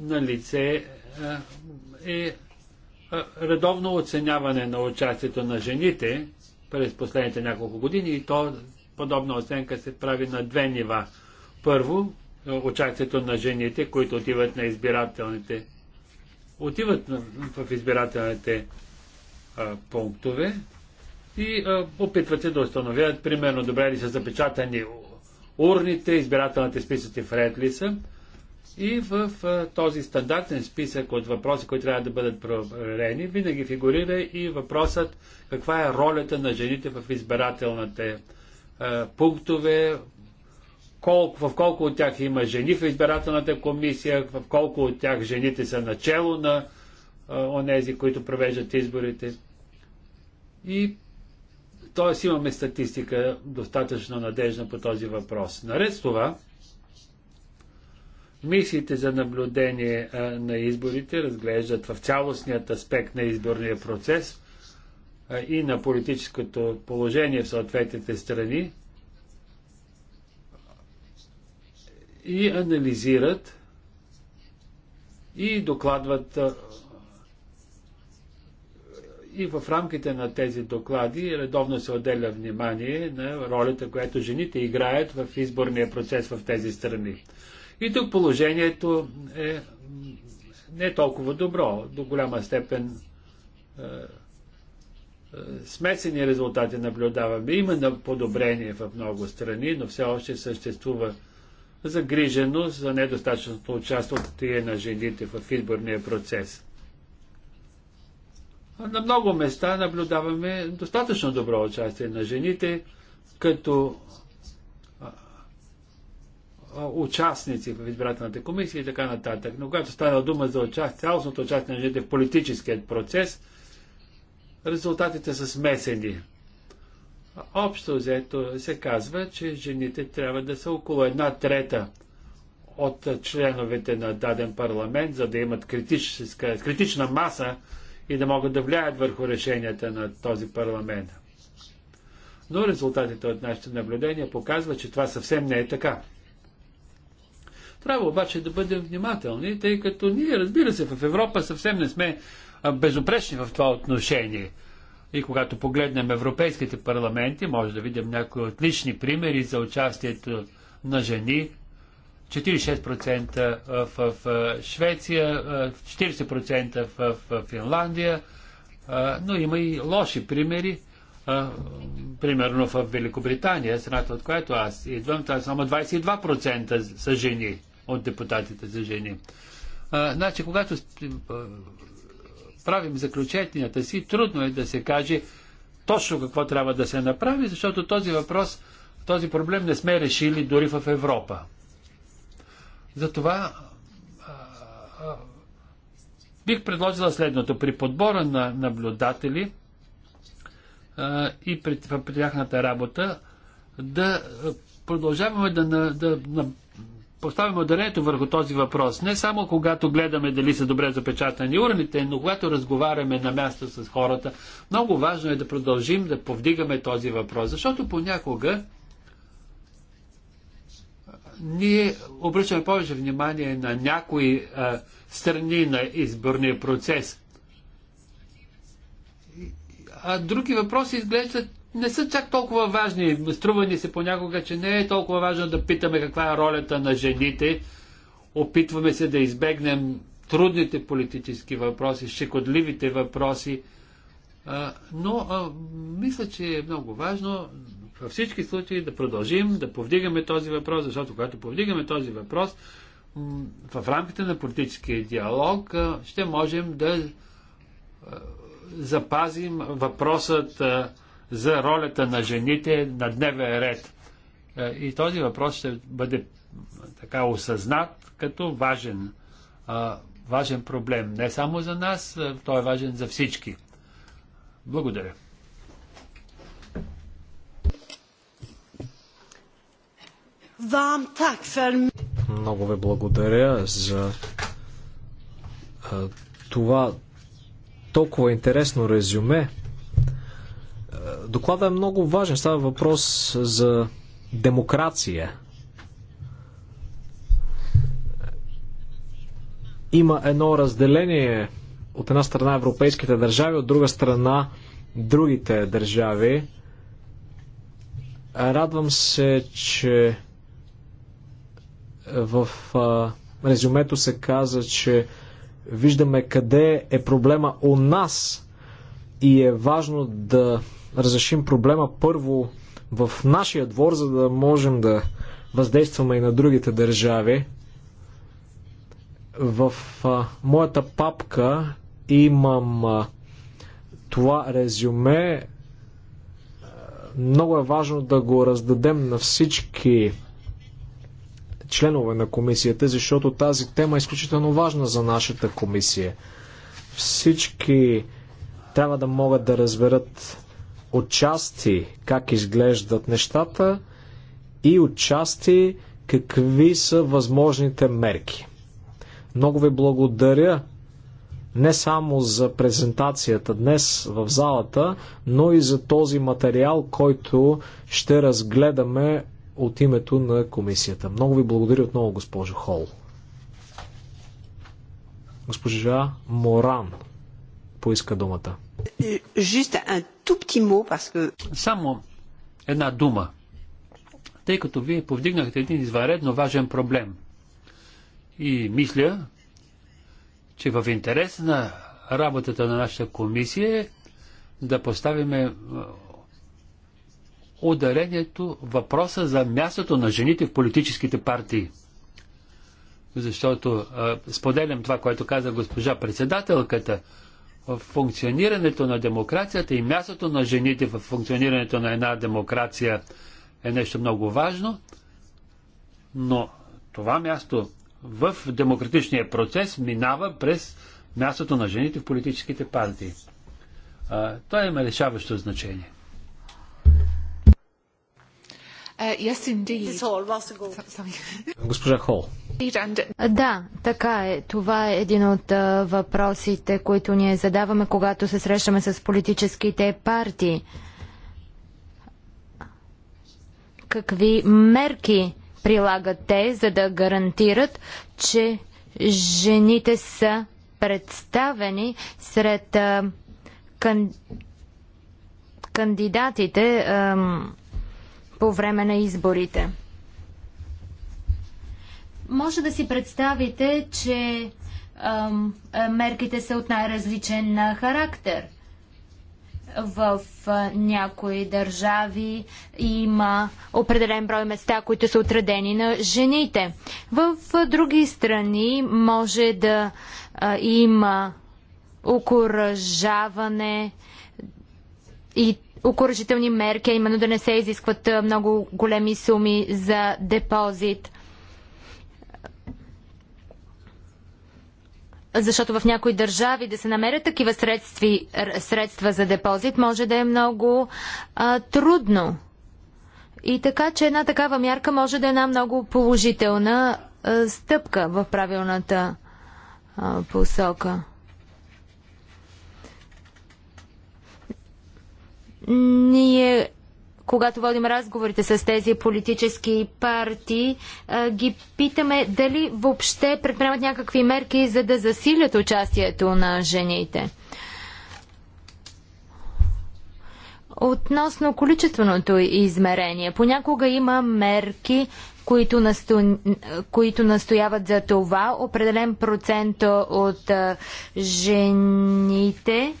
На лице е, е редовно оценяване на участието на жените през последните няколко години и то подобна оценка се прави на две нива – първо, е, участието на жените, които отиват на избирателните отиват в избирателните а, пунктове и а, опитват се да установят, примерно, добре ли са запечатани урните, избирателните списъци в ред ли са. И в а, този стандартен списък от въпроси, които трябва да бъдат проверени, винаги фигурира и въпросът каква е ролята на жените в избирателните а, пунктове, колко, в колко от тях има жени в избирателната комисия, в колко от тях жените са начало на онези, които провеждат изборите. И т.е. имаме статистика достатъчно надежна по този въпрос. Наред с това, мисиите за наблюдение а, на изборите разглеждат в цялостният аспект на изборния процес а, и на политическото положение в съответните страни, и анализират и докладват и в рамките на тези доклади редовно се отделя внимание на ролята, която жените играят в изборния процес в тези страни. И тук положението е не толкова добро, до голяма степен смесени резултати наблюдаваме. Има на подобрение в много страни, но все още съществува загриженост за недостатъчното участие на жените в изборния процес. На много места наблюдаваме достатъчно добро участие на жените като участници в избирателната комисия и така нататък. Но когато стана дума за участ... цялостното участие на жените в политическият процес, резултатите са смесени. Общо взето се казва, че жените трябва да са около една трета от членовете на даден парламент, за да имат критична маса и да могат да влияят върху решенията на този парламент. Но резултатите от нашите наблюдения показват, че това съвсем не е така. Трябва обаче да бъдем внимателни, тъй като ние, разбира се, в Европа съвсем не сме безупречни в това отношение. И когато погледнем европейските парламенти, може да видим някои отлични примери за участието на жени. 46% в Швеция, 40% в Финландия, но има и лоши примери. Примерно в Великобритания, страната от която аз идвам, там само 22% са жени от депутатите за жени. Значи, когато правим заключенията си, трудно е да се каже точно какво трябва да се направи, защото този въпрос, този проблем не сме решили дори в Европа. Затова а, а, бих предложила следното. При подбора на наблюдатели а, и при, при тяхната работа да продължаваме да, да, да поставим ударението върху този въпрос. Не само когато гледаме дали са добре запечатани урните, но когато разговаряме на място с хората, много важно е да продължим да повдигаме този въпрос, защото понякога ние обръщаме повече внимание на някои а, страни на изборния процес, а други въпроси изглеждат не са чак толкова важни. Струва ни се понякога, че не е толкова важно да питаме каква е ролята на жените. Опитваме се да избегнем трудните политически въпроси, щекотливите въпроси. Но а, мисля, че е много важно във всички случаи да продължим да повдигаме този въпрос, защото когато повдигаме този въпрос, в рамките на политическия диалог ще можем да запазим въпросът за ролята на жените на дневен ред. Е, и този въпрос ще бъде така осъзнат като важен, важен проблем. Не само за нас, той е важен за всички. Благодаря. Много ви благодаря за това толкова интересно резюме. Докладът е много важен. Става въпрос за демокрация. Има едно разделение от една страна европейските държави, от друга страна другите държави. Радвам се, че в резюмето се каза, че виждаме къде е проблема у нас и е важно да разрешим проблема първо в нашия двор, за да можем да въздействаме и на другите държави. В а, моята папка имам а, това резюме. Много е важно да го раздадем на всички членове на комисията, защото тази тема е изключително важна за нашата комисия. Всички трябва да могат да разберат отчасти как изглеждат нещата и отчасти какви са възможните мерки. Много ви благодаря не само за презентацията днес в залата, но и за този материал, който ще разгледаме от името на комисията. Много ви благодаря отново, госпожо Хол. Госпожа Моран поиска думата. Е, just un tout petit mot, parce que... Само една дума, тъй като вие повдигнахте един извънредно важен проблем. И мисля, че в интерес на работата на нашата комисия е да поставиме е, ударението въпроса за мястото на жените в политическите партии. Защото а, е, споделям това, което каза госпожа председателката функционирането на демокрацията и мястото на жените в функционирането на една демокрация е нещо много важно, но това място в демократичния процес минава през мястото на жените в политическите партии. А, той има решаващо значение. Uh, yes, Госпожа Хол. Да, така е. Това е един от въпросите, които ние задаваме, когато се срещаме с политическите партии. Какви мерки прилагат те, за да гарантират, че жените са представени сред а, кан... кандидатите а, по време на изборите. Може да си представите, че е, мерките са от най-различен характер. В някои държави има определен брой места, които са отредени на жените. В други страни може да има окоръжаване и окоръжителни мерки, именно да не се изискват много големи суми за депозит. защото в някои държави да се намерят такива средства, средства за депозит може да е много а, трудно. И така, че една такава мярка може да е една много положителна а, стъпка в правилната а, посока. Ние когато водим разговорите с тези политически партии, ги питаме дали въобще предприемат някакви мерки, за да засилят участието на жените. Относно количественото измерение, понякога има мерки, които, насто... които настояват за това определен процент от жените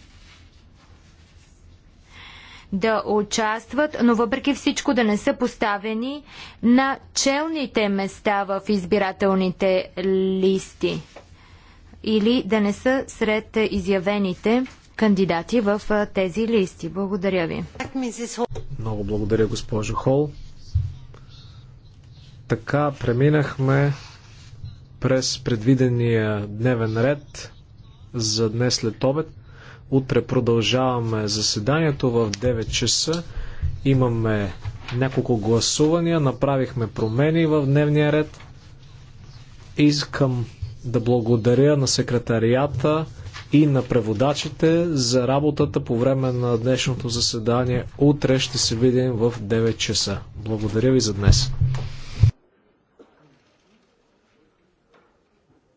да участват, но въпреки всичко да не са поставени на челните места в избирателните листи или да не са сред изявените кандидати в тези листи. Благодаря ви. Много благодаря, госпожо Хол. Така, преминахме през предвидения дневен ред за днес след обед. Утре продължаваме заседанието в 9 часа. Имаме няколко гласувания, направихме промени в дневния ред. Искам да благодаря на секретарията и на преводачите за работата по време на днешното заседание. Утре ще се видим в 9 часа. Благодаря ви за днес.